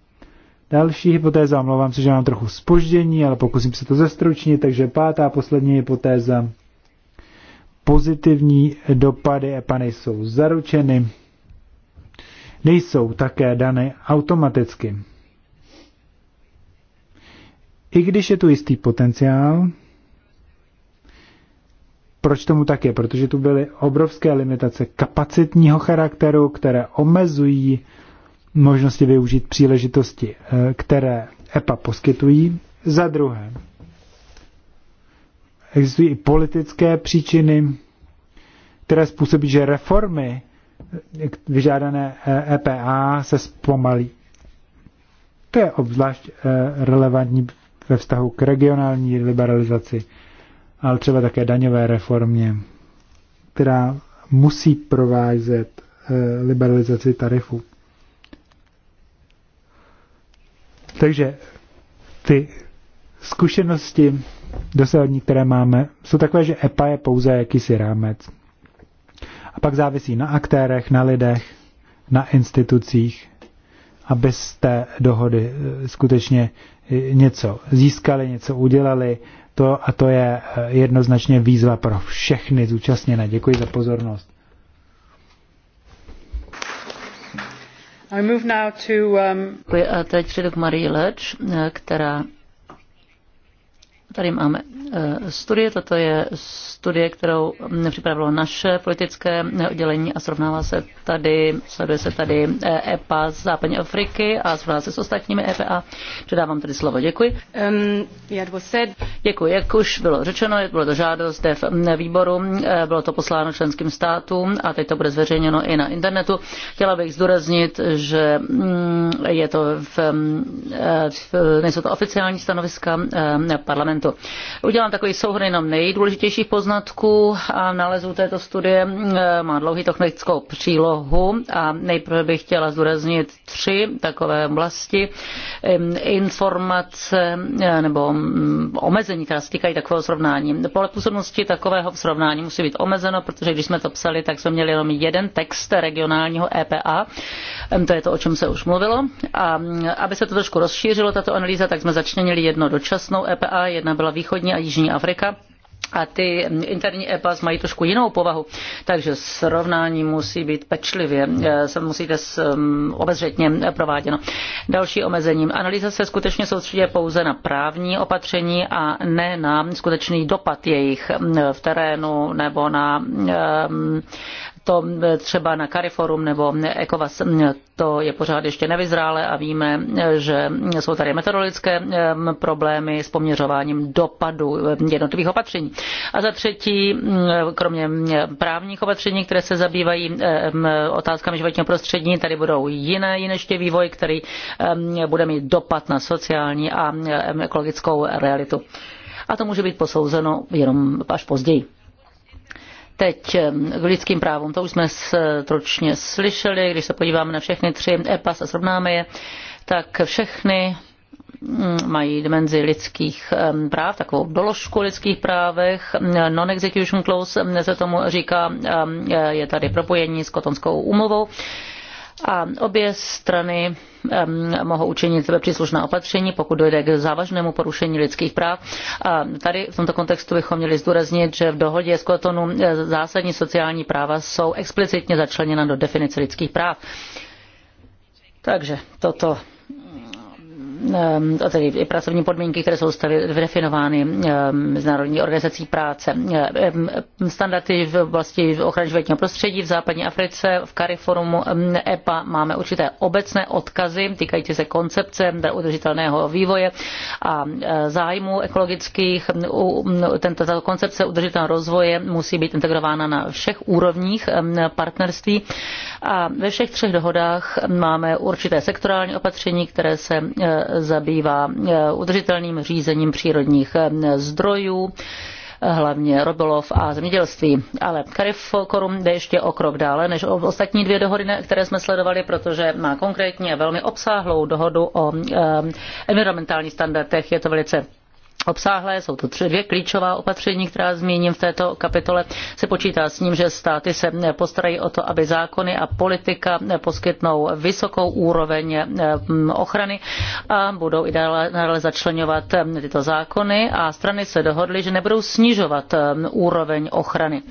Další hypotéza, omlouvám se, že mám trochu spoždění, ale pokusím se to zestručnit, takže pátá, poslední hypotéza. Pozitivní dopady EPA nejsou zaručeny, nejsou také dané automaticky. I když je tu jistý potenciál, proč tomu tak je? Protože tu byly obrovské limitace kapacitního charakteru, které omezují možnosti využít příležitosti, eh, které EPA poskytují. Za druhé, existují i politické příčiny, které způsobí, že reformy eh, vyžádané EPA eh, e se zpomalí. To je obzvlášť relevantní ve vztahu k regionální liberalizaci, ale třeba také daňové reformě, která musí provázet liberalizaci tarifů. Takže ty zkušenosti dosavadní, které máme, jsou takové, že EPA je pouze jakýsi rámec. A pak závisí na aktérech, na lidech, na institucích, aby z té dohody eh, skutečně eh, něco získali, něco udělali. To, a to je eh, jednoznačně výzva pro všechny zúčastněné. Děkuji za pozornost. Um, a teď k Marie Leč, eh, která Tady máme eh, studie, toto je studie, kterou mm, připravilo naše politické eh, oddělení a srovnává se tady, sleduje se tady eh, EPA z západní Afriky a srovnává se s ostatními EPA. Předávám tady slovo, děkuji. Um, děkuji, jak už bylo řečeno, bylo to žádost v výboru, bylo to posláno členským státům a teď to bude zveřejněno i na internetu. Chtěla bych zdůraznit, že mm, je to v, v nejsou to oficiální stanoviska parlamentu, parlamentu. Udělám takový souhrn jenom nejdůležitějších poznatků a nalezů této studie. Eh, má dlouhý technickou přílohu a nejprve bych chtěla zdůraznit tři takové oblasti. Ehm, informace eh, nebo mm, omezení, která se týkají takového srovnání. Pole působnosti takového srovnání musí být omezeno, protože když jsme to psali, tak jsme měli jenom jeden text regionálního EPA. Ehm, to je to, o čem se už mluvilo. A mm, aby se to trošku rozšířilo, tato analýza, tak jsme začněnili jedno dočasnou EPA, jedna byla východní a jižní Afrika, a ty interní EPAS mají trošku jinou povahu, takže srovnání musí být pečlivě, se eh, musíte mm, obezřetně prováděno. Další omezením. Analýza se skutečně soustředí pouze na právní opatření a ne na skutečný dopad jejich mm, v terénu nebo na mm, to e, třeba na Cariforum nebo ECOWAS, to je pořád ještě nevyzrále a víme, e, že jsou tady meteorologické e, problémy s poměřováním dopadu jednotlivých opatření. A za třetí, kromě právních opatření, které se zabývají otázkami životního prostředí, tady budou jiné, jiné ještě vývoj, který bude mít dopad na sociální a ekologickou realitu. A to může být posouzeno jenom až později. Teď k lidským právům, to už jsme stručně eh, slyšeli, když se podíváme na všechny tři EPAS a srovnáme je, tak všechny mm, mají dimenzi lidských práv, takovou doložku lidských právech. Non-execution clause se tomu říká, je tady propojení s kotonskou úmluvou a obě strany mohou učinit příslušná opatření, pokud dojde k závažnému porušení lidských práv. A tady v tomto kontextu bychom měli zdůraznit, že v dohodě z Kotonu e, zásadní sociální práva jsou explicitně začleněna do definice lidských práv. Takže toto Ehm, tedy i pracovní podmínky, které jsou definovány ehm, Národní organizací práce. Ehm, standardy v oblasti ochrany životního prostředí v západní Africe, v Cariforumu EPA máme určité obecné odkazy týkající se koncepce udržitelného vývoje a e, zájmu ekologických. Tato koncepce udržitelného rozvoje musí být integrována na všech úrovních partnerství a ve všech třech dohodách máme určité sektorální opatření, které se e, zabývá eh, udržitelným řízením přírodních eh, zdrojů eh, hlavně Robilov a zemědělství. Ale Cariforum jde ještě o krok dále než o ostatní dvě dohody, které jsme sledovali, protože má konkrétně velmi obsáhlou dohodu o environmentálních standardech. Je to velice obsáhlé, jsou to tři, dvě klíčová opatření, která zmíním v této kapitole. Se počítá s ním, že státy se postarají o to, aby zákony a politika poskytnou vysokou úroveň eh, ochrany a budou i dále, dále začlenovat eh, tyto zákony a strany se dohodly, že nebudou snižovat eh, úroveň ochrany,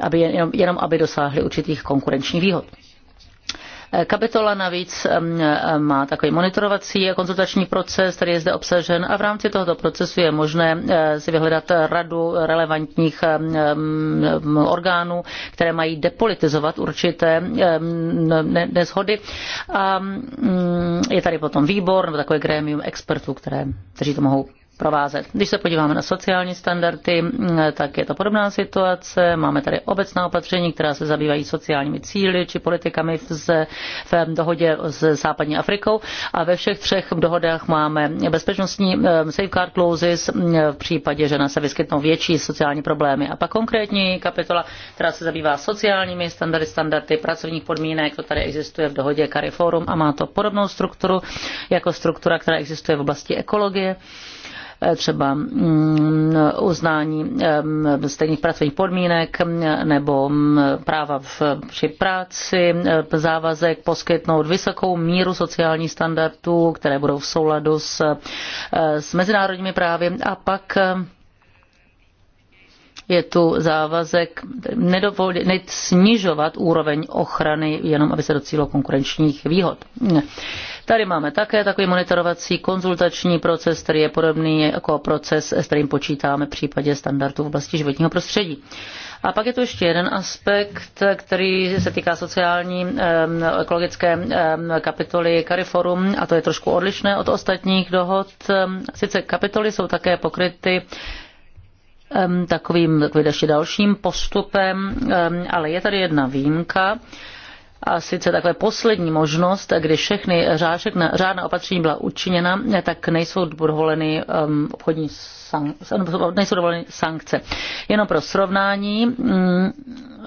aby jenom, jenom aby dosáhly určitých konkurenčních výhod. Kapitola navíc má takový monitorovací a konzultační proces, který je zde obsažen a v rámci tohoto procesu je možné eh, si vyhledat radu relevantních orgánů, které mají depolitizovat určité neshody. A mm, je tady potom výbor nebo takové grémium expertů, které, kteří to mohou provázet. Když se podíváme na sociální standardy, mm, tak je to podobná situace. Máme tady obecná opatření, která se zabývají sociálními cíly či politikami v, v dohodě s západní Afrikou a ve všech třech dohodách máme bezpečnostní eh, safeguard clauses mm, v případě, že na se vyskytnou větší sociální problémy. A pak konkrétní kapitola, která se zabývá sociálními standardy, standardy pracovních podmínek, to tady existuje v dohodě CARIFORUM a má to podobnou strukturu jako struktura, která existuje v oblasti ekologie. Eh, třeba mm, uznání eh, stejných pracovních podmínek eh, nebo mm, práva v, při práci, závazek poskytnout vysokou míru sociálních standardů, které budou v souladu s, s mezinárodními právy a pak je tu závazek nedovolit snižovat úroveň ochrany, jenom aby se docílo konkurenčních výhod. Tady máme také takový monitorovací konzultační proces, který je podobný jako proces, s kterým počítáme v případě standardů v oblasti životního prostředí. A pak je tu ještě jeden aspekt, který se týká sociální ekologické kapitoly Cariforum a to je trošku odlišné od ostatních dohod. Sice kapitoly jsou také pokryty takovým, ještě dalším postupem, ale je tady jedna výjimka, a sice takové poslední možnost, kdy všechny řášek na, řádná opatření byla učiněna, tak nejsou dovoleny um, obchodní nejsou dovoleny sankce. Jenom pro srovnání, mm,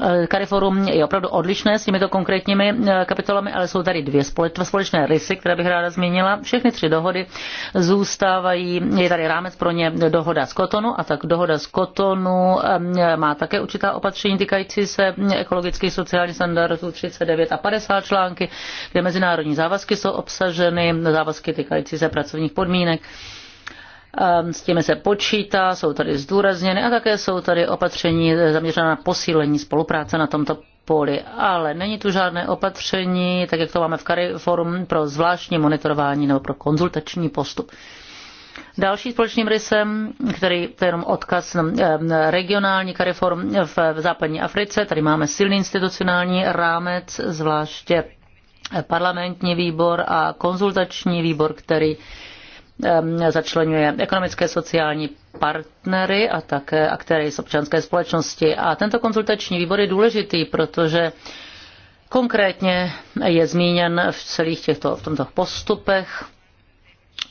Eh, Cariforum je opravdu odlišné s těmito konkrétními eh, kapitolami, ale jsou tady dvě společné rysy, které bych ráda zmínila. Všechny tři dohody zůstávají, je tady rámec pro ně dohoda z Kotonu a tak dohoda z Kotonu eh, má také určitá opatření týkající se ekologických sociálních standardů 39 a 50 články, kde mezinárodní závazky jsou obsaženy, závazky týkající se pracovních podmínek. Ehm, s těmi se počítá, jsou tady zdůrazněny a také jsou tady opatření zaměřená na posílení spolupráce na tomto poli, ale není tu žádné opatření, tak jak to máme v Cariforum, pro zvláštní monitorování nebo pro konzultační postup. Další společným rysem, který to je jenom odkaz ehm, regionální Cariforum v západní Africe, tady máme silný institucionální rámec, zvláště parlamentní výbor a konzultační výbor, který Ehm, začlenuje ekonomické sociální partnery a také aktéry z občanské společnosti. A tento konzultační výbor je důležitý, protože konkrétně je zmíněn v celých těchto v tomto postupech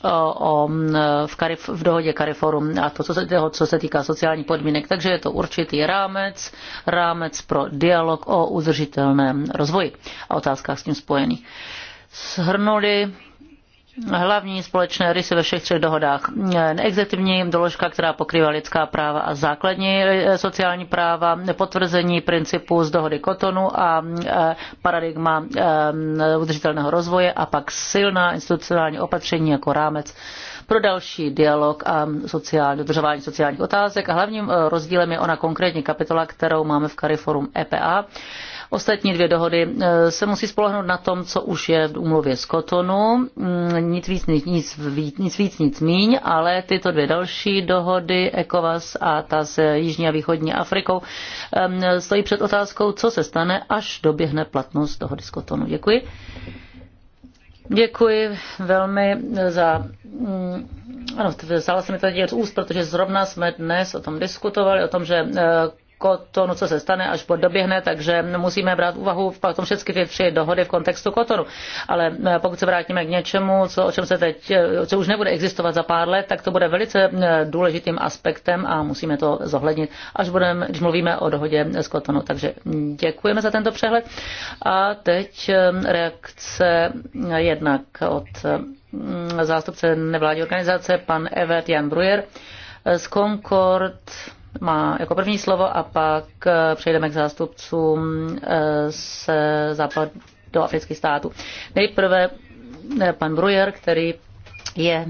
o, o, v, Karif, v dohodě Cariforum a to, co se, toho, co se týká sociálních podmínek. Takže je to určitý rámec, rámec pro dialog o udržitelném rozvoji a otázkách s tím spojených. Shrnuli hlavní společné rysy ve všech třech dohodách. Neexekutivní doložka, která pokrývá lidská práva a základní eh, sociální práva, potvrzení principu z dohody Kotonu a eh, paradigma eh, udržitelného rozvoje a pak silná institucionální opatření jako rámec pro další dialog a sociální, dodržování sociálních otázek. A hlavním rozdílem je ona konkrétní kapitola, kterou máme v Cariforum EPA Ostatní dvě dohody eh, se musí spolehnout na tom, co už je v úmluvě z Kotonu, mm, nic víc, nic, nic, nic víc, nic míň, ale tyto dvě další dohody, ECOWAS a ta s Jižní a Východní Afrikou, stojí před otázkou, co se stane, až doběhne platnost dohody z Kotonu. Děkuji. Děkuji velmi za... Mm, ano, vzala se mi to z úst, protože zrovna jsme dnes o tom diskutovali, o tom, že eh, Kotonu, no, co se stane, až doběhne, takže musíme brát úvahu v tom všechny ty tři dohody v kontextu Kotoru. Ale eh, pokud se vrátíme k něčemu, co, o čem se teď, eh, co už nebude existovat za pár let, tak to bude velice eh, důležitým aspektem a musíme to zohlednit, až budeme, když mluvíme o dohodě s Kotonu. Takže děkujeme za tento přehled. A teď reakce jednak od mm, zástupce nevládní organizace, pan Evert Jan Brujer z Concord má jako první slovo a pak eh, přejdeme k zástupcům eh, z západu do afrických států. Nejprve eh, pan Brujer, který je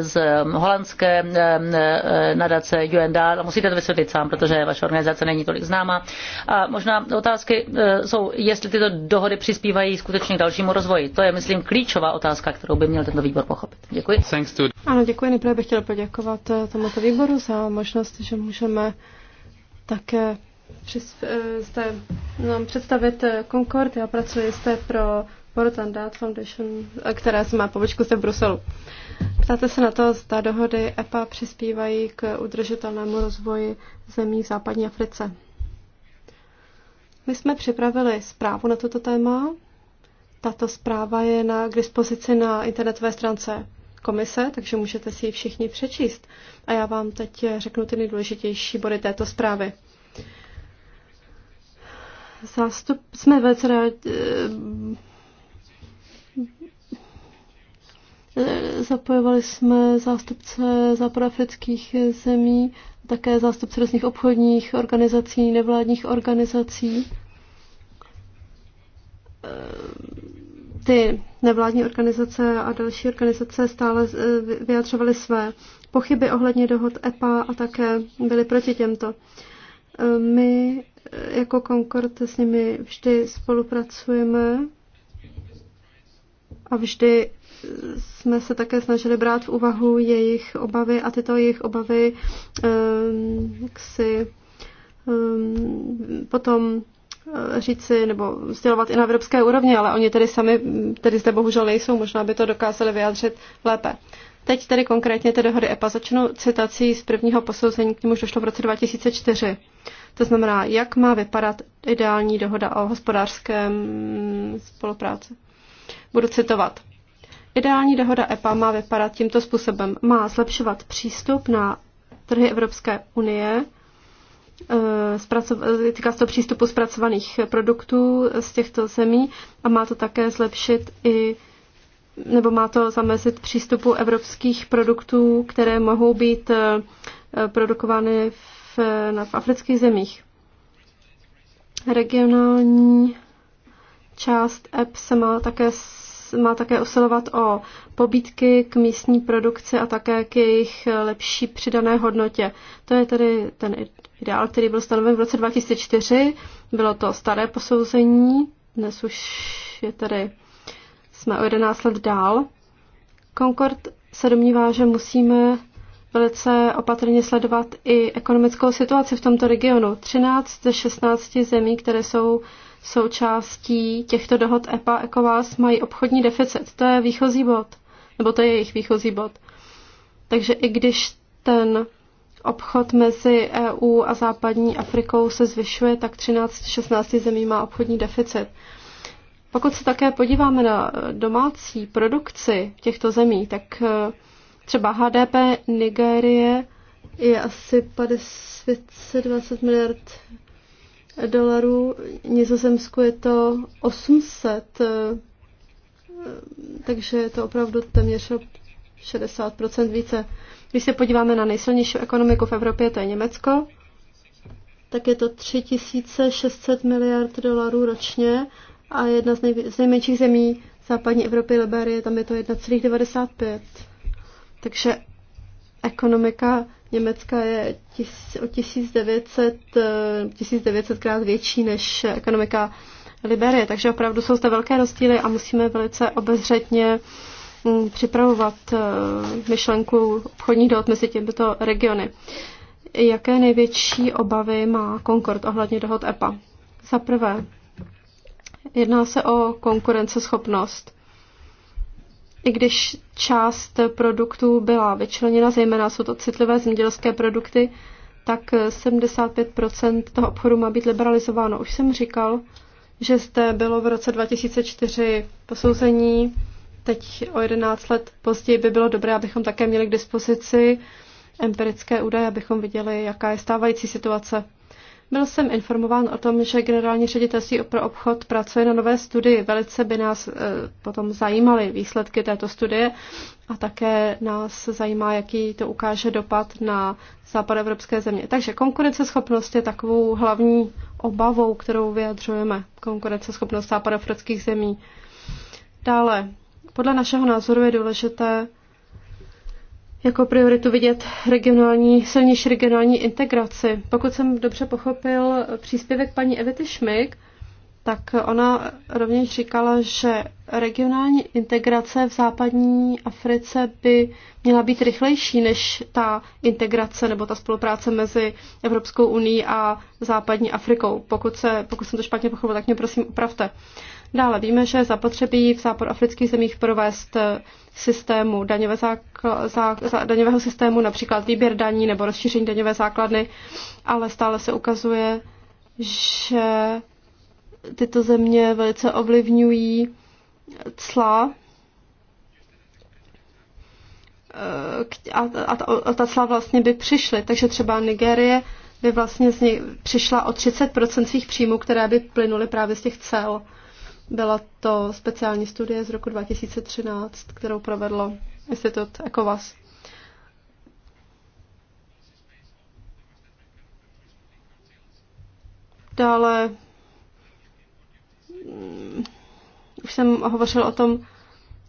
z holandské eh, eh, nadace UNDA. Musíte to vysvětlit sám, protože vaše organizace není tolik známa. A možná otázky eh, jsou, jestli tyto dohody přispívají skutečně k dalšímu rozvoji. To je, myslím, klíčová otázka, kterou by měl tento výbor pochopit. Děkuji. Thanks to... Ano, děkuji. Nejprve bych chtěl poděkovat tomuto výboru za možnost, že můžeme také zde nám představit Concord. Já pracuji zde pro Portland Dad Foundation, která má pobočku zde v Bruselu. Ptáte se na to, zda dohody EPA přispívají k udržitelnému rozvoji zemí v západní Africe. My jsme připravili zprávu na toto téma. Tato zpráva je na, k dispozici na internetové stránce komise, takže můžete si ji všichni přečíst. A já vám teď řeknu ty nejdůležitější body této zprávy. Zástup, jsme velice rádi, Zapojovali jsme zástupce západoafrických zemí, také zástupce různých obchodních organizací, nevládních organizací. Ty nevládní organizace a další organizace stále eh, vyjadřovaly své pochyby ohledně dohod EPA a také byly proti těmto. Eh, my eh, jako Concord s nimi vždy spolupracujeme a vždy jsme se také snažili brát v úvahu jejich obavy a tyto jejich obavy ehm, si ehm, potom eh, říci nebo sdělovat i na evropské úrovni, ale oni tedy sami tedy zde bohužel nejsou, možná by to dokázali vyjádřit lépe. Teď tedy konkrétně ty dohody EPA začnu citací z prvního posouzení, k němuž došlo v roce 2004. To znamená, jak má vypadat ideální dohoda o hospodářském mm, spolupráci. Budu citovat. Ideální dohoda EPA má vypadat tímto způsobem. Má zlepšovat přístup na trhy Evropské unie, eh, eh, týká se to přístupu zpracovaných produktů z těchto zemí a má to také zlepšit i nebo má to zamezit přístupu evropských produktů, které mohou být eh, produkovány v, v afrických zemích. Regionální část EP se má také má také usilovat o pobídky k místní produkci a také k jejich lepší přidané hodnotě. To je tedy ten ideál, který byl stanoven v roce 2004. Bylo to staré posouzení, dnes už je tedy, jsme o 11 let dál. Concord se domnívá, že musíme velice opatrně sledovat i ekonomickou situaci v tomto regionu. 13 ze 16 zemí, které jsou Součástí těchto dohod EPA a ECOWAS mají obchodní deficit. To je výchozí bod, nebo to je jejich výchozí bod. Takže i když ten obchod mezi EU a západní Afrikou se zvyšuje, tak 13-16 zemí má obchodní deficit. Pokud se také podíváme na eh, domácí produkci těchto zemí, tak eh, třeba HDP Nigérie je asi 520 miliard dolarů, Nizozemsku je to 800, eh, takže je to opravdu téměř 60% více. Když se podíváme na nejsilnější ekonomiku v Evropě, to je Německo, tak je to 3600 miliard dolarů ročně a jedna z, nejvě- z nejmenších zemí západní Evropy, Liberie, tam je to 1,95. Takže ekonomika Německa je tis, o 1900, 1900 eh, krát větší než ekonomika Liberie, takže opravdu jsou zde velké rozdíly a musíme velice obezřetně mm, připravovat eh, myšlenku obchodních dohod mezi těmito regiony. Jaké největší obavy má Concord ohledně dohod EPA? Za prvé, jedná se o konkurenceschopnost i když část produktů byla vyčleněna, zejména jsou to citlivé zemědělské produkty, tak 75% toho obchodu má být liberalizováno. Už jsem říkal, že zde bylo v roce 2004 posouzení, teď o 11 let později by bylo dobré, abychom také měli k dispozici empirické údaje, abychom viděli, jaká je stávající situace. Byl jsem informován o tom, že generální ředitelství pro obchod pracuje na nové studii. Velice by nás eh, potom zajímaly výsledky této studie a také nás zajímá, jaký to ukáže dopad na západoevropské země. Takže konkurenceschopnost je takovou hlavní obavou, kterou vyjadřujeme. Konkurenceschopnost západoevropských zemí. Dále, podle našeho názoru je důležité jako prioritu vidět regionální, silnější regionální integraci. Pokud jsem dobře pochopil příspěvek paní Evity Šmik, tak ona rovněž říkala, že regionální integrace v západní Africe by měla být rychlejší než ta integrace nebo ta spolupráce mezi Evropskou unii a západní Afrikou. Pokud, se, pokud jsem to špatně pochopil, tak mě prosím opravte. Dále víme, že zapotřebí v západoafrických zemích provést eh, systému daňové zákl- zá- zá- daňového systému, například výběr daní nebo rozšíření daňové základny, ale stále se ukazuje, že tyto země velice ovlivňují cla eh, a, a, a ta cla vlastně by přišly. Takže třeba Nigérie by vlastně z něj přišla o 30% svých příjmů, které by plynuly právě z těch cel. Byla to speciální studie z roku 2013, kterou provedlo Institut ECOWAS. Dále mm, už jsem hovořil o tom,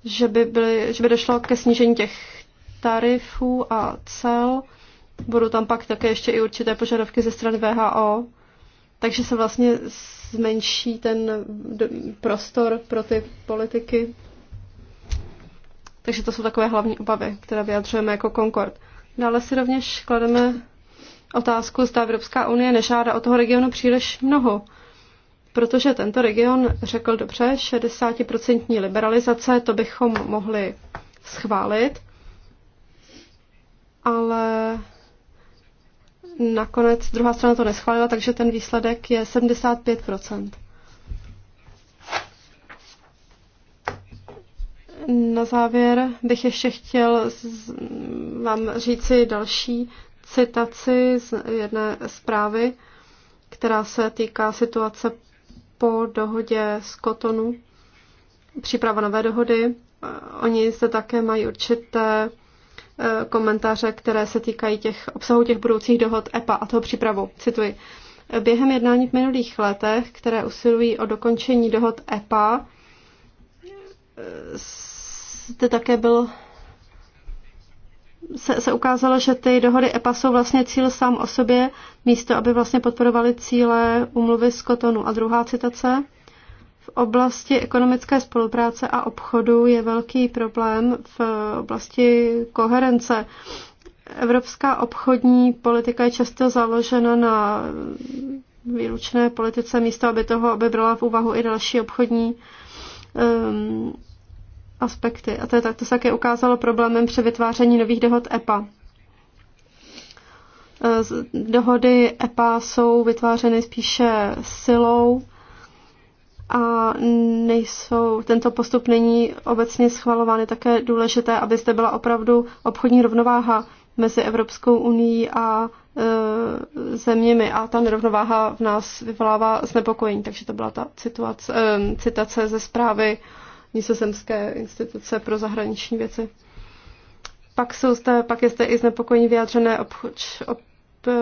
že by, byly, že by došlo ke snížení těch tarifů a cel. Budou tam pak také ještě i určité požadavky ze strany VHO takže se vlastně zmenší ten prostor pro ty politiky. Takže to jsou takové hlavní obavy, které vyjadřujeme jako Concord. Dále si rovněž klademe otázku, zda Evropská unie nežádá o toho regionu příliš mnoho, protože tento region řekl dobře, 60% liberalizace, to bychom mohli schválit, ale nakonec druhá strana to neschválila, takže ten výsledek je 75 Na závěr bych ještě chtěl vám říci další citaci z jedné zprávy, která se týká situace po dohodě z Kotonu, příprava nové dohody. Oni se také mají určité Eh, komentáře, které se týkají těch obsahu těch budoucích dohod EPA a toho přípravu. Cituji. Během jednání v minulých letech, které usilují o dokončení dohod EPA, eh, zde také byl se, se ukázalo, že ty dohody EPA jsou vlastně cíl sám o sobě, místo aby vlastně podporovali cíle umluvy z Kotonu. A druhá citace. V oblasti ekonomické spolupráce a obchodu je velký problém v oblasti koherence. Evropská obchodní politika je často založena na výlučné politice, místo aby toho aby brala v úvahu i další obchodní um, aspekty. A to, je, tak, to se také ukázalo problémem při vytváření nových dohod EPA. E, dohody EPA jsou vytvářeny spíše silou a nejsou, tento postup není obecně schvalován. Je také důležité, aby zde byla opravdu obchodní rovnováha mezi Evropskou unii a e, zeměmi a ta nerovnováha v nás vyvolává znepokojení. Takže to byla ta situace, e, citace ze zprávy Nizozemské instituce pro zahraniční věci. Pak, jsou zde, pak je zde i znepokojení vyjádřené obchoč, ob, e,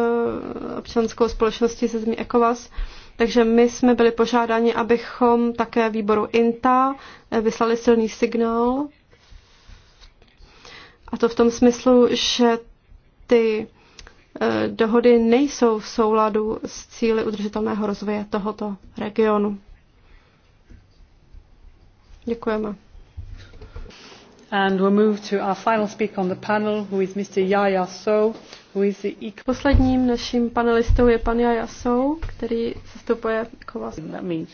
občanskou společností se zemí ECOWAS. E, takže my jsme byli požádáni, abychom také výboru INTA eh, vyslali silný signál. A to v tom smyslu, že ty eh, dohody nejsou v souladu s cíly udržitelného rozvoje tohoto regionu. Děkujeme. And we'll move to our final speaker on the panel, who is Mr. Yaya So Posledním naším panelistou je pan Jajasou, který zastupuje Kovas. Um,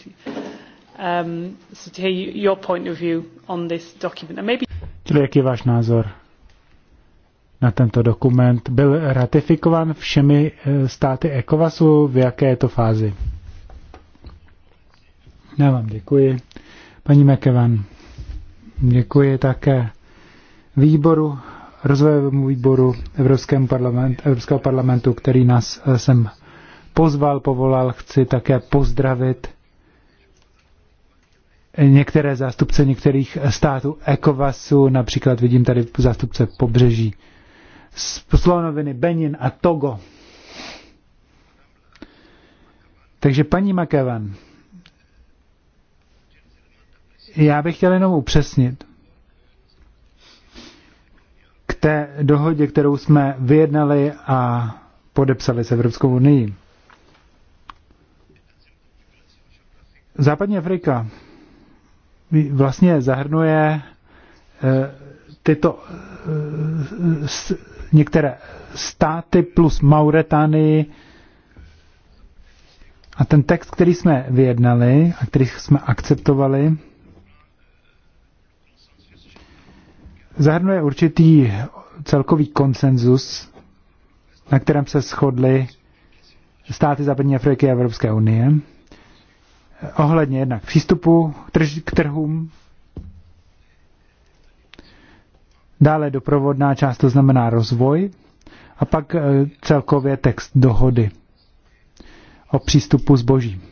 Čili jaký je váš názor na tento dokument? Byl ratifikován všemi eh, státy ECOWASu? V jaké je to fázi? Já vám děkuji. Paní McEvan, děkuji také výboru rozvojovému výboru Evropském parlament, Evropského parlamentu, který nás eh, sem pozval, povolal. Chci také pozdravit některé zástupce některých států ECOWASu, například vidím tady zástupce pobřeží Slonoviny, Benin a Togo. Takže paní Makevan, já bych chtěl jenom upřesnit, té dohodě, kterou jsme vyjednali a podepsali s Evropskou unii. Západní Afrika vlastně zahrnuje eh, tyto eh, některé státy plus Mauretánii a ten text, který jsme vyjednali a který jsme akceptovali, zahrnuje určitý celkový konsenzus, na kterém se shodly státy Západní Afriky a Evropské unie, ohledně jednak přístupu k trhům, dále doprovodná část, to znamená rozvoj, a pak eh, celkově text dohody o přístupu božím.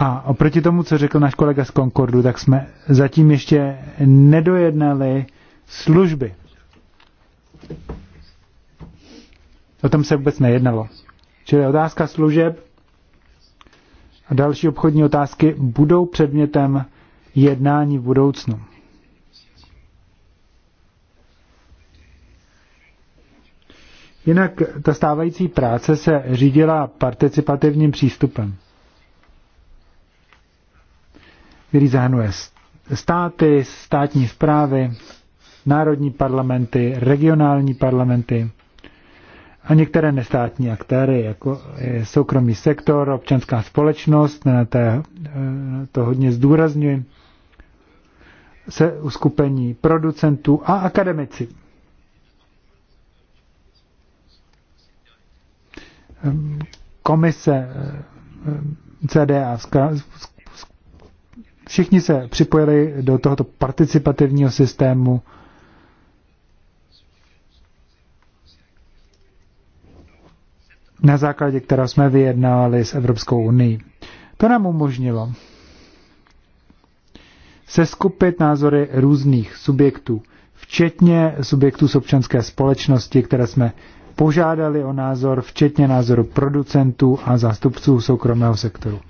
A oproti tomu, co řekl náš kolega z Concordu, tak jsme zatím ještě nedojednali služby. O tom se vůbec nejednalo. Čili otázka služeb a další obchodní otázky budou předmětem jednání v budoucnu. Jinak ta stávající práce se řídila participativním přístupem který zahrnuje státy, státní zprávy, národní parlamenty, regionální parlamenty a některé nestátní aktéry, jako je soukromý sektor, občanská společnost, na té, eh, to hodně zdůrazňuji, se uskupení producentů a akademici. Ehm, komise eh, ehm, CDA Všichni se připojili do tohoto participativního systému. na základě kterého jsme vyjednávali s Evropskou unii. To nám umožnilo se skupit názory různých subjektů, včetně subjektů z občanské společnosti, které jsme požádali o názor, včetně názoru producentů a zástupců soukromého sektoru.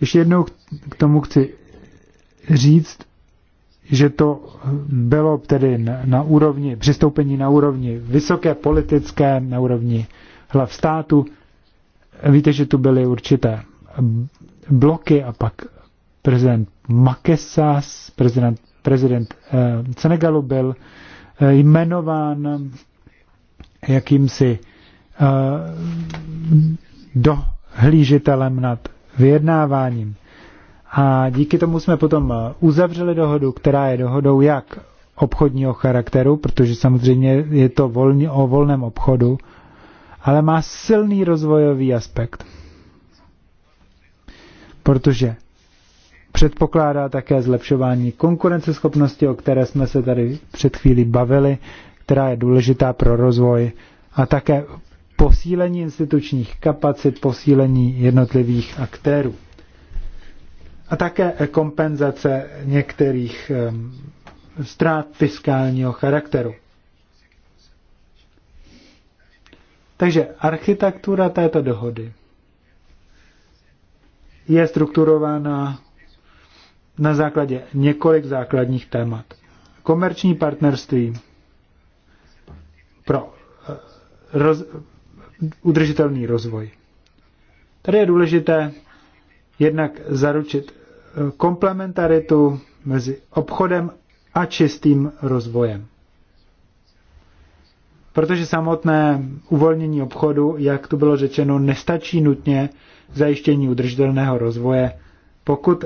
Ještě jednou k tomu chci říct, že to bylo tedy na, na úrovni, přistoupení na úrovni vysoké politické, na úrovni hlav státu. Víte, že tu byly určité bloky a pak prezident Makesas, prezident, prezident eh, Senegalu byl eh, jmenován jakýmsi eh, dohlížitelem nad vyjednáváním. A díky tomu jsme potom eh, uzavřeli dohodu, která je dohodou jak obchodního charakteru, protože samozřejmě je to volně, o volném obchodu, ale má silný rozvojový aspekt. Protože předpokládá také zlepšování konkurenceschopnosti, o které jsme se tady před chvílí bavili, která je důležitá pro rozvoj a také posílení institučních kapacit, posílení jednotlivých aktérů. A také kompenzace některých ztrát fiskálního charakteru. Takže architektura této dohody je strukturována na základě několik základních témat. Komerční partnerství pro eh, roz, udržitelný rozvoj. Tady je důležité jednak zaručit eh, komplementaritu mezi obchodem a čistým rozvojem. Protože samotné uvolnění obchodu, jak tu bylo řečeno, nestačí nutně zajištění udržitelného rozvoje, pokud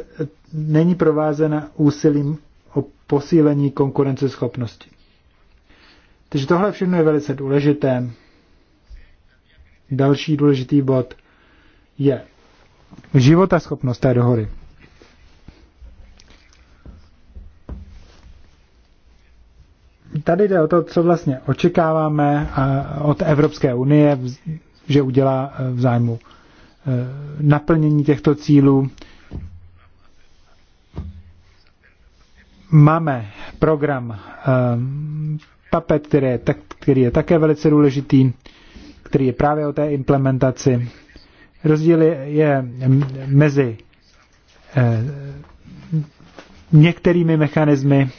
není provázena úsilím o posílení konkurenceschopnosti. Takže tohle všechno je velice důležité Další důležitý bod je schopnost té dohody. Tady jde o to, co vlastně očekáváme od Evropské unie, že udělá e, v zájmu e, naplnění těchto cílů. Máme program e, PAPET, který je, tak, který je také velice důležitý který je právě o té implementaci. Rozdíl je mezi eh, některými mechanismy.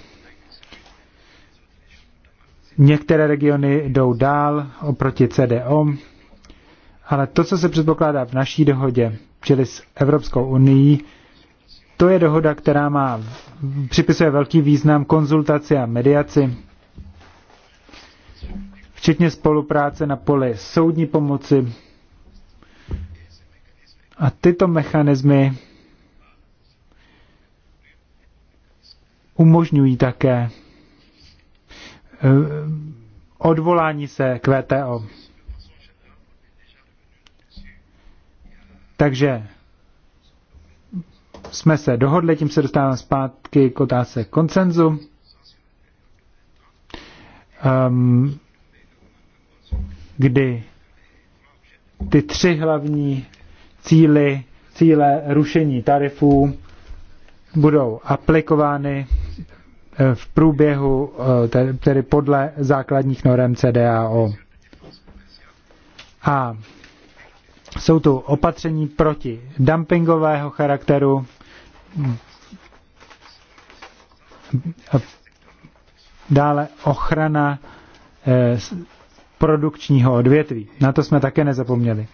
Některé regiony jdou dál oproti CDO, ale to, co se předpokládá v naší dohodě, čili s Evropskou unii, to je dohoda, která má, připisuje velký význam konzultaci a mediaci včetně spolupráce na poli soudní pomoci. A tyto mechanismy umožňují také eh, odvolání se k VTO. Takže jsme se dohodli, tím se dostáváme zpátky k otázce koncenzu. Um, ehm, kdy ty tři hlavní cíly, cíle rušení tarifů budou aplikovány eh, v průběhu, eh, tedy podle základních norem CDAO. A jsou tu opatření proti dumpingového charakteru, dále ochrana eh, produkčního odvětví. Na to jsme také nezapomněli.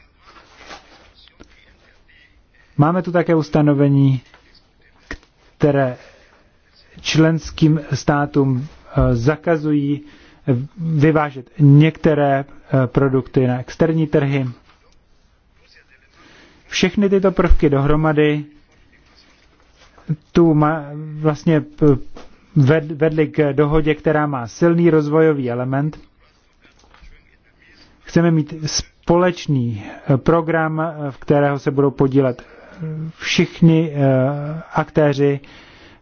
Máme tu také ustanovení, které členským státům eh, zakazují eh, vyvážet některé eh, produkty na externí trhy. Všechny tyto prvky dohromady tu má, vlastně vedly k dohodě, která má silný rozvojový element Chceme mít společný eh, program, eh, v kterého se budou podílet eh, všichni aktéři,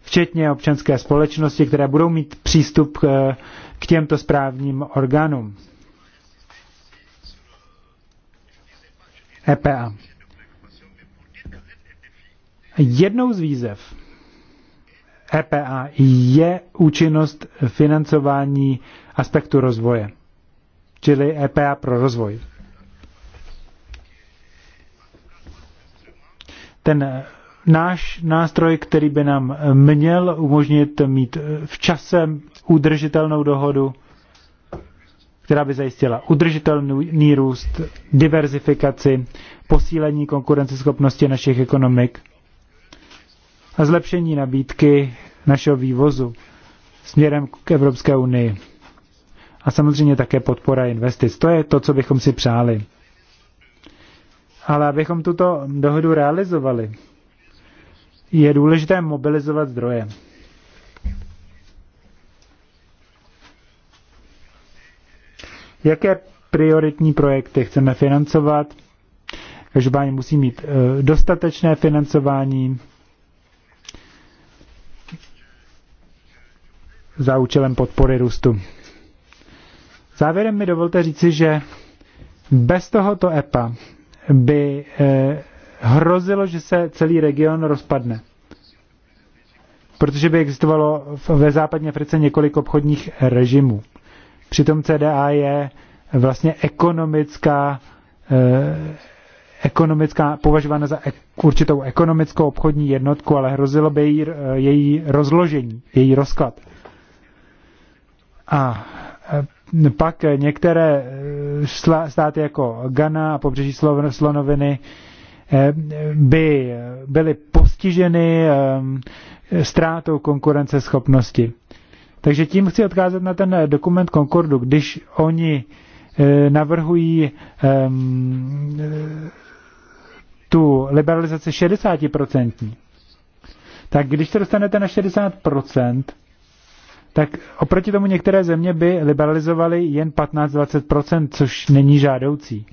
včetně občanské společnosti, které budou mít přístup k těmto správním orgánům. EPA. Jednou z výzev EPA je účinnost financování aspektu rozvoje čili EPA pro rozvoj. Ten eh, náš nástroj, který by nám eh, měl umožnit mít eh, v čase udržitelnou dohodu, která by zajistila udržitelný růst, diverzifikaci, posílení konkurenceschopnosti našich ekonomik a zlepšení nabídky našeho vývozu směrem k Evropské unii a samozřejmě také podpora investic. To je to, co bychom si přáli. Ale abychom tuto dohodu realizovali, je důležité mobilizovat zdroje. Jaké prioritní projekty chceme financovat? Každopádně musí mít eh, dostatečné financování za účelem podpory růstu. Závěrem mi dovolte říci, že bez tohoto EPA by eh, hrozilo, že se celý region rozpadne. Protože by existovalo ve západní Africe několik obchodních režimů. Přitom CDA je vlastně ekonomická, eh, ekonomická považována za ek, určitou ekonomickou obchodní jednotku, ale hrozilo by eh, její rozložení, její rozklad. A pak některé eh, státy jako Ghana a pobřeží Slonoviny eh, by byly postiženy eh, ztrátou konkurenceschopnosti. Takže tím chci odkázat na ten dokument Concordu, když oni navrhují ehm, tu liberalizaci 60%, tak když se dostanete na 60%, tak oproti tomu některé země by liberalizovaly jen 15-20%, což není žádoucí.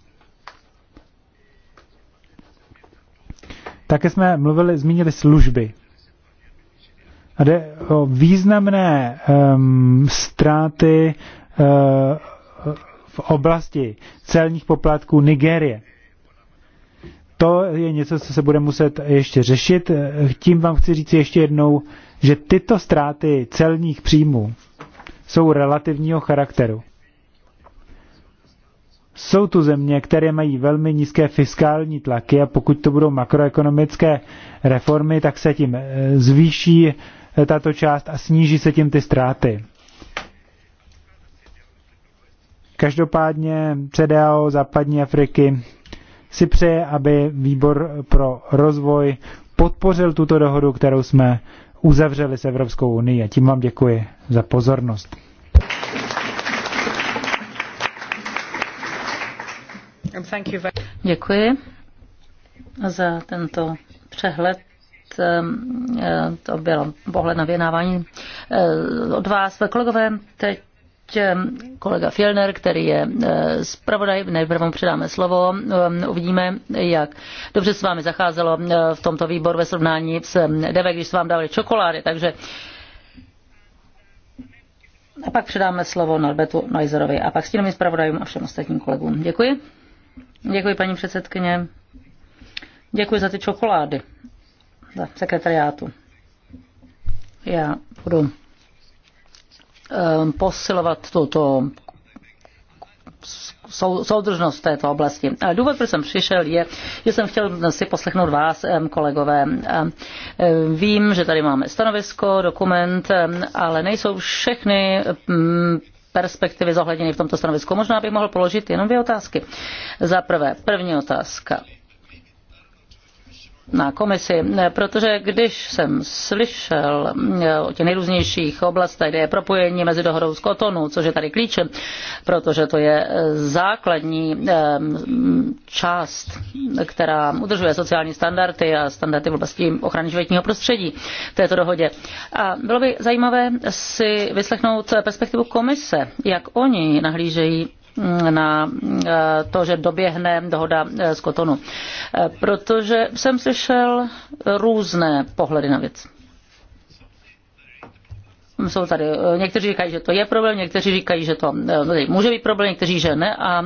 Také jsme mluvili, zmínili služby. A jde o významné um, ztráty uh, v oblasti celních poplatků Nigérie. To je něco, co se bude muset ještě řešit. Tím vám chci říct ještě jednou, že tyto ztráty celních příjmů jsou relativního charakteru. Jsou tu země, které mají velmi nízké fiskální tlaky a pokud to budou makroekonomické reformy, tak se tím eh, zvýší eh, tato část a sníží se tím ty ztráty. Každopádně CDAO západní Afriky si přeje, aby výbor pro rozvoj podpořil tuto dohodu, kterou jsme uzavřeli s Evropskou unii. A tím vám děkuji za pozornost. Děkuji za tento přehled ehm, ehm, to byl pohled na věnávání ehm, od vás. Kolegové, teď kolega Filner, který je eh, zpravodaj, nejprve mu předáme slovo, eh, uvidíme, jak dobře s vámi zacházelo eh, v tomto výboru ve srovnání s DV, když se vám dali čokolády, takže a pak předáme slovo Norbertu Neuserovi a pak stínovým zpravodajům a všem ostatním kolegům. Děkuji. Děkuji, paní předsedkyně. Děkuji za ty čokolády, za sekretariátu. Já budu Um, posilovat tuto soudržnost této oblasti. Důvod, proč jsem přišel, je, že jsem chtěl si poslechnout vás, um, kolegové. Um, vím, že tady máme stanovisko, dokument, ale nejsou všechny perspektivy zohledněny v tomto stanovisku. Možná bych mohl položit jenom dvě otázky. Za prvé, první otázka na komisi, protože když jsem slyšel eh, o těch nejrůznějších oblastech, kde je propojení mezi dohodou z Kotonu, což je tady klíč, protože to je eh, základní eh, část, která udržuje sociální standardy a standardy v oblasti ochrany životního prostředí v této dohodě. A bylo by zajímavé si vyslechnout perspektivu komise, jak oni nahlížejí na eh, to, že doběhne dohoda eh, z Kotonu. Eh, protože jsem slyšel různé pohledy na věc. Jsou tady, někteří říkají, že to je problém, někteří říkají, že to no, může být problém, někteří, že ne a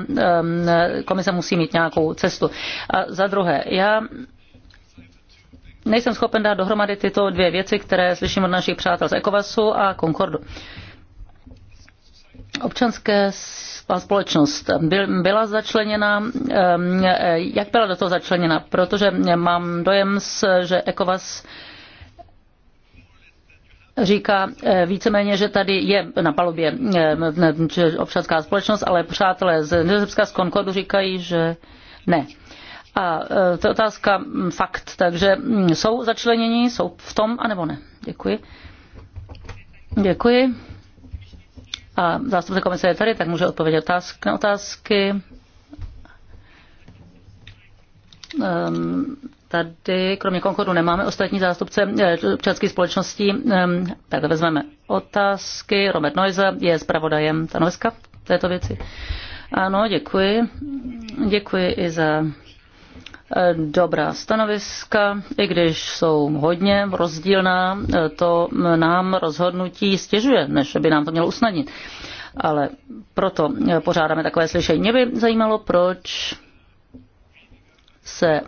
komise musí mít nějakou cestu. A za druhé, já nejsem schopen dát dohromady tyto dvě věci, které slyším od našich přátel z Ekovasu a Concordu. Občanské společnost byla začleněna. Eh, jak byla do toho začleněna? Protože mám dojem, že ECOWAS říká eh, víceméně, že tady je na palubě eh, občanská společnost, ale přátelé z Nizozemska z Concordu říkají, že ne. A to je otázka hm, fakt, takže hm, jsou začlenění, jsou v tom, anebo ne? Děkuji. Děkuji a zástupce komise je tady, tak může odpovědět otázky, na otázky. Um, tady, kromě konkordu nemáme ostatní zástupce eh, občanských společností. Um, ehm, tak vezmeme otázky. Robert Noize je zpravodajem stanoviska této věci. Ano, děkuji. Děkuji i za dobrá stanoviska, i když jsou hodně rozdílná, to nám rozhodnutí stěžuje, než by nám to mělo usnadnit. Ale proto pořádáme takové slyšení. Mě by zajímalo, proč se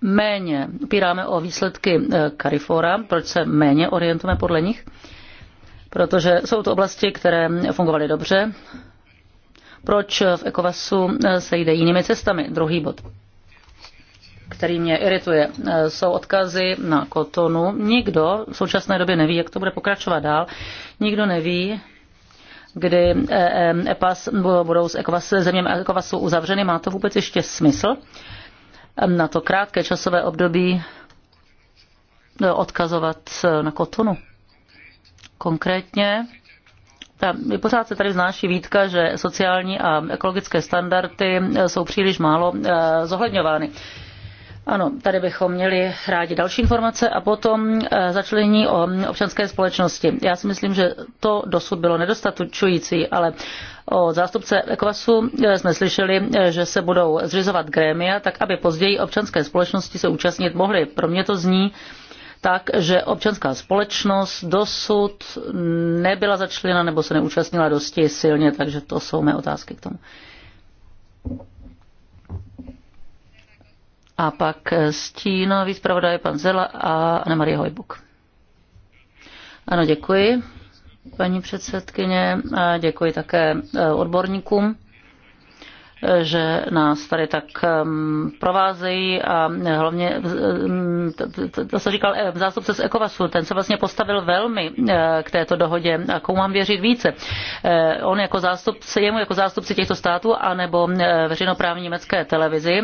méně opíráme o výsledky eh, Carifora, proč se méně orientujeme podle nich, protože jsou to oblasti, které fungovaly dobře. Proč v ECOWASu eh, se jde jinými cestami? Druhý bod který mě irituje, e, jsou odkazy na kotonu. Nikdo v současné době neví, jak to bude pokračovat dál. Nikdo neví, kdy e, e, EPAS budou s EKVAS, zeměm EKVASu uzavřeny. Má to vůbec ještě smysl? Na to krátké časové období odkazovat na kotonu. Konkrétně ta, pořád se tady znáší výtka, že sociální a ekologické standardy jsou příliš málo zohledňovány. Ano, tady bychom měli rádi další informace a potom eh, začlenění o občanské společnosti. Já si myslím, že to dosud bylo nedostatučující, ale o zástupce ECOWASu eh, jsme slyšeli, eh, že se budou zřizovat grémia, tak aby později občanské společnosti se účastnit mohly. Pro mě to zní tak, že občanská společnost dosud nebyla začlena nebo se neúčastnila dosti silně, takže to jsou mé otázky k tomu. a pak stínový zpravodaj pan Zela a Anna Marie Hojbuk. Ano, děkuji, paní předsedkyně, a děkuji také eh, odborníkům že nás tady tak provázejí a hlavně, to se říkal zástupce z ECOVASu, ten se vlastně postavil velmi eh, k této dohodě a komu mám věřit více. Eh, on jako zástupce, jemu jako zástupci těchto států anebo eh, veřejnoprávní německé televizi,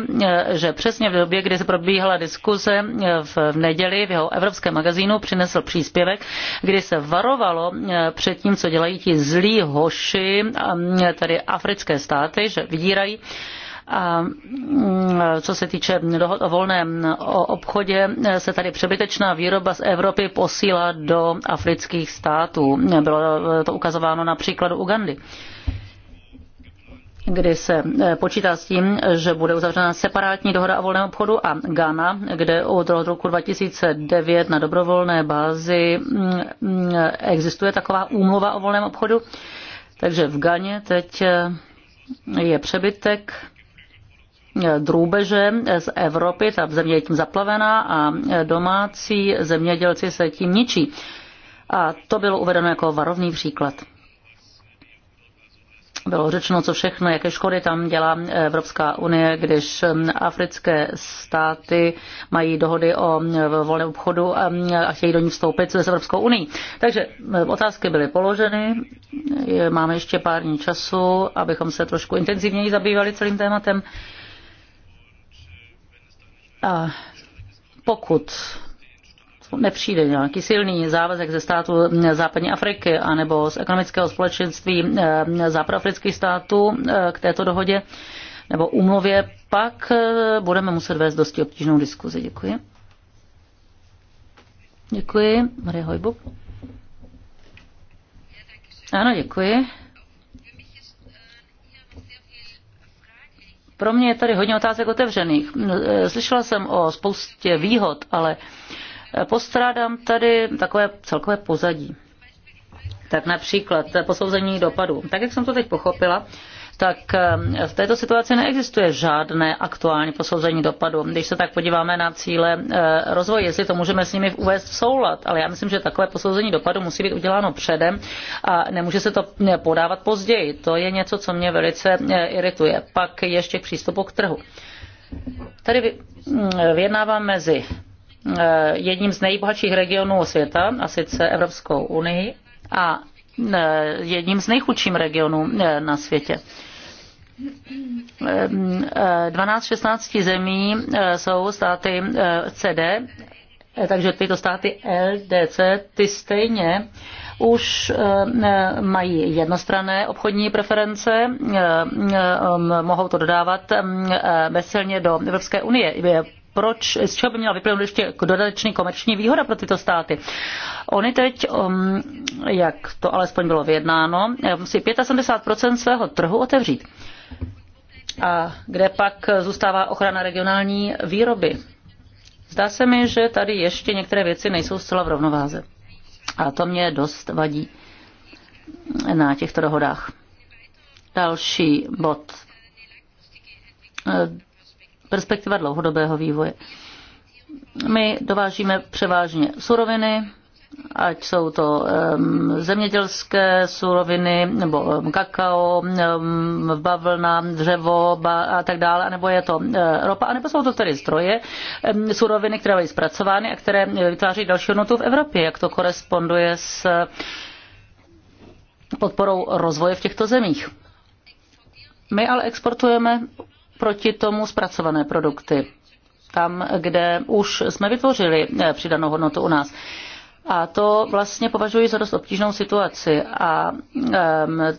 že přesně v době, kdy se probíhala diskuse v neděli v jeho evropském magazínu, přinesl příspěvek, kdy se varovalo před tím, co dělají ti zlí hoši, tady africké státy, že vydírají vypadají. A mm, co se týče dohod o volném obchodě, se tady přebytečná výroba z Evropy posílá do afrických států. Bylo to ukazováno na příkladu Ugandy kdy se eh, počítá s tím, že bude uzavřena separátní dohoda o volném obchodu a Ghana, kde od roku 2009 na dobrovolné bázi mm, mm, existuje taková úmluva o volném obchodu. Takže v Ghaně teď eh, je přebytek e, drůbeže z Evropy, ta země je tím zaplavená a e, domácí zemědělci se tím ničí. A to bylo uvedeno jako varovný příklad. Bylo řečeno, co všechno, jaké škody tam dělá Evropská unie, když um, africké státy mají dohody o um, volném obchodu um, a chtějí do ní vstoupit s Evropskou unii. Takže otázky byly položeny. Máme ještě pár dní času, abychom se trošku intenzivněji zabývali celým tématem. A pokud nepřijde nějaký silný závazek ze státu západní Afriky anebo z ekonomického společenství západoafrických států k této dohodě nebo umluvě, pak e, budeme muset vést dosti obtížnou diskuzi. Děkuji. Děkuji. Marie Hojbu. Ano, děkuji. Pro mě je tady hodně otázek otevřených. Slyšela jsem o spoustě výhod, ale uh, Postrádám tady takové celkové pozadí. Tak například posouzení dopadů. Tak, jak jsem to teď pochopila, tak eh, v této situaci neexistuje žádné aktuální posouzení dopadu. Když se tak podíváme na cíle eh, rozvoje, jestli to můžeme s nimi uvést v soulad, ale já myslím, že takové posouzení dopadu musí být uděláno předem a nemůže se to eh, podávat později. To je něco, co mě velice irituje. Pak ještě k přístupu k trhu. Tady mm, vyjednávám mezi Eh, jedním z nejbohatších regionů světa, a sice Evropskou unii, a eh, jedním z nejchudším regionů eh, na světě. 12-16 zemí jsou státy CD, takže tyto státy LDC, ty stejně už mají jednostranné obchodní preference, mohou to dodávat bezcelně do Evropské unie proč, z čeho by měla vyplynout ještě dodatečný komerční výhoda pro tyto státy. Oni teď, um, jak to alespoň bylo vyjednáno, eh, musí 75% svého trhu otevřít. A kde pak zůstává ochrana regionální výroby? Zdá se mi, že tady ještě některé věci nejsou zcela v rovnováze. A to mě dost vadí na těchto dohodách. Další bod eh, perspektiva dlouhodobého vývoje. My dovážíme převážně suroviny, ať jsou to um, zemědělské suroviny, nebo um, kakao, um, bavlna, dřevo ba, a tak dále, nebo je to uh, ropa, nebo jsou to tedy zdroje, um, suroviny, které byly zpracovány a které vytváří další hodnotu v Evropě, jak to koresponduje s podporou rozvoje v těchto zemích. My ale exportujeme proti tomu zpracované produkty, tam, kde už jsme vytvořili eh, přidanou hodnotu u nás. A to vlastně považuji za dost obtížnou situaci. A um,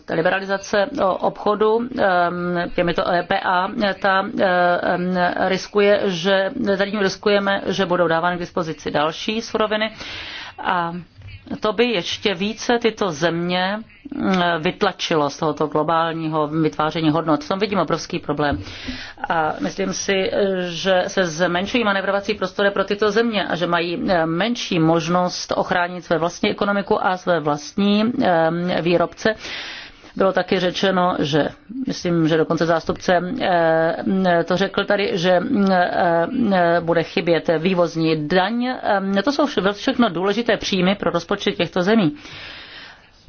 liberalizace obchodu um, ehm, těmito EPA, ta um, riskuje, že, tady riskujeme, že budou dávány k dispozici další suroviny. A to by ještě více tyto země mm, vytlačilo z tohoto globálního vytváření hodnot. V tom vidím obrovský problém. A myslím si, že se zmenšují manevrovací prostory pro tyto země a že mají eh, menší možnost ochránit své vlastní ekonomiku a své vlastní eh, výrobce bylo taky řečeno, že myslím, že dokonce zástupce eh, eh, to řekl tady, že eh, bude chybět vývozní daň. To jsou všechno důležité příjmy pro rozpočet těchto zemí.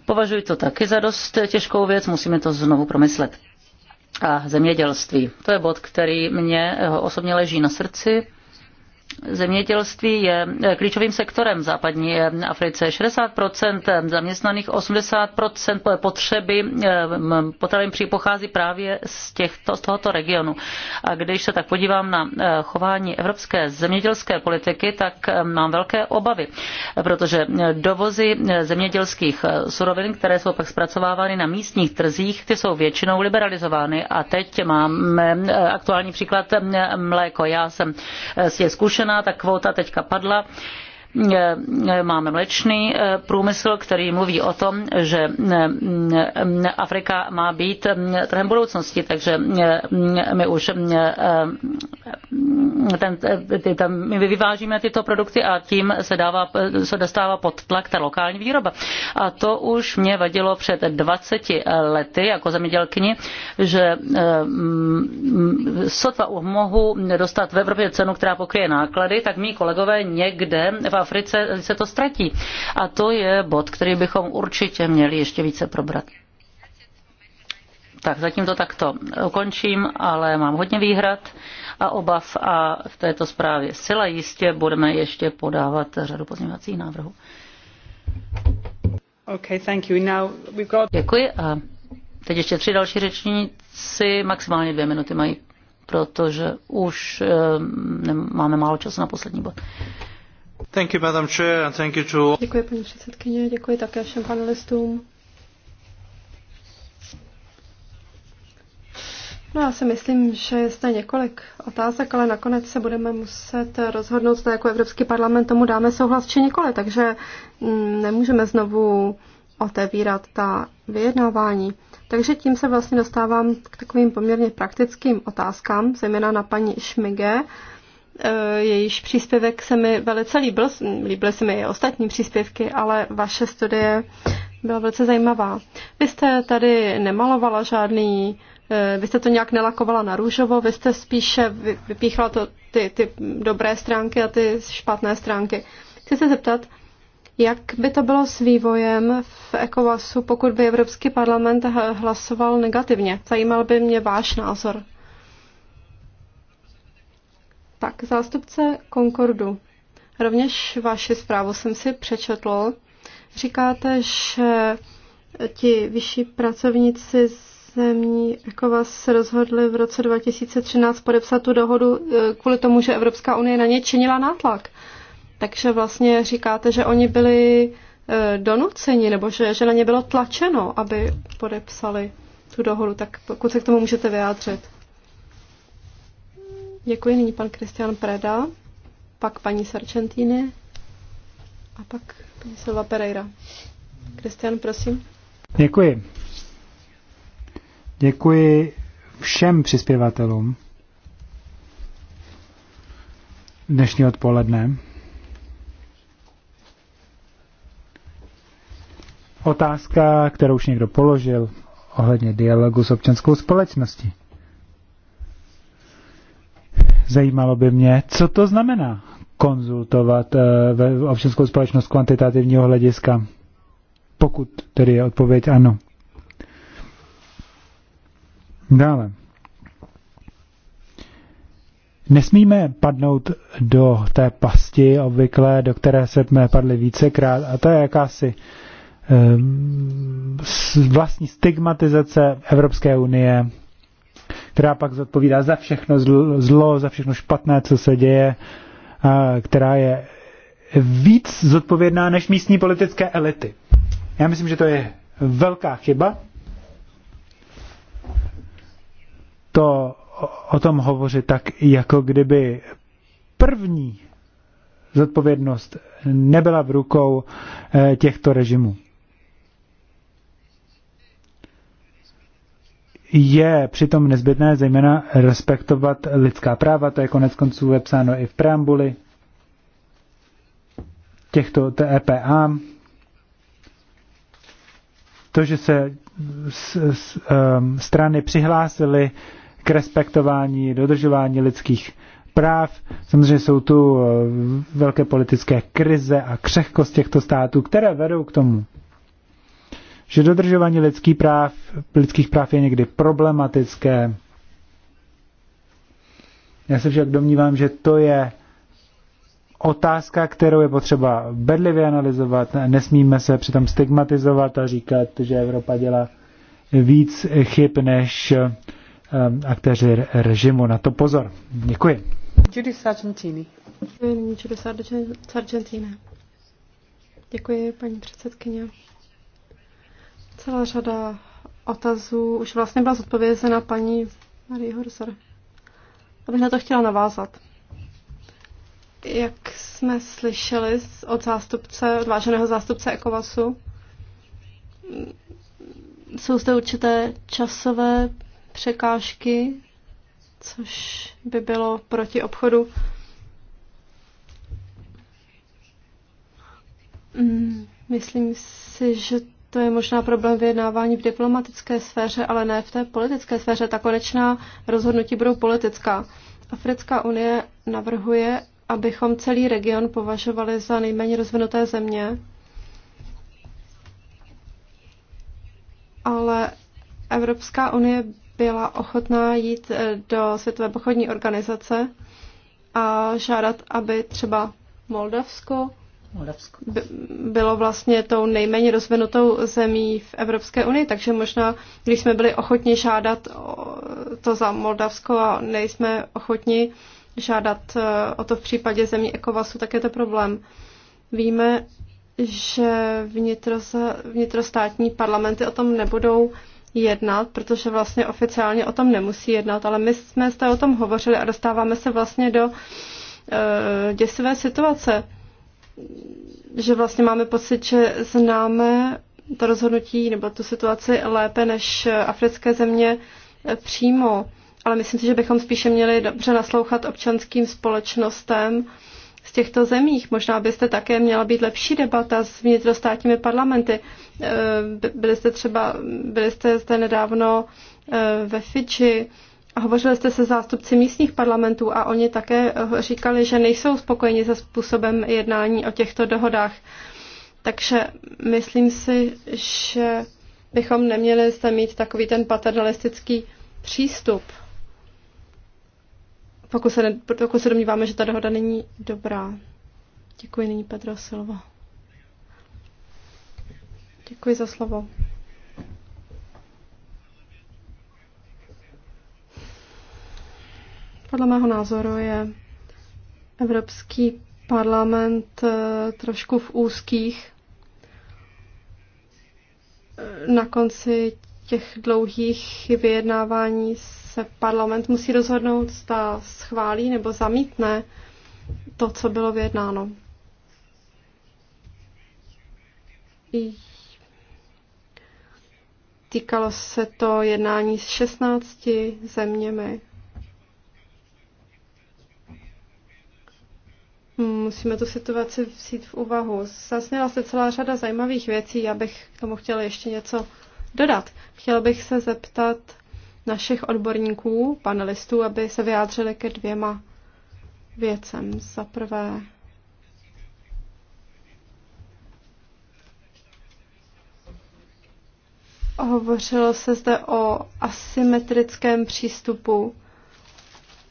Považuji to taky za dost těžkou věc, musíme to znovu promyslet. A zemědělství. To je bod, který mě osobně leží na srdci. Zemědělství je eh, klíčovým sektorem v západní eh, Africe. 60 eh, zaměstnaných, 80 potřeby potravin pochází právě z, těchto, z tohoto regionu. A když se tak podívám na chování evropské zemědělské politiky, tak mám velké obavy, protože dovozy zemědělských surovin, které jsou pak zpracovávány na místních trzích, ty jsou většinou liberalizovány. A teď mám aktuální příklad mléko. Já jsem je zkušen omezená, ta kvóta teďka padla Eh, eh, máme mlečný eh, průmysl, který mluví o tom, že Afrika má být trhem budoucnosti, takže my už ten, ty, tam, my vyvážíme tyto produkty a tím se, dává, se dostává pod tlak ta lokální výroba. A to už mě vadilo před 20 lety jako zemědělkyni, že sotva mohu dostat v Evropě cenu, která pokryje náklady, tak mý kolegové někde v Africe se to ztratí. A to je bod, který bychom určitě měli ještě více probrat. Tak zatím to takto ukončím, ale mám hodně výhrad a obav a v této zprávě zcela jistě budeme ještě podávat řadu pozměňovacích návrhů. Okay, thank you. Now we've got... Děkuji a teď ještě tři další řečníci, maximálně dvě minuty mají, protože už um, máme málo času na poslední bod. Thank you, Madam Chair, and thank you to... Děkuji, paní předsedkyně, děkuji také všem panelistům. No já si myslím, že je zde několik otázek, ale nakonec se budeme muset rozhodnout, zda jako Evropský parlament tomu dáme souhlas či nikoli, takže mm, nemůžeme znovu otevírat ta vyjednávání. Takže tím se vlastně dostávám k takovým poměrně praktickým otázkám, zejména na paní Šmige. Eh, jejíž příspěvek se mi velice líbil, líbily se mi i ostatní příspěvky, ale vaše studie byla velice zajímavá. Vy jste tady nemalovala žádný, eh, vy jste to nějak nelakovala na růžovo, vy jste spíše vypíchla to, ty, ty dobré stránky a ty špatné stránky. Chci se zeptat, jak by to bylo s vývojem v ECOWASu, pokud by Evropský parlament hlasoval negativně? Zajímal by mě váš názor. Tak, zástupce Concordu. Rovněž vaši zprávu jsem si přečetl. Říkáte, že ti vyšší pracovníci zemí jako vás se rozhodli v roce 2013 podepsat tu dohodu e, kvůli tomu, že Evropská unie na ně činila nátlak. Takže vlastně říkáte, že oni byli e, donuceni, nebo že, že na ně bylo tlačeno, aby podepsali tu dohodu. Tak pokud se k tomu můžete vyjádřit. Děkuji nyní pan Kristian Preda, pak paní Sarčentýny a pak paní Silva Pereira. Kristian, prosím. Děkuji. Děkuji všem přispěvatelům dnešní odpoledne. Otázka, kterou už někdo položil ohledně dialogu s občanskou společností. Zajímalo by mě, co to znamená konzultovat eh, ve občanskou společnost kvantitativního hlediska, pokud tedy je odpověď ano. Dále. Nesmíme padnout do té pasti obvykle, do které jsme padli vícekrát, a to je jakási eh, vlastní stigmatizace Evropské unie která pak zodpovídá za všechno zlo, za všechno špatné, co se děje, a která je víc zodpovědná než místní politické elity. Já myslím, že to je velká chyba. To o tom hovořit tak, jako kdyby první zodpovědnost nebyla v rukou e, těchto režimů. je přitom nezbytné zejména respektovat lidská práva, to je konec konců vepsáno i v preambuli těchto TEPA. To, že se s, s, um, strany přihlásily k respektování, dodržování lidských práv. Samozřejmě jsou tu uh, velké politické krize a křehkost těchto států, které vedou k tomu, že dodržování lidských práv, lidských práv je někdy problematické. Já se však domnívám, že to je otázka, kterou je potřeba bedlivě analyzovat. Nesmíme se přitom stigmatizovat a říkat, že Evropa dělá víc chyb než ehm, aktéři režimu. Na to pozor. Děkuji. Judy Sargentini. Judy Sargentini. Děkuji, paní předsedkyně. Celá řada otazů už vlastně byla zodpovězena paní Marie Horser. Abych na to chtěla navázat. Jak jsme slyšeli od zástupce, od váženého zástupce ekovasu, jsou zde určité časové překážky, což by bylo proti obchodu. Hmm, myslím si, že to je možná problém vyjednávání v diplomatické sféře, ale ne v té politické sféře. Ta konečná rozhodnutí budou politická. Africká unie navrhuje, abychom celý region považovali za nejméně rozvinuté země, ale Evropská unie byla ochotná jít eh, do Světové pochodní organizace a žádat, aby třeba Moldavsko bylo vlastně tou nejméně rozvinutou zemí v Evropské unii, takže možná, když jsme byli ochotni žádat to za Moldavsko a nejsme ochotni žádat e, o to v případě zemí Ekovasu, tak je to problém. Víme, že vnitrostátní parlamenty o tom nebudou jednat, protože vlastně oficiálně o tom nemusí jednat, ale my jsme o tom hovořili a dostáváme se vlastně do e, děsivé situace že vlastně máme pocit, že známe to rozhodnutí nebo tu situaci lépe než africké země přímo. Ale myslím si, že bychom spíše měli dobře naslouchat občanským společnostem z těchto zemích. Možná byste také měla být lepší debata s vnitrostátními parlamenty. Eh, byli jste třeba, byli jste zde nedávno eh, ve Fidži, Hovořili jste se zástupci místních parlamentů a oni také eh, říkali, že nejsou spokojeni se způsobem jednání o těchto dohodách. Takže myslím si, že bychom neměli zde mít takový ten paternalistický přístup, pokud se, ne, pokud se domníváme, že ta dohoda není dobrá. Děkuji nyní Pedro Silva. Děkuji za slovo. Podle mého názoru je Evropský parlament eh, trošku v úzkých eh, na konci těch dlouhých vyjednávání se parlament musí rozhodnout, zda schválí nebo zamítne to, co bylo vyjednáno. I týkalo se to jednání s 16 zeměmi. Musíme tu situaci vzít v úvahu. Zasněla se celá řada zajímavých věcí, já bych k tomu chtěla ještě něco dodat. Chtěla bych se zeptat našich odborníků, panelistů, aby se vyjádřili ke dvěma věcem. Za prvé, hovořilo se zde o asymetrickém přístupu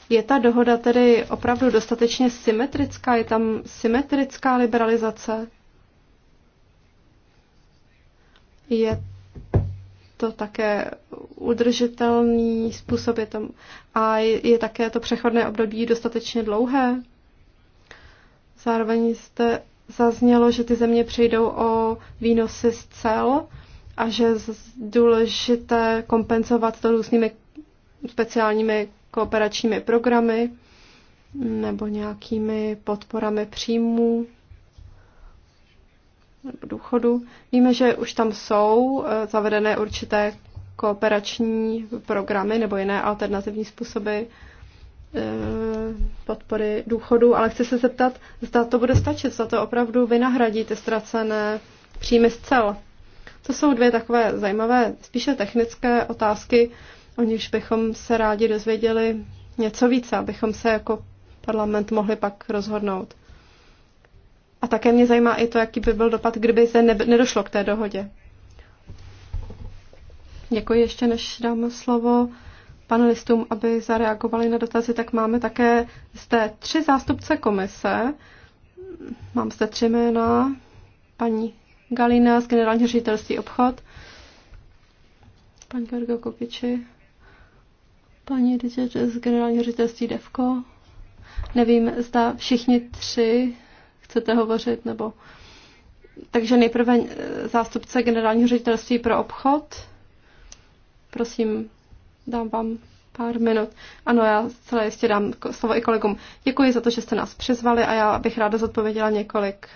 je ta dohoda tedy opravdu dostatečně symetrická? Je tam symetrická liberalizace? Je to také udržitelný způsob? Je tam, a je také to přechodné období dostatečně dlouhé? Zároveň jste zaznělo, že ty země přijdou o výnosy z cel a že je důležité kompenzovat to různými speciálními kooperačními programy nebo nějakými podporami příjmů nebo důchodu. Víme, že už tam jsou eh, zavedené určité kooperační programy nebo jiné alternativní způsoby eh, podpory důchodu, ale chci se zeptat, zda to bude stačit, zda to opravdu vynahradí ty ztracené příjmy z cel. To jsou dvě takové zajímavé, spíše technické otázky, o nichž bychom se rádi dozvěděli něco více, abychom se jako parlament mohli pak rozhodnout. A také mě zajímá i to, jaký by byl dopad, kdyby se nedošlo k té dohodě. Děkuji ještě, než dám slovo panelistům, aby zareagovali na dotazy, tak máme také zde tři zástupce komise. Mám zde tři jména. Paní Galina z generálního ředitelství obchod, pan Georgo Kopiči paní z generálního ředitelství DEVKO. Nevím, zda všichni tři chcete hovořit, nebo... Takže nejprve eh, zástupce generálního ředitelství pro obchod. Prosím, dám vám pár minut. Ano, já celé jistě dám slovo i kolegům. Děkuji za to, že jste nás přizvali a já bych ráda zodpověděla několik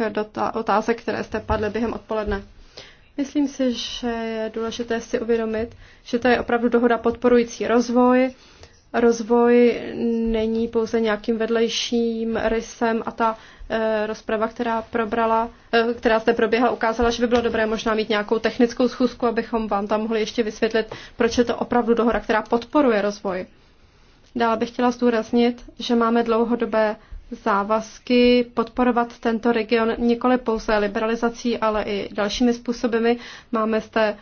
otázek, které jste padly během odpoledne. Myslím si, že je důležité si uvědomit, že to je opravdu dohoda podporující rozvoj. Rozvoj není pouze nějakým vedlejším rysem a ta e, rozprava, která, probrala, e, která zde proběhla, ukázala, že by bylo dobré možná mít nějakou technickou schůzku, abychom vám tam mohli ještě vysvětlit, proč je to opravdu dohoda, která podporuje rozvoj. Dále bych chtěla zdůraznit, že máme dlouhodobé závazky podporovat tento region nikoli pouze liberalizací, ale i dalšími způsobymi. Máme zde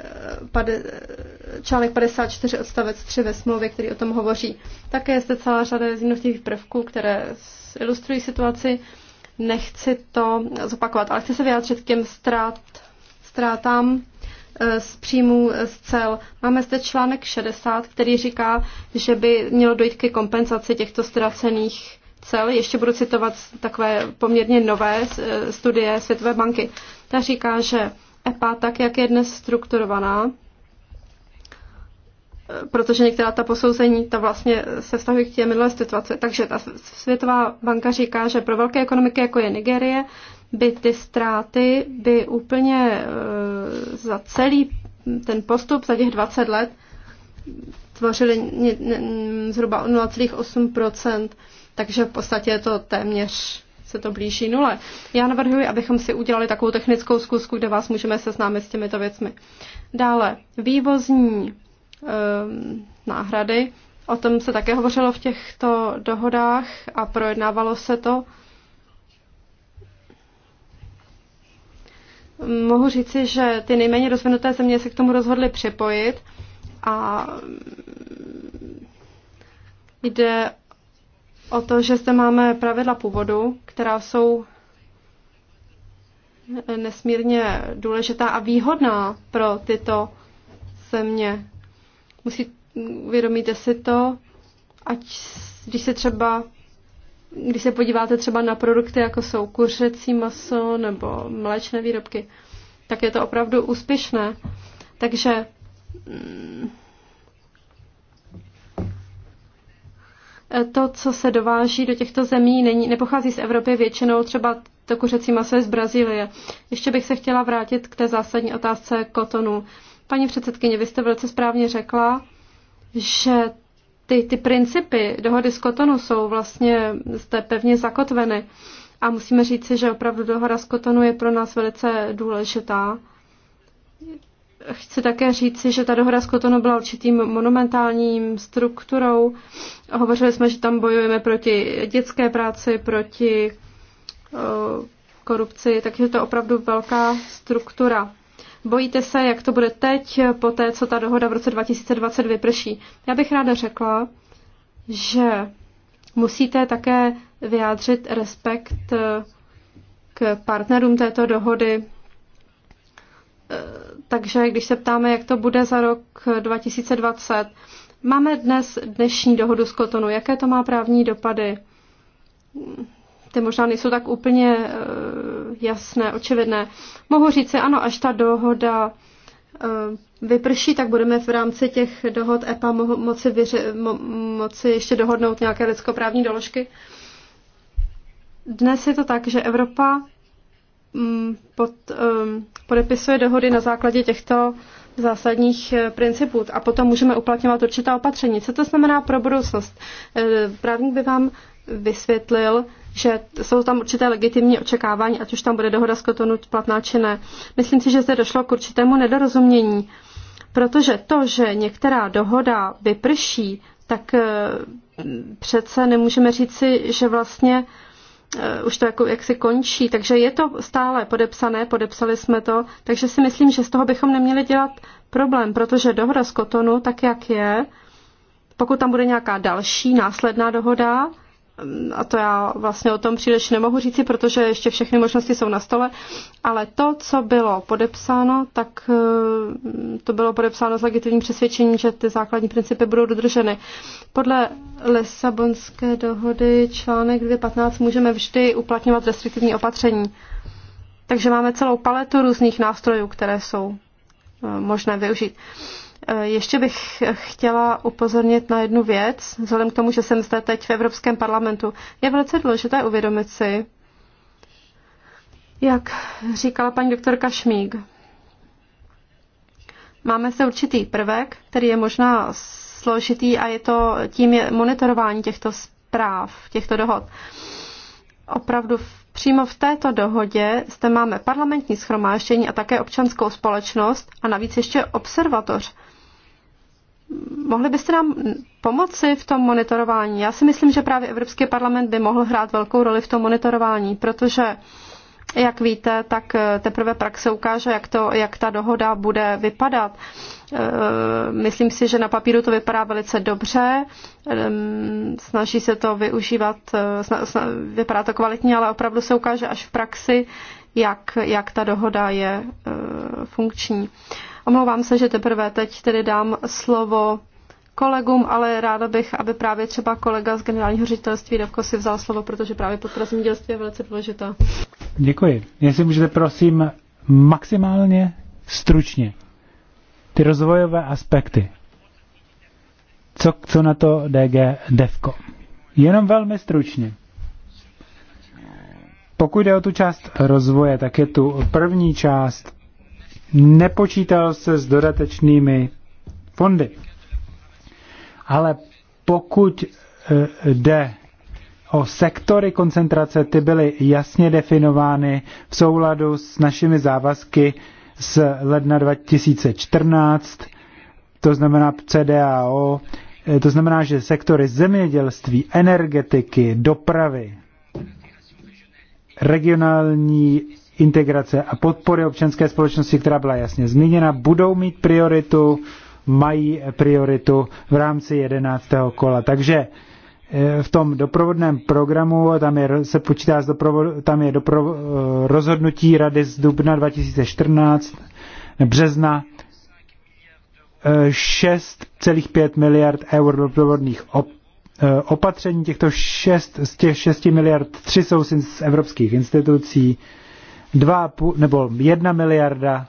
eh, článek 54 odstavec 3 ve smlouvě, který o tom hovoří. Také je zde celá řada jednotlivých prvků, které ilustrují situaci. Nechci to zopakovat, ale chci se vyjádřit k těm ztrátám eh, z příjmů eh, z cel. Máme zde článek 60, který říká, že by mělo dojít ke kompenzaci těchto ztracených cel. Ještě budu citovat takové poměrně nové eh, studie Světové banky. Ta říká, že EPA, tak jak je dnes strukturovaná, eh, protože některá ta posouzení ta vlastně se vztahují k té minulé situaci. Takže ta Světová banka říká, že pro velké ekonomiky, jako je Nigérie, by ty ztráty by úplně eh, za celý ten postup, za těch 20 let, tvořily zhruba takže v podstatě je to téměř se to blíží nule. Já navrhuji, abychom si udělali takovou technickou zkusku, kde vás můžeme seznámit s těmito věcmi. Dále, vývozní um, náhrady. O tom se také hovořilo v těchto dohodách a projednávalo se to. Mohu říci, že ty nejméně rozvinuté země se k tomu rozhodly připojit a jde o to, že zde máme pravidla původu, která jsou nesmírně důležitá a výhodná pro tyto země. Musí, uvědomíte si to, ať když se třeba když se podíváte třeba na produkty, jako jsou kuřecí maso nebo mléčné výrobky, tak je to opravdu úspěšné. Takže mm, to, co se dováží do těchto zemí, není, nepochází z Evropy většinou třeba to kuřecí maso je z Brazílie. Ještě bych se chtěla vrátit k té zásadní otázce kotonu. Paní předsedkyně, vy jste velice správně řekla, že ty, ty principy dohody z kotonu jsou vlastně zde pevně zakotveny. A musíme říci, že opravdu dohoda z kotonu je pro nás velice důležitá chci také říci, že ta dohoda s Kotonu byla určitým monumentálním strukturou. Hovořili jsme, že tam bojujeme proti dětské práci, proti eh, korupci, takže je to opravdu velká struktura. Bojíte se, jak to bude teď, po té, co ta dohoda v roce 2020 vyprší? Já bych ráda řekla, že musíte také vyjádřit respekt eh, k partnerům této dohody eh, takže když se ptáme, jak to bude za rok 2020, máme dnes dnešní dohodu z Kotonu. Jaké to má právní dopady? Ty možná nejsou tak úplně eh, jasné, očividné. Mohu říct si, ano, až ta dohoda eh, vyprší, tak budeme v rámci těch dohod EPA mo moci, vyři, mo, moci ještě dohodnout nějaké lidskoprávní doložky. Dnes je to tak, že Evropa Mm, pod, mm, podepisuje dohody na základě těchto zásadních eh, principů a potom můžeme uplatňovat určitá opatření. Co to znamená pro budoucnost? Eh, právník by vám vysvětlil, že jsou tam určité legitimní očekávání, ať už tam bude dohoda z Kotonu platná či ne. Myslím si, že zde došlo k určitému nedorozumění, protože to, že některá dohoda vyprší, tak eh, přece nemůžeme říci, že vlastně uh, Eh, už to jako jaksi končí, takže je to stále podepsané, podepsali jsme to, takže si myslím, že z toho bychom neměli dělat problém, protože dohoda z Kotonu, tak jak je, pokud tam bude nějaká další následná dohoda, a to já vlastně o tom příliš nemohu říci, protože ještě všechny možnosti jsou na stole, ale to, co bylo podepsáno, tak eh, to bylo podepsáno s legitimním přesvědčením, že ty základní principy budou dodrženy. Podle Lisabonské dohody článek 2.15 můžeme vždy uplatňovat restriktivní opatření. Takže máme celou paletu různých nástrojů, které jsou eh, možné využít. Uh, Eh, ještě bych chtěla upozornit na jednu věc, vzhledem k tomu, že jsem zde teď v Evropském parlamentu. Je velice důležité uvědomit si, jak říkala paní doktorka Šmík, máme se určitý prvek, který je možná složitý a je to tím je monitorování těchto zpráv, těchto dohod. Opravdu v, přímo v této dohodě zde máme parlamentní schromáždění a také občanskou společnost a navíc ještě observatoř. Mohli byste nám pomoci v tom monitorování? Já si myslím, že právě Evropský parlament by mohl hrát velkou roli v tom monitorování, protože, jak víte, tak eh, teprve praxe ukáže, jak, to, jak ta dohoda bude vypadat. Eh, myslím si, že na papíru to vypadá velice dobře, ehm, snaží se to využívat, eh, vypadá to kvalitně, ale opravdu se ukáže až v praxi, jak, jak ta dohoda je funkční. Omlouvám se, že teprve teď tedy dám slovo kolegům, ale ráda bych, aby právě třeba kolega z generálního ředitelství Davko si vzal slovo, protože právě podpora zemědělství je velice důležitá. Děkuji. Jestli můžete, prosím, maximálně stručně ty rozvojové aspekty. Co, co na to DG Devko? Jenom velmi stručně. Pokud jde o tu část rozvoje, tak je tu první část nepočítal se s dodatečnými fondy. Ale pokud e, jde o sektory koncentrace, ty byly jasně definovány v souladu s našimi závazky z ledna 2014, to znamená CDAO, e, to znamená, že sektory zemědělství, energetiky, dopravy, regionální integrace a podpory občanské společnosti, která byla jasně zmíněna, budou mít prioritu, mají prioritu v rámci 11. kola. Takže e, v tom doprovodném programu, tam je, se počítá z doprovod, tam je doprov, e, rozhodnutí rady z dubna 2014, března, 6,5 e, miliard eur doprovodných op, opatření. Těchto 6, z těch 6 miliard 3 jsou z evropských institucí, dva, nebo jedna miliarda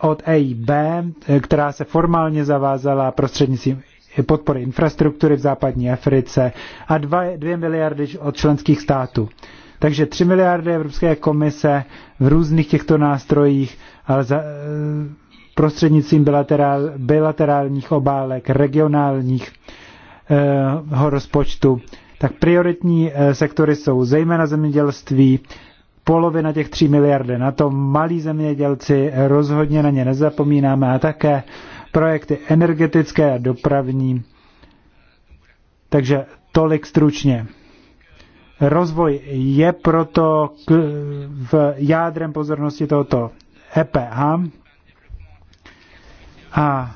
od EIB, eh, která se formálně zavázala prostřednictvím podpory infrastruktury v západní Africe a 2, 2 miliardy od členských států. Takže 3 miliardy Evropské komise v různých těchto nástrojích, ale za, eh, prostřednictvím bilaterál, bilaterálních obálek, regionálních eh, rozpočtu, tak prioritní eh, sektory jsou zejména zemědělství, eh, polovina těch 3 miliardy. Na to malí zemědělci rozhodně na ně nezapomínáme a také projekty energetické a dopravní. Takže tolik stručně. Rozvoj je proto k, v jádrem pozornosti tohoto EPH a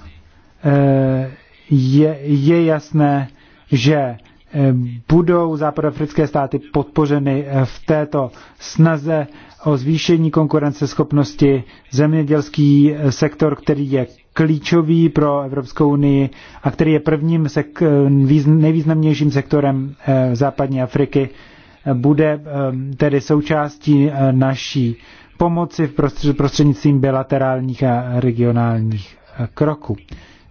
e, je, je jasné, že Eh, budou západoafrické státy podpořeny eh, v této snaze o zvýšení konkurenceschopnosti zemědělský eh, sektor, který je klíčový pro Evropskou unii a který je prvním nejvýznamnějším sektorem západní Afriky, bude tedy součástí naší pomoci v prostřednictvím bilaterálních a regionálních kroků.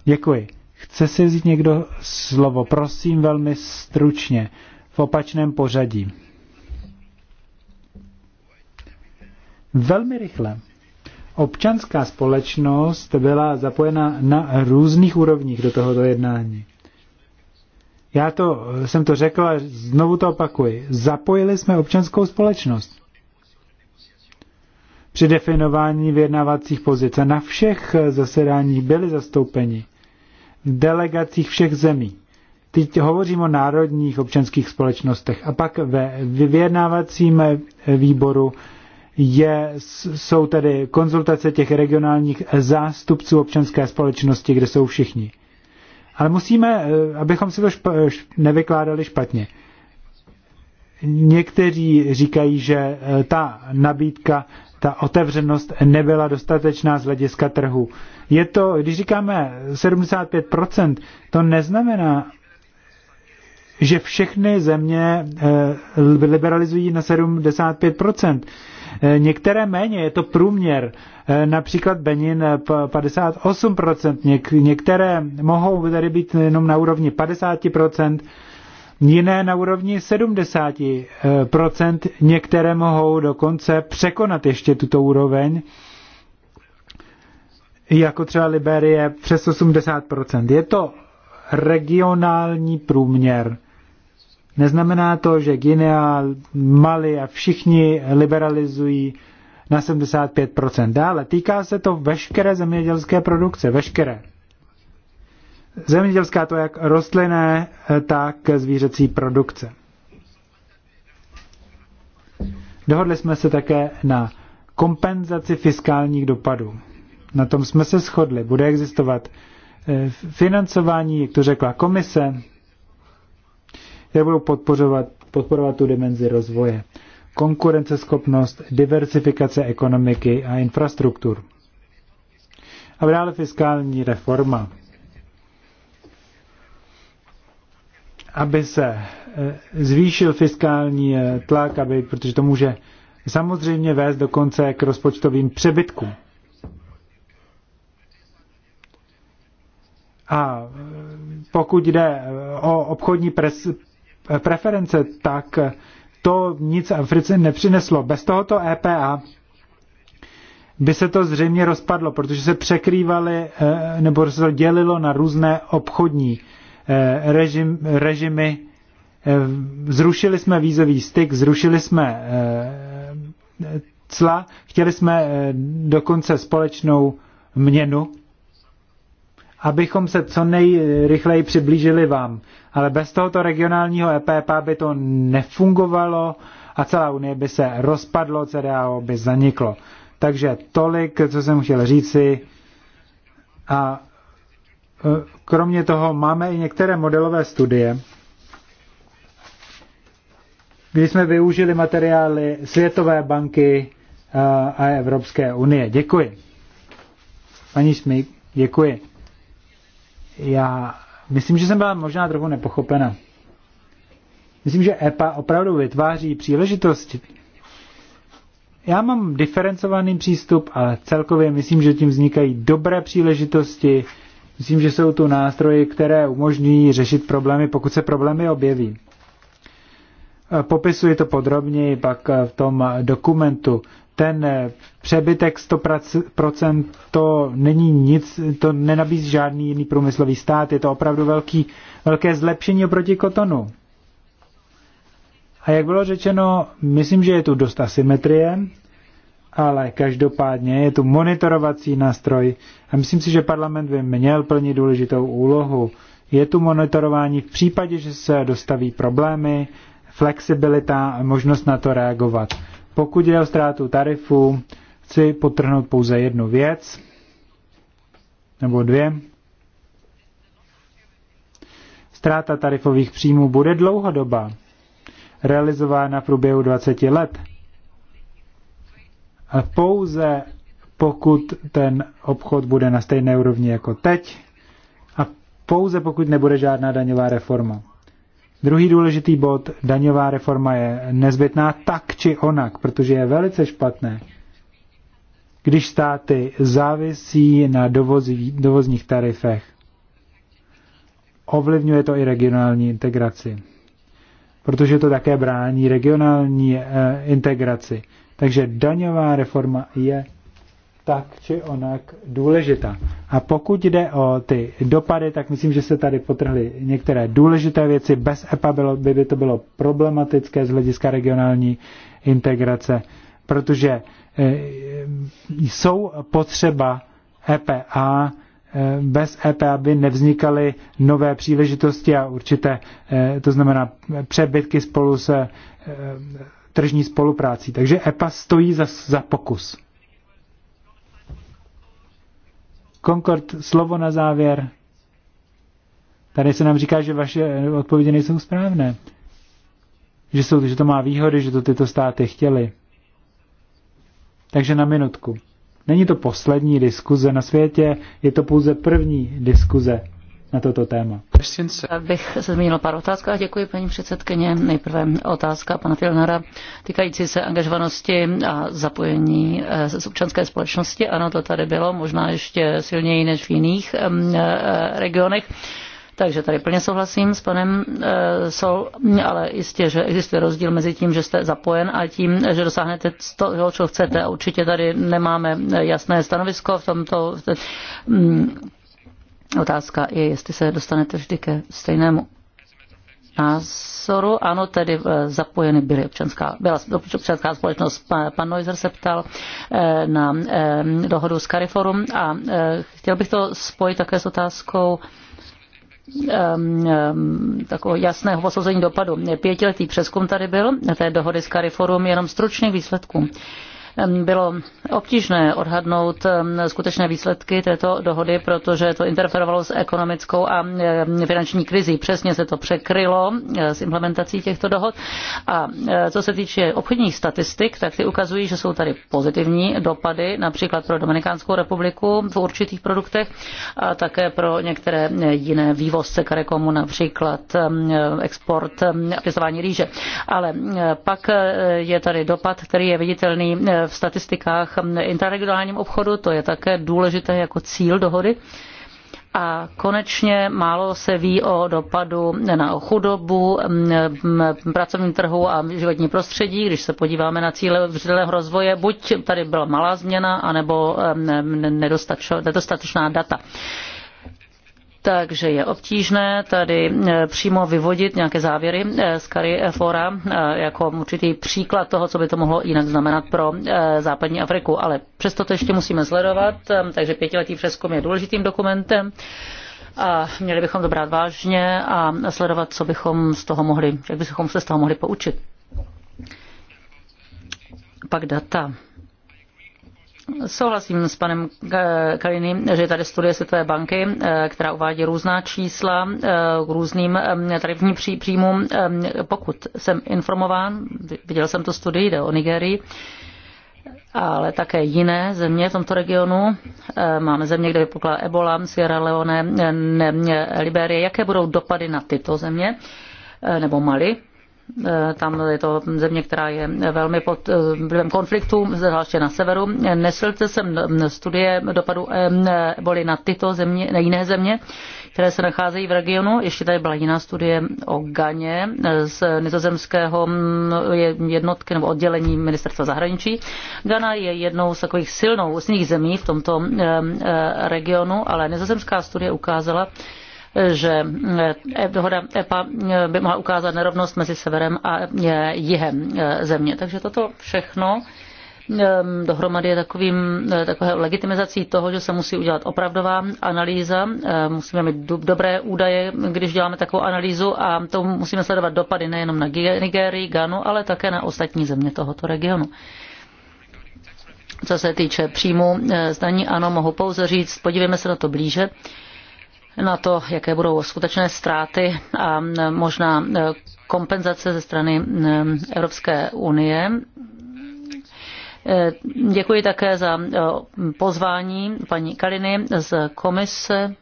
Děkuji. Chce si vzít někdo slovo? Prosím velmi stručně, v opačném pořadí. Velmi rychle. Občanská společnost byla zapojena na různých úrovních do tohoto jednání. Já to, jsem to řekl a znovu to opakuji. Zapojili jsme občanskou společnost při definování vyjednávacích pozic. A na všech zasedáních byli zastoupeni delegacích všech zemí. Teď hovořím o národních občanských společnostech. A pak ve vyjednávacím eh, výboru je, jsou tedy konzultace těch regionálních zástupců občanské společnosti, kde jsou všichni. Ale musíme, eh, abychom si to špa- nevykládali špatně. Někteří říkají, že eh, ta nabídka, ta otevřenost nebyla dostatečná z hlediska trhu. Je to, když říkáme 75%, to neznamená, že všechny země eh, liberalizují na 75%. Eh, některé méně, je to průměr. Eh, například Benin 58%, některé mohou tady být jenom na úrovni 50%, jiné na úrovni 70%, některé mohou dokonce překonat ještě tuto úroveň jako třeba Liberie, přes 80%. Je to regionální průměr. Neznamená to, že Guinea, Mali a všichni liberalizují na 75%. Dále týká se to veškeré zemědělské produkce, veškeré. Zemědělská to jak rostlinné, tak zvířecí produkce. Dohodli jsme se také na kompenzaci fiskálních dopadů na tom jsme se shodli, bude existovat eh, financování, jak to řekla komise, které budou podporovat, podporovat tu dimenzi rozvoje. Konkurenceschopnost, diversifikace ekonomiky a infrastruktur. A dále fiskální reforma. Aby se eh, zvýšil fiskální eh, tlak, aby, protože to může samozřejmě vést dokonce k rozpočtovým přebytkům. A pokud jde o obchodní pres, preference, tak to nic Africe nepřineslo. Bez tohoto EPA by se to zřejmě rozpadlo, protože se překrývaly eh, nebo se to dělilo na různé obchodní eh, režim, režimy. Eh, zrušili jsme vízový styk, zrušili jsme cla, chtěli jsme dokonce společnou měnu, abychom se co nejrychleji přiblížili vám. Ale bez tohoto regionálního EPP by to nefungovalo a celá Unie by se rozpadlo, CDAO by zaniklo. Takže tolik, co jsem chtěl říci. A e, kromě toho máme i některé modelové studie, kdy jsme využili materiály Světové banky e, a Evropské unie. Děkuji. Paní Smyk, děkuji. Já myslím, že jsem byla možná trochu nepochopena. Myslím, že EPA opravdu vytváří příležitosti. Já mám diferencovaný přístup, ale celkově myslím, že tím vznikají dobré příležitosti. Myslím, že jsou tu nástroje, které umožňují řešit problémy, pokud se problémy objeví. E, popisuji to podrobněji pak e, v tom dokumentu ten eh, přebytek 100% to není nic, to nenabízí žádný jiný průmyslový stát, je to opravdu velký, velké zlepšení oproti kotonu. A jak bylo řečeno, myslím, že je tu dost asymetrie, ale každopádně je tu monitorovací nástroj a myslím si, že parlament by měl plnit důležitou úlohu. Je tu monitorování v případě, že se dostaví problémy, flexibilita a možnost na to reagovat. Pokud jde o ztrátu tarifu, chci potrhnout pouze jednu věc, nebo dvě. Ztráta tarifových příjmů bude dlouhodoba, realizována v průběhu 20 let. Ale pouze pokud ten obchod bude na stejné úrovni jako teď a pouze pokud nebude žádná daňová reforma. Druhý důležitý bod, daňová reforma je nezbytná tak či onak, protože je velice špatné, když státy závisí na dovozí, dovozních tarifech. Ovlivňuje to i regionální integraci, protože to také brání regionální eh, integraci. Takže daňová reforma je tak či onak důležitá. A pokud jde o ty dopady, tak myslím, že se tady potrhly některé důležité věci. Bez EPA bylo, by, by to bylo problematické z hlediska regionální integrace, protože e, jsou potřeba EPA, e, bez EP, aby nevznikaly nové příležitosti a určité, e, to znamená přebytky spolu se e, tržní spoluprácí. Takže EPA stojí za, za pokus. Concord, slovo na závěr. Tady se nám říká, že vaše odpovědi nejsou správné. Že, jsou, že to má výhody, že to tyto státy chtěly. Takže na minutku. Není to poslední diskuze na světě, je to pouze první diskuze na toto téma. Já bych se zmínil pár otázek, Děkuji, paní předsedkyně. Nejprve otázka pana Filnara týkající se angažovanosti a zapojení eh, z občanské společnosti. Ano, to tady bylo možná ještě silněji než v jiných eh, regionech. Takže tady plně souhlasím s panem e, Sol, ale jistě, že existuje rozdíl mezi tím, že jste zapojen a tím, že dosáhnete toho, co chcete. Určitě tady nemáme jasné stanovisko v tomto. V mm, Otázka je, jestli se dostanete vždy ke stejnému názoru. Ano, tedy eh, zapojeny byly občanská, byla občanská společnost. Pan Neuser se ptal eh, na eh, dohodu s Cariforum a chtěl bych to spojit také s otázkou ehm, ehm, takového jasného posouzení dopadu. Pětiletý přeskum tady byl té dohody s Cariforum, jenom stručných výsledků. Bylo obtížné odhadnout skutečné výsledky této dohody, protože to interferovalo s ekonomickou a finanční krizí. Přesně se to překrylo eh, s implementací těchto dohod. A eh, co se týče obchodních statistik, tak ty ukazují, že jsou tady pozitivní dopady, například pro Dominikánskou republiku v určitých produktech a také pro některé jiné vývozce karekomu, například export a pěstování rýže. Ale eh, pak je tady dopad, který je viditelný v statistikách interregionálním obchodu, to je také důležité jako cíl dohody. A konečně málo se ví o dopadu na chudobu, pracovním trhu a životní prostředí. Když se podíváme na cíle vřelého rozvoje, buď tady byla malá změna, anebo nedostatečná data takže je obtížné tady e, přímo vyvodit nějaké závěry e, z Kary Fora e, jako určitý příklad toho, co by to mohlo jinak znamenat pro západní Afriku. Ale přesto to ještě musíme sledovat, takže pětiletý přeskum je důležitým dokumentem a měli bychom to brát vážně a sledovat, co bychom z toho mohli, jak bychom se z toho mohli poučit. Pak data. Souhlasím s panem Kaliny, že je tady studie Světové banky, eh, která uvádí různá čísla eh, k různým eh, tarifním příjmům. Pokud jsem informován, viděl jsem tu studii, jde o Nigerii, ale také jiné země v tomto regionu. Máme země, kde vypukla Ebola, Sierra Leone, Liberie. Jaké budou dopady na tyto země nebo Mali? Eh, tam je to země, která je velmi pod eh, vlivem konfliktu, zvláště na severu. Neslte jsem studie dopadu eh, boli na tyto země, na jiné země, které se nacházejí v regionu. Ještě tady byla jiná studie o Ganě z nizozemského mm, jednotky nebo oddělení ministerstva zahraničí. Gana je jednou z takových silnou silných zemí v tomto regionu, ale nizozemská studie ukázala, že eh, dohoda EPA eh, by mohla ukázat nerovnost mezi severem a eh, jihem země. Takže toto všechno ehm, dohromady je takovým, takové legitimizací toho, že se musí udělat opravdová analýza. Musíme mít dobré údaje, když děláme takovou analýzu a to musíme sledovat dopady nejenom na Nigerii, Ganu, ale také na ostatní země tohoto regionu. Co se týče příjmu zdaní, ano, mohu pouze říct, podívejme se na to blíže na to, jaké budou skutečné ztráty a e, možná e, kompenzace ze strany e, Evropské unie. Děkuji také za pozvání paní Kaliny z komise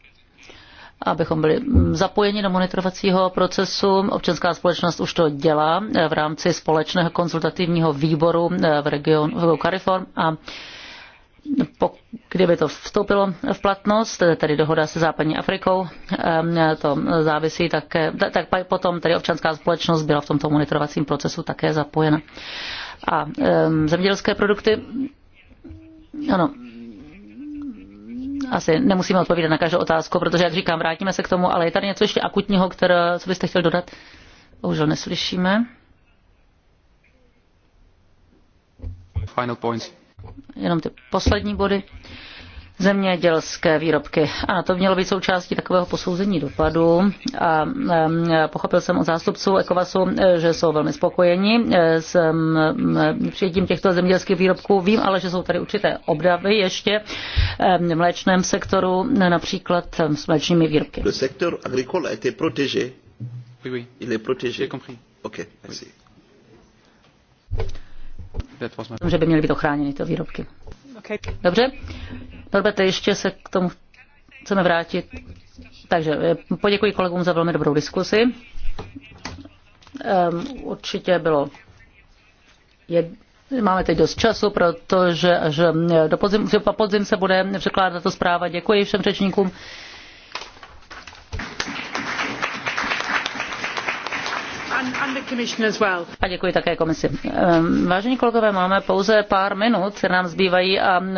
abychom byli zapojeni do monitorovacího procesu. Občanská společnost už to dělá v rámci společného konzultativního výboru v regionu Cariform a kdyby to vstoupilo v platnost, tedy dohoda se západní Afrikou, to závisí také, tak potom tedy občanská společnost byla v tomto monitorovacím procesu také zapojena. A zemědělské produkty, ano, asi nemusíme odpovídat na každou otázku, protože, jak říkám, vrátíme se k tomu, ale je tady něco ještě akutního, které, co byste chtěl dodat? Bohužel neslyšíme. Final points jenom ty poslední body zemědělské výrobky. Ano, to mělo být součástí takového posouzení dopadu a pochopil jsem od zástupců Ekovasu, e, že jsou velmi spokojeni e, s přijetím těchto zemědělských výrobků. Vím ale, že jsou tady určité obdavy ještě v mléčném sektoru, například s mléčnými výrobky. Le agricole été protégé. Oui, oui. Il est protégé. J'ai compris. OK, merci. Oui že by měly být ochráněny ty výrobky. Dobře? Norberte, ještě se k tomu chceme vrátit. Takže eh, poděkuji kolegům za velmi dobrou diskusi. Um, určitě bylo Je, Máme teď dost času, protože až eh, do podzim, podzim se bude překládat to zpráva. Děkuji všem řečníkům. děkuji také ehm, Vážení kolegové, máme pouze pár minut, které nám zbývají a ehm,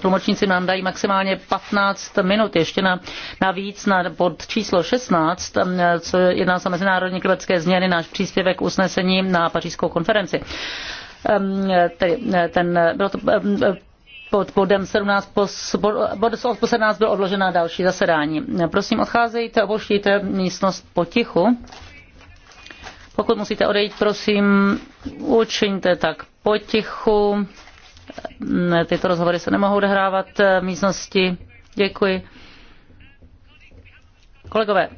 tlumočníci nám dají maximálně 15 minut ještě na, navíc na pod číslo 16, ehm, co jedná se mezinárodní klimatické změny, náš příspěvek usnesení na pařížskou konferenci. E, ten, e, bylo to, e, pod bodem 17, bod 17 byl odložen na další zasedání. Prosím, odcházejte, opuštíte místnost potichu. Pokud musíte odejít, prosím, učiňte tak potichu. Tyto rozhovory se nemohou odehrávat v místnosti. Děkuji. Kolegové,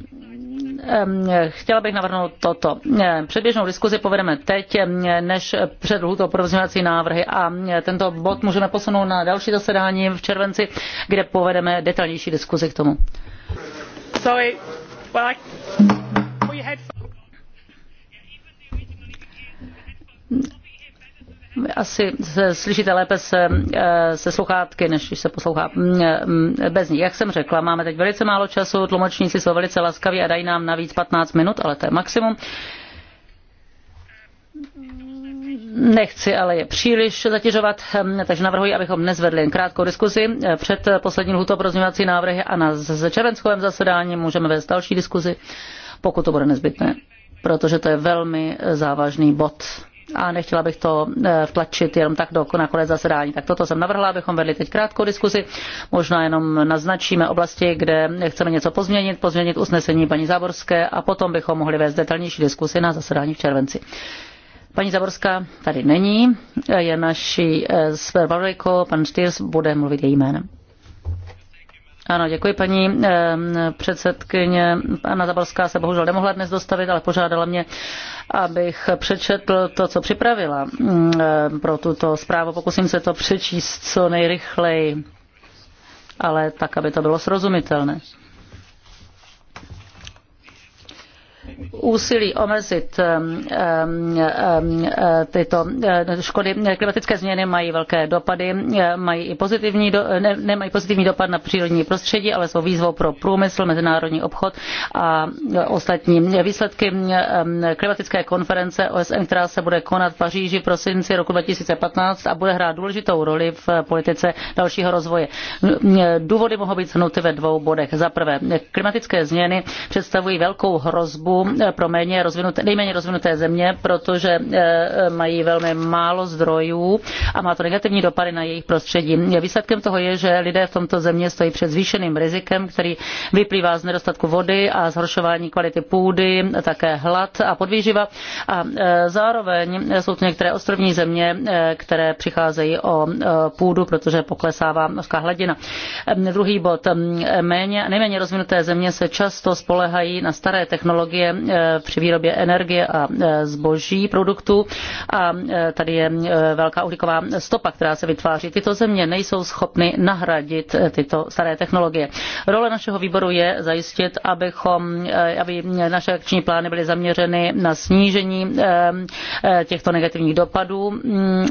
chtěla bych navrhnout toto. Předběžnou diskuzi povedeme teď, než před lhutou pro návrhy a tento bod můžeme posunout na další zasedání v červenci, kde povedeme detailnější diskuzi k tomu. Sorry. Well, I... asi slyšíte lépe se, eh, se sluchátky, než když se poslouchá mm, mm, bez nich. Jak jsem řekla, máme teď velice málo času, tlumočníci jsou velice laskaví a dají nám navíc 15 minut, ale to je maximum. Nechci ale je příliš zatěžovat, hm, takže navrhuji, abychom dnes vedli jen krátkou diskuzi eh, před poslední lhuto pro návrhy a na červenckovém zasedání můžeme vést další diskuzi, pokud to bude nezbytné, protože to je velmi eh, závažný bod a nechtěla bych to eh, vtlačit jenom tak do nakonec zasedání. Tak toto jsem navrhla, abychom vedli teď krátkou diskusi. Možná jenom naznačíme oblasti, kde chceme něco pozměnit, pozměnit usnesení paní Záborské a potom bychom mohli vést detailnější diskusi na zasedání v červenci. Paní Zaborská tady není, je naší eh, zpravodajkou, pan Štýrs bude mluvit jejím jménem. Ano, děkuji paní předsedkyně. Anna Zabalská se bohužel nemohla dnes dostavit, ale požádala mě, abych přečetl to, co připravila mm, pro tuto zprávu. Pokusím se to přečíst co nejrychleji, ale tak, aby to bylo srozumitelné. úsilí omezit e, tyto e, škody. Klimatické změny mají velké dopady, e, mají i pozitivní, ne, nemají pozitivní dopad na přírodní prostředí, ale jsou výzvou pro průmysl, mezinárodní obchod a ostatní výsledky klimatické konference OSN, která se bude konat v Paříži v prosinci roku 2015 a bude hrát důležitou roli v politice dalšího rozvoje. Důvody mohou být shrnuty ve dvou bodech. Za prvé, klimatické změny představují velkou hrozbu pro méně rozvinuté, nejméně rozvinuté země, protože eh, mají velmi málo zdrojů a má to negativní dopady na jejich prostředí. Výsledkem toho je, že lidé v tomto země stojí před zvýšeným rizikem, který vyplývá z nedostatku vody a zhoršování kvality půdy, také hlad a podvýživa. A eh, zároveň jsou tu některé ostrovní země, eh, které přicházejí o půdu, protože poklesává mořská hladina. Ehm, druhý bod. Ehm, méně, nejméně rozvinuté země se často spolehají na staré technologie Eh, při výrobě energie a eh, zboží produktů. A eh, tady je velká uhlíková stopa, která se vytváří. Tyto země nejsou schopny nahradit tyto staré technologie. Role našeho výboru je zajistit, abychom, aby naše akční plány byly zaměřeny na snížení těchto negativních dopadů, mm,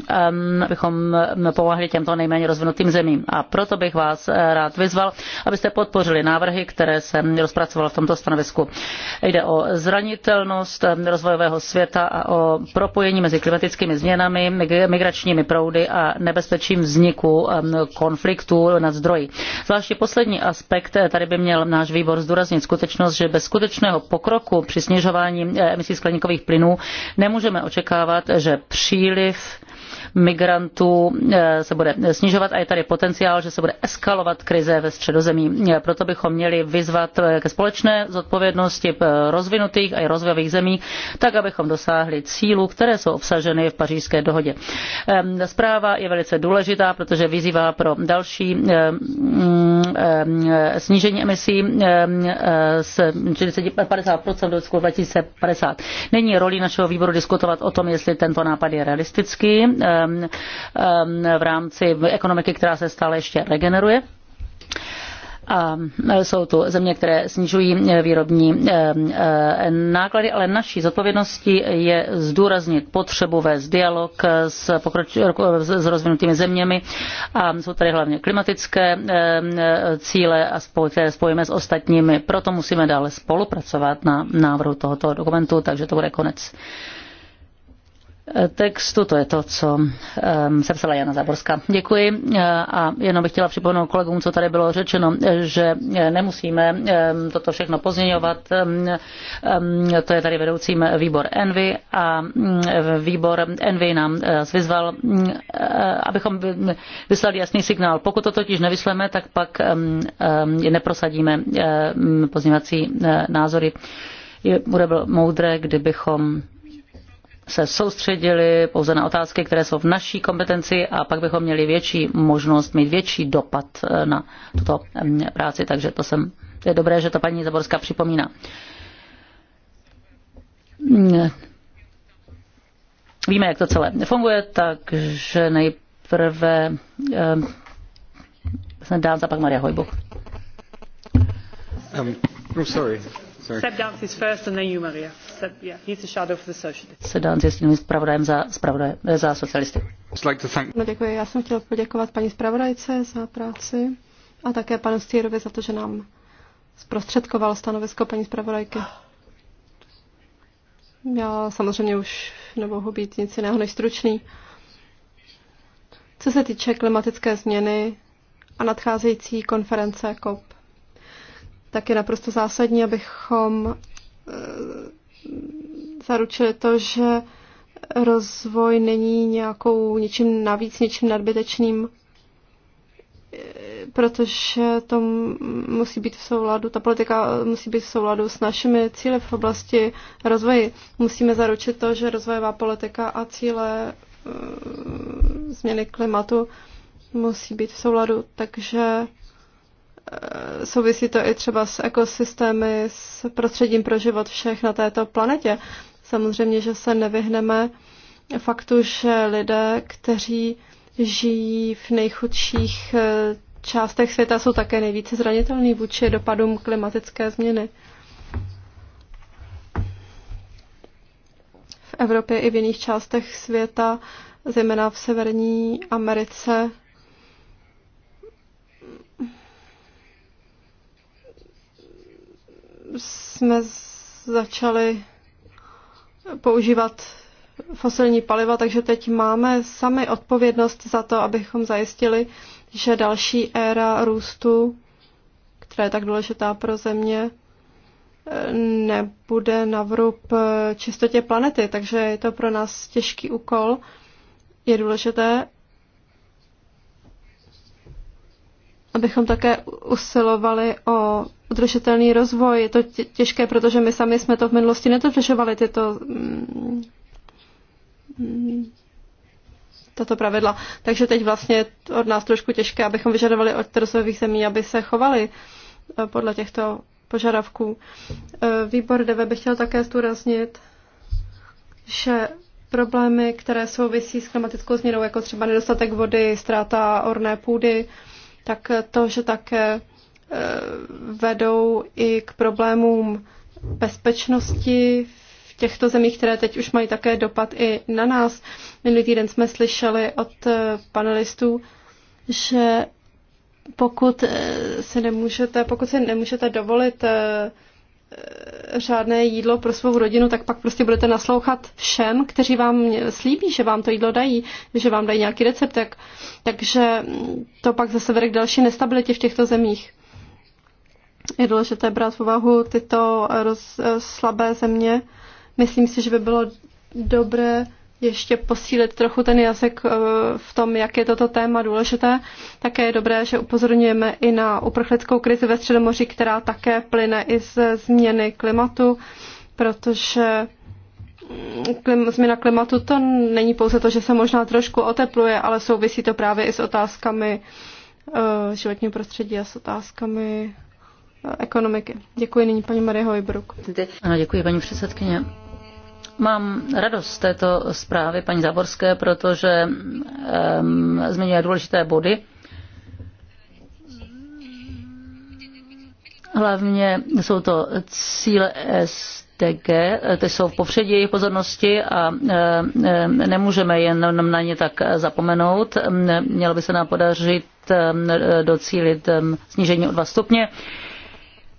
abychom mm, pomáhli těmto nejméně rozvinutým zemím. A proto bych vás rád vyzval, abyste podpořili návrhy, které jsem rozpracoval v tomto stanovisku. Jde o zranitelnost rozvojového světa a o propojení mezi klimatickými změnami, migračními proudy a nebezpečím vzniku konfliktů nad zdroji. Zvláště poslední aspekt, eh, tady by měl náš výbor zdůraznit skutečnost, že bez skutečného pokroku při snižování eh, emisí skleníkových plynů nemůžeme očekávat, že příliv migrantů eh, se bude snižovat a je tady potenciál, že se bude eskalovat krize ve středozemí. Eh, proto bychom měli vyzvat eh, ke společné zodpovědnosti rozvinutých a i rozvojových zemí, tak abychom dosáhli cílů, které jsou obsaženy v pařížské dohodě. Ehm, zpráva je velice důležitá, protože vyzývá pro další ehm, ehm, snížení emisí z 50% do roku 2050. Není rolí našeho výboru diskutovat o tom, jestli tento nápad je realistický. Um, um, v rámci ekonomiky, která se stále ještě regeneruje a um, jsou tu země, které snižují výrobní uh, náklady, ale naší zodpovědností je zdůraznit potřebu vést dialog s, pokroč, s rozvinutými zeměmi a jsou tady hlavně klimatické cíle, a spoj, které spojíme s ostatními. Proto musíme dále spolupracovat na návrhu tohoto dokumentu, takže to bude konec textu, to je to, co um, Jana Záborská. Děkuji e, a jenom bych chtěla připomenout kolegům, co tady bylo řečeno, e, že e, nemusíme um, toto všechno pozměňovat. Um, um, to je tady vedoucím výbor Envy a um, výbor Envy nám uh, vyzval, mm, abychom vyslali jasný signál. Pokud to totiž nevysleme, tak pak um, um, neprosadíme um, pozměňovací uh, názory. Je, bude moudré, kdybychom se soustředili pouze na otázky, které jsou v naší kompetenci a pak bychom měli větší možnost mít větší dopad eh, na tuto práci, takže to, jsem, to je dobré, že to paní Zaborská připomíná. Mm, víme, jak to celé funguje, takže nejprve eh, dám za pak Maria Hojbuch. Um, oh, sorry. sorry. Step down first and then you, Maria za, eh, za socialisty. No, děkuji, já jsem chtěl poděkovat paní zpravodajce za práci a také panu Stýrovi za to, že nám zprostředkoval stanovisko paní zpravodajky. Já samozřejmě už nemohu být nic jiného než stručný. Co se týče klimatické změny a nadcházející konference COP, tak je naprosto zásadní, abychom eh, zaručili to, že rozvoj není nějakou ničím navíc, ničím nadbytečným, protože to musí být v souladu, ta politika musí být v souladu s našimi cíly v oblasti rozvoji. Musíme zaručit to, že rozvojová politika a cíle eh, změny klimatu musí být v souladu, takže Eh, souvisí to i třeba s ekosystémy, s prostředím pro život všech na této planetě. Samozřejmě, že se nevyhneme faktu, že lidé, kteří žijí v nejchudších eh, částech světa, jsou také nejvíce zranitelní vůči dopadům klimatické změny. V Evropě i v jiných částech světa, zejména v Severní Americe, jsme začali používat fosilní paliva, takže teď máme sami odpovědnost za to, abychom zajistili, že další éra růstu, která je tak důležitá pro země, nebude na vrub čistotě planety, takže je to pro nás těžký úkol. Je důležité, abychom také usilovali o udržitelný rozvoj. Je to těžké, protože my sami jsme to v minulosti nedodržovali, tyto mm, tato pravidla. Takže teď vlastně je od nás trošku těžké, abychom vyžadovali od trzových zemí, aby se chovali eh, podle těchto požadavků. Eh, výbor DV bych chtěl také zdůraznit, že problémy, které souvisí s klimatickou změnou, jako třeba nedostatek vody, ztráta orné půdy, tak to, že také eh, vedou i k problémům bezpečnosti v těchto zemích, které teď už mají také dopad i na nás. Minulý týden jsme slyšeli od eh, panelistů, že pokud eh, si nemůžete, pokud si nemůžete dovolit žádné eh, jídlo pro svou rodinu, tak pak prostě budete naslouchat všem, kteří vám slíbí, že vám to jídlo dají, že vám dají nějaký recept, tak, takže to pak zase vede k další nestabilitě v těchto zemích. Je důležité brát v úvahu tyto roz, eh, slabé země. Myslím si, že by bylo dobré ještě posílit trochu ten jazyk eh, v tom, jak je toto téma důležité. Také je dobré, že upozorňujeme i na uprchlickou krizi ve Středomoří, která také plyne i ze změny klimatu, protože mm, klim, změna klimatu to není pouze to, že se možná trošku otepluje, ale souvisí to právě i s otázkami eh, životního prostředí a s otázkami eh, ekonomiky. Děkuji nyní paní Marie Hojbruk. Ano, děkuji paní předsedkyně mám radost z této zprávy paní Zaborské, protože um, zmiňuje důležité body. Hlavně jsou to cíle STG, ty jsou v popředí jejich pozornosti a nemůžeme jen na ně tak zapomenout. Mělo by se nám podařit docílit snížení o dva stupně.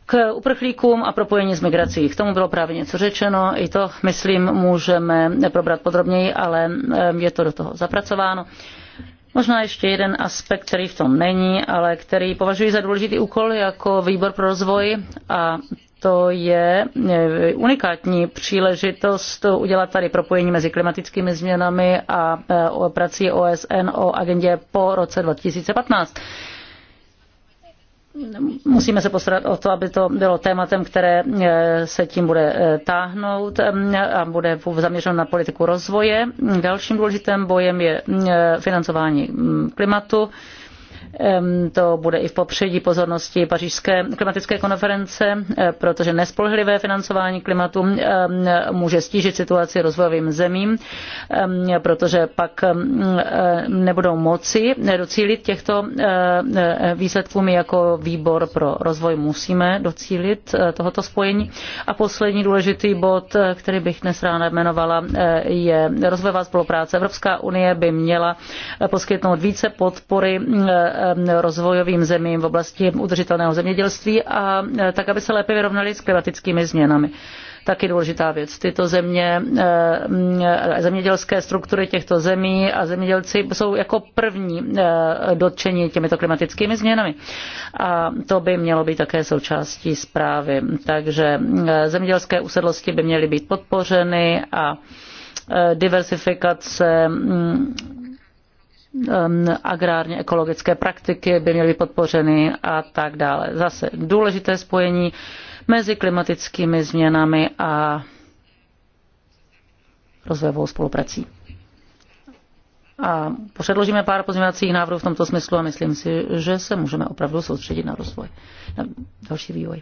K uprchlíkům a propojení s migrací. K tomu bylo právě něco řečeno, i to, myslím, můžeme probrat podrobněji, ale eh, je to do toho zapracováno. Možná ještě jeden aspekt, který v tom není, ale který považuji za důležitý úkol jako výbor pro rozvoj a to je eh, unikátní příležitost udělat tady propojení mezi klimatickými změnami a eh, prací OSN o agendě po roce 2015 musíme se postarat o to, aby to bylo tématem, které eh, se tím bude eh, táhnout mm, a bude zaměřeno na politiku rozvoje. Dalším důležitým bojem je mm, eh, financování mm, klimatu. To bude i v popředí pozornosti pařížské klimatické konference, eh, protože nespolehlivé financování klimatu může stížit situaci rozvojovým zemím, protože pak eh, nebudou moci docílit těchto eh, výsledků. My jako výbor pro rozvoj musíme docílit tohoto spojení. A poslední důležitý bod, který bych dnes ráda jmenovala, je rozvojová spolupráce. Evropská unie by měla poskytnout více podpory Um, rozvojovým zemím v oblasti udržitelného zemědělství a eh, tak, aby se lépe vyrovnali s klimatickými změnami taky důležitá věc. Tyto země, eh, zemědělské struktury těchto zemí a zemědělci jsou jako první eh, dotčeni těmito klimatickými změnami. A to by mělo být také součástí zprávy. Takže zemědělské usedlosti by měly být podpořeny a diversifikace mm, agrárně ekologické praktiky by měly být podpořeny a tak dále. Zase důležité spojení mezi klimatickými změnami a rozvojovou spoluprací. A předložíme pár pozměňovacích návrhů v tomto smyslu a myslím si, že se můžeme opravdu soustředit na rozvoj, na další vývoj.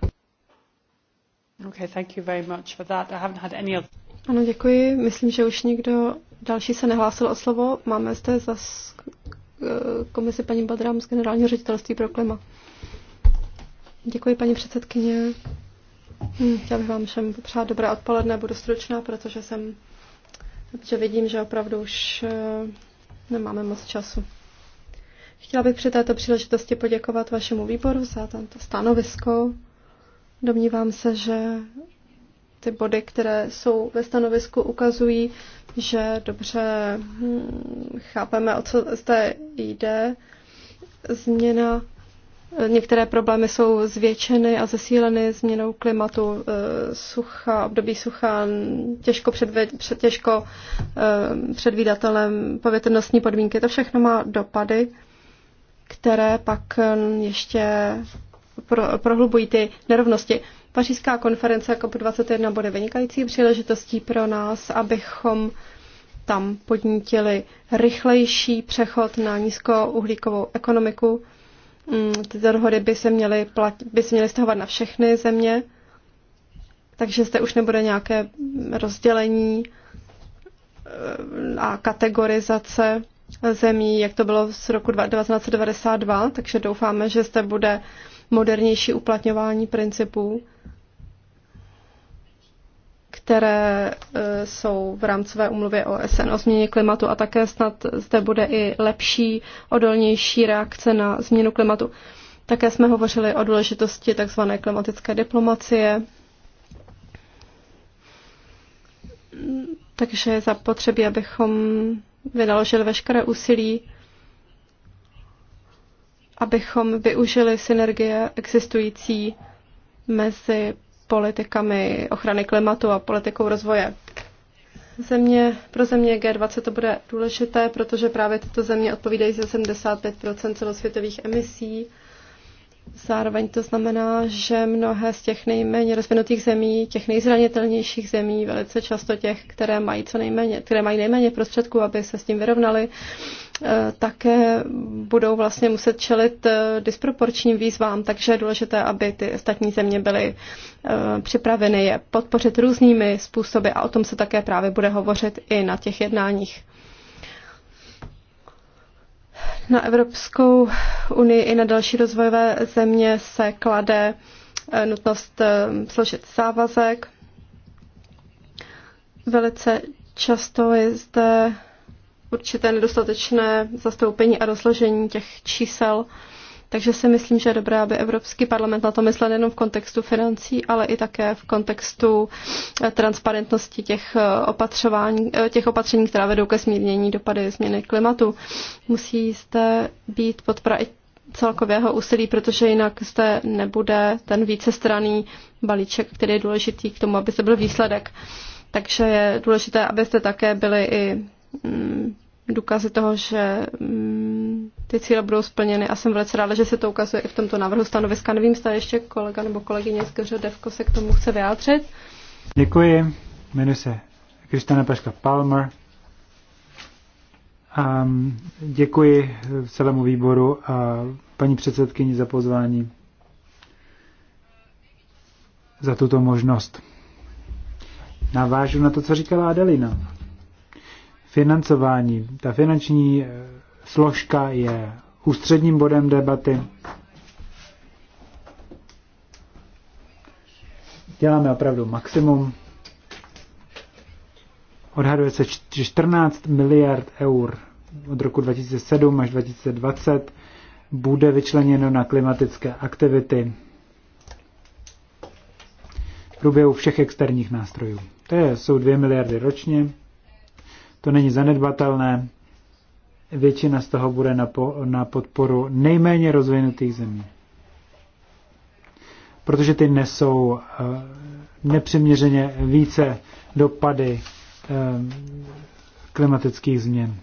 Okay, thank you very much for that. I haven't had any other... Ano, děkuji. Myslím, že už nikdo Další se nehlásil o slovo. Máme zde za eh, komisi paní Badrám z Generálního ředitelství pro klima. Děkuji, paní předsedkyně. Hm, chtěla bych vám všem popřát dobré odpoledne, budu stručná, protože jsem, protože vidím, že opravdu už eh, nemáme moc času. Chtěla bych při této příležitosti poděkovat vašemu výboru za tento stanovisko. Domnívám se, že ty body, které jsou ve stanovisku, ukazují, že dobře hm, chápeme, o co zde jde. Změna eh, Některé problémy jsou zvětšeny a zesíleny změnou klimatu, eh, sucha, období sucha, těžko, předvě, před, těžko eh, předvídatelem povětrnostní podmínky. To všechno má dopady, které pak hm, ještě prohlubují ty nerovnosti. Pařížská konference COP21 jako bude vynikající příležitostí pro nás, abychom tam podnítili rychlejší přechod na nízkouhlíkovou ekonomiku. Mm, Ty dohody by se měly, platit, by se měly stahovat na všechny země, takže zde už nebude nějaké rozdělení eh, a kategorizace zemí, jak to bylo z roku 1992, takže doufáme, že zde bude modernější uplatňování principů, které e, jsou v rámcové umluvě OSN o změně klimatu a také snad zde bude i lepší, odolnější reakce na změnu klimatu. Také jsme hovořili o důležitosti tzv. klimatické diplomacie. Takže je zapotřebí, abychom vynaložili veškeré úsilí abychom využili synergie existující mezi politikami ochrany klimatu a politikou rozvoje. Země, pro země G20 to bude důležité, protože právě tyto země odpovídají za 75 celosvětových emisí. Zároveň to znamená, že mnohé z těch nejméně rozvinutých zemí, těch nejzranitelnějších zemí, velice často těch, které mají co nejméně, které mají nejméně prostředků, aby se s tím vyrovnali, Eh, také budou vlastně muset čelit eh, disproporčním výzvám, takže je důležité, aby ty ostatní země byly eh, připraveny je podpořit různými způsoby a o tom se také právě bude hovořit i na těch jednáních. Na Evropskou unii i na další rozvojové země se klade nutnost složit závazek. Velice často je zde určité nedostatečné zastoupení a rozložení těch čísel. Takže si myslím, že je dobré, aby Evropský parlament na to myslel nejenom v kontextu financí, ale i také v kontextu eh, transparentnosti těch, eh, opatřování, eh, těch opatření, která vedou ke smírnění dopady změny klimatu. Musí zde být podpora i celkového úsilí, protože jinak zde nebude ten vícestraný balíček, který je důležitý k tomu, aby se byl výsledek. Takže je důležité, abyste také byli i Mm, důkazy toho, že mm, ty cíle budou splněny a jsem velice ráda, že se to ukazuje i v tomto návrhu stanoviska. Nevím, zda ještě kolega nebo kolegyně z Devko se k tomu chce vyjádřit. Děkuji. Jmenuji se Kristana Peška Palmer. A mm, děkuji celému výboru a paní předsedkyni za pozvání za tuto možnost. Navážu na to, co říkala Adelina financování. Ta finanční eh, složka je ústředním bodem debaty. Děláme opravdu maximum. Odhaduje se 14 miliard eur od roku 2007 až 2020 bude vyčleněno na klimatické aktivity v průběhu všech externích nástrojů. To jsou 2 miliardy ročně to není zanedbatelné. Většina z toho bude na, po, na podporu nejméně rozvinutých zemí. Protože ty nesou eh, nepřiměřeně více dopady eh, klimatických změn.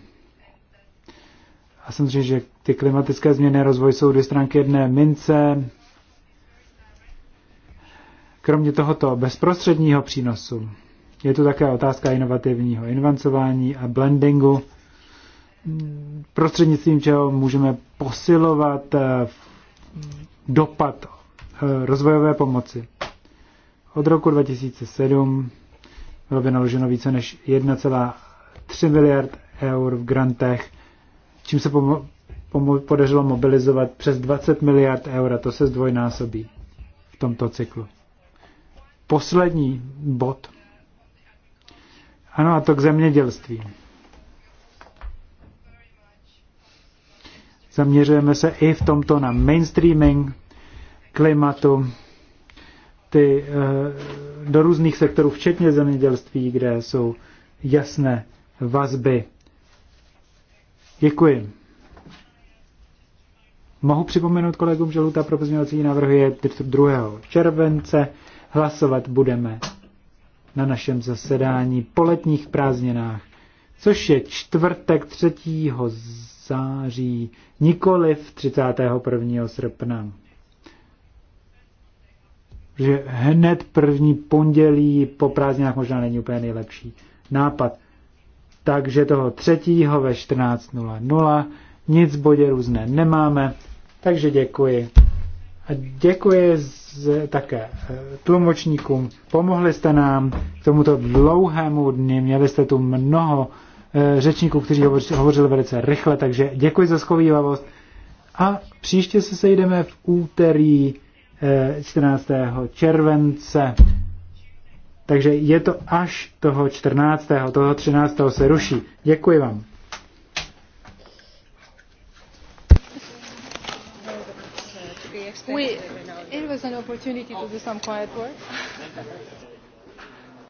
A samozřejmě, že ty klimatické změny a rozvoj jsou dvě stránky jedné mince. Kromě tohoto bezprostředního přínosu je to také otázka inovativního invancování a blendingu, prostřednictvím čeho můžeme posilovat eh, dopad eh, rozvojové pomoci. Od roku 2007 bylo vynaloženo více než 1,3 miliard eur v grantech, čím se podařilo mobilizovat přes 20 miliard eur a to se zdvojnásobí v tomto cyklu. Poslední bod ano, a to k zemědělství. Zaměřujeme se i v tomto na mainstreaming klimatu, ty eh, do různých sektorů, včetně zemědělství, kde jsou jasné vazby. Děkuji. Mohu připomenout kolegům, že luta pro pozměňovací návrhy je 2. července. Hlasovat budeme na našem zasedání po letních prázdninách, což je čtvrtek 3. září, nikoli v 31. srpna. Že hned první pondělí po prázdninách možná není úplně nejlepší nápad. Takže toho 3. ve 14.00 nic bodě různé nemáme, takže děkuji. A děkuji z, také eh, tlumočníkům. Pomohli jste nám k tomuto dlouhému dni, měli jste tu mnoho eh, řečníků, kteří hovořili velice rychle, takže děkuji za schovývavost. A příště se sejdeme v úterý 14. Eh, července. Takže je to až toho 14. Toho 13. se ruší. Děkuji vám. We, It was an opportunity to do some quiet work.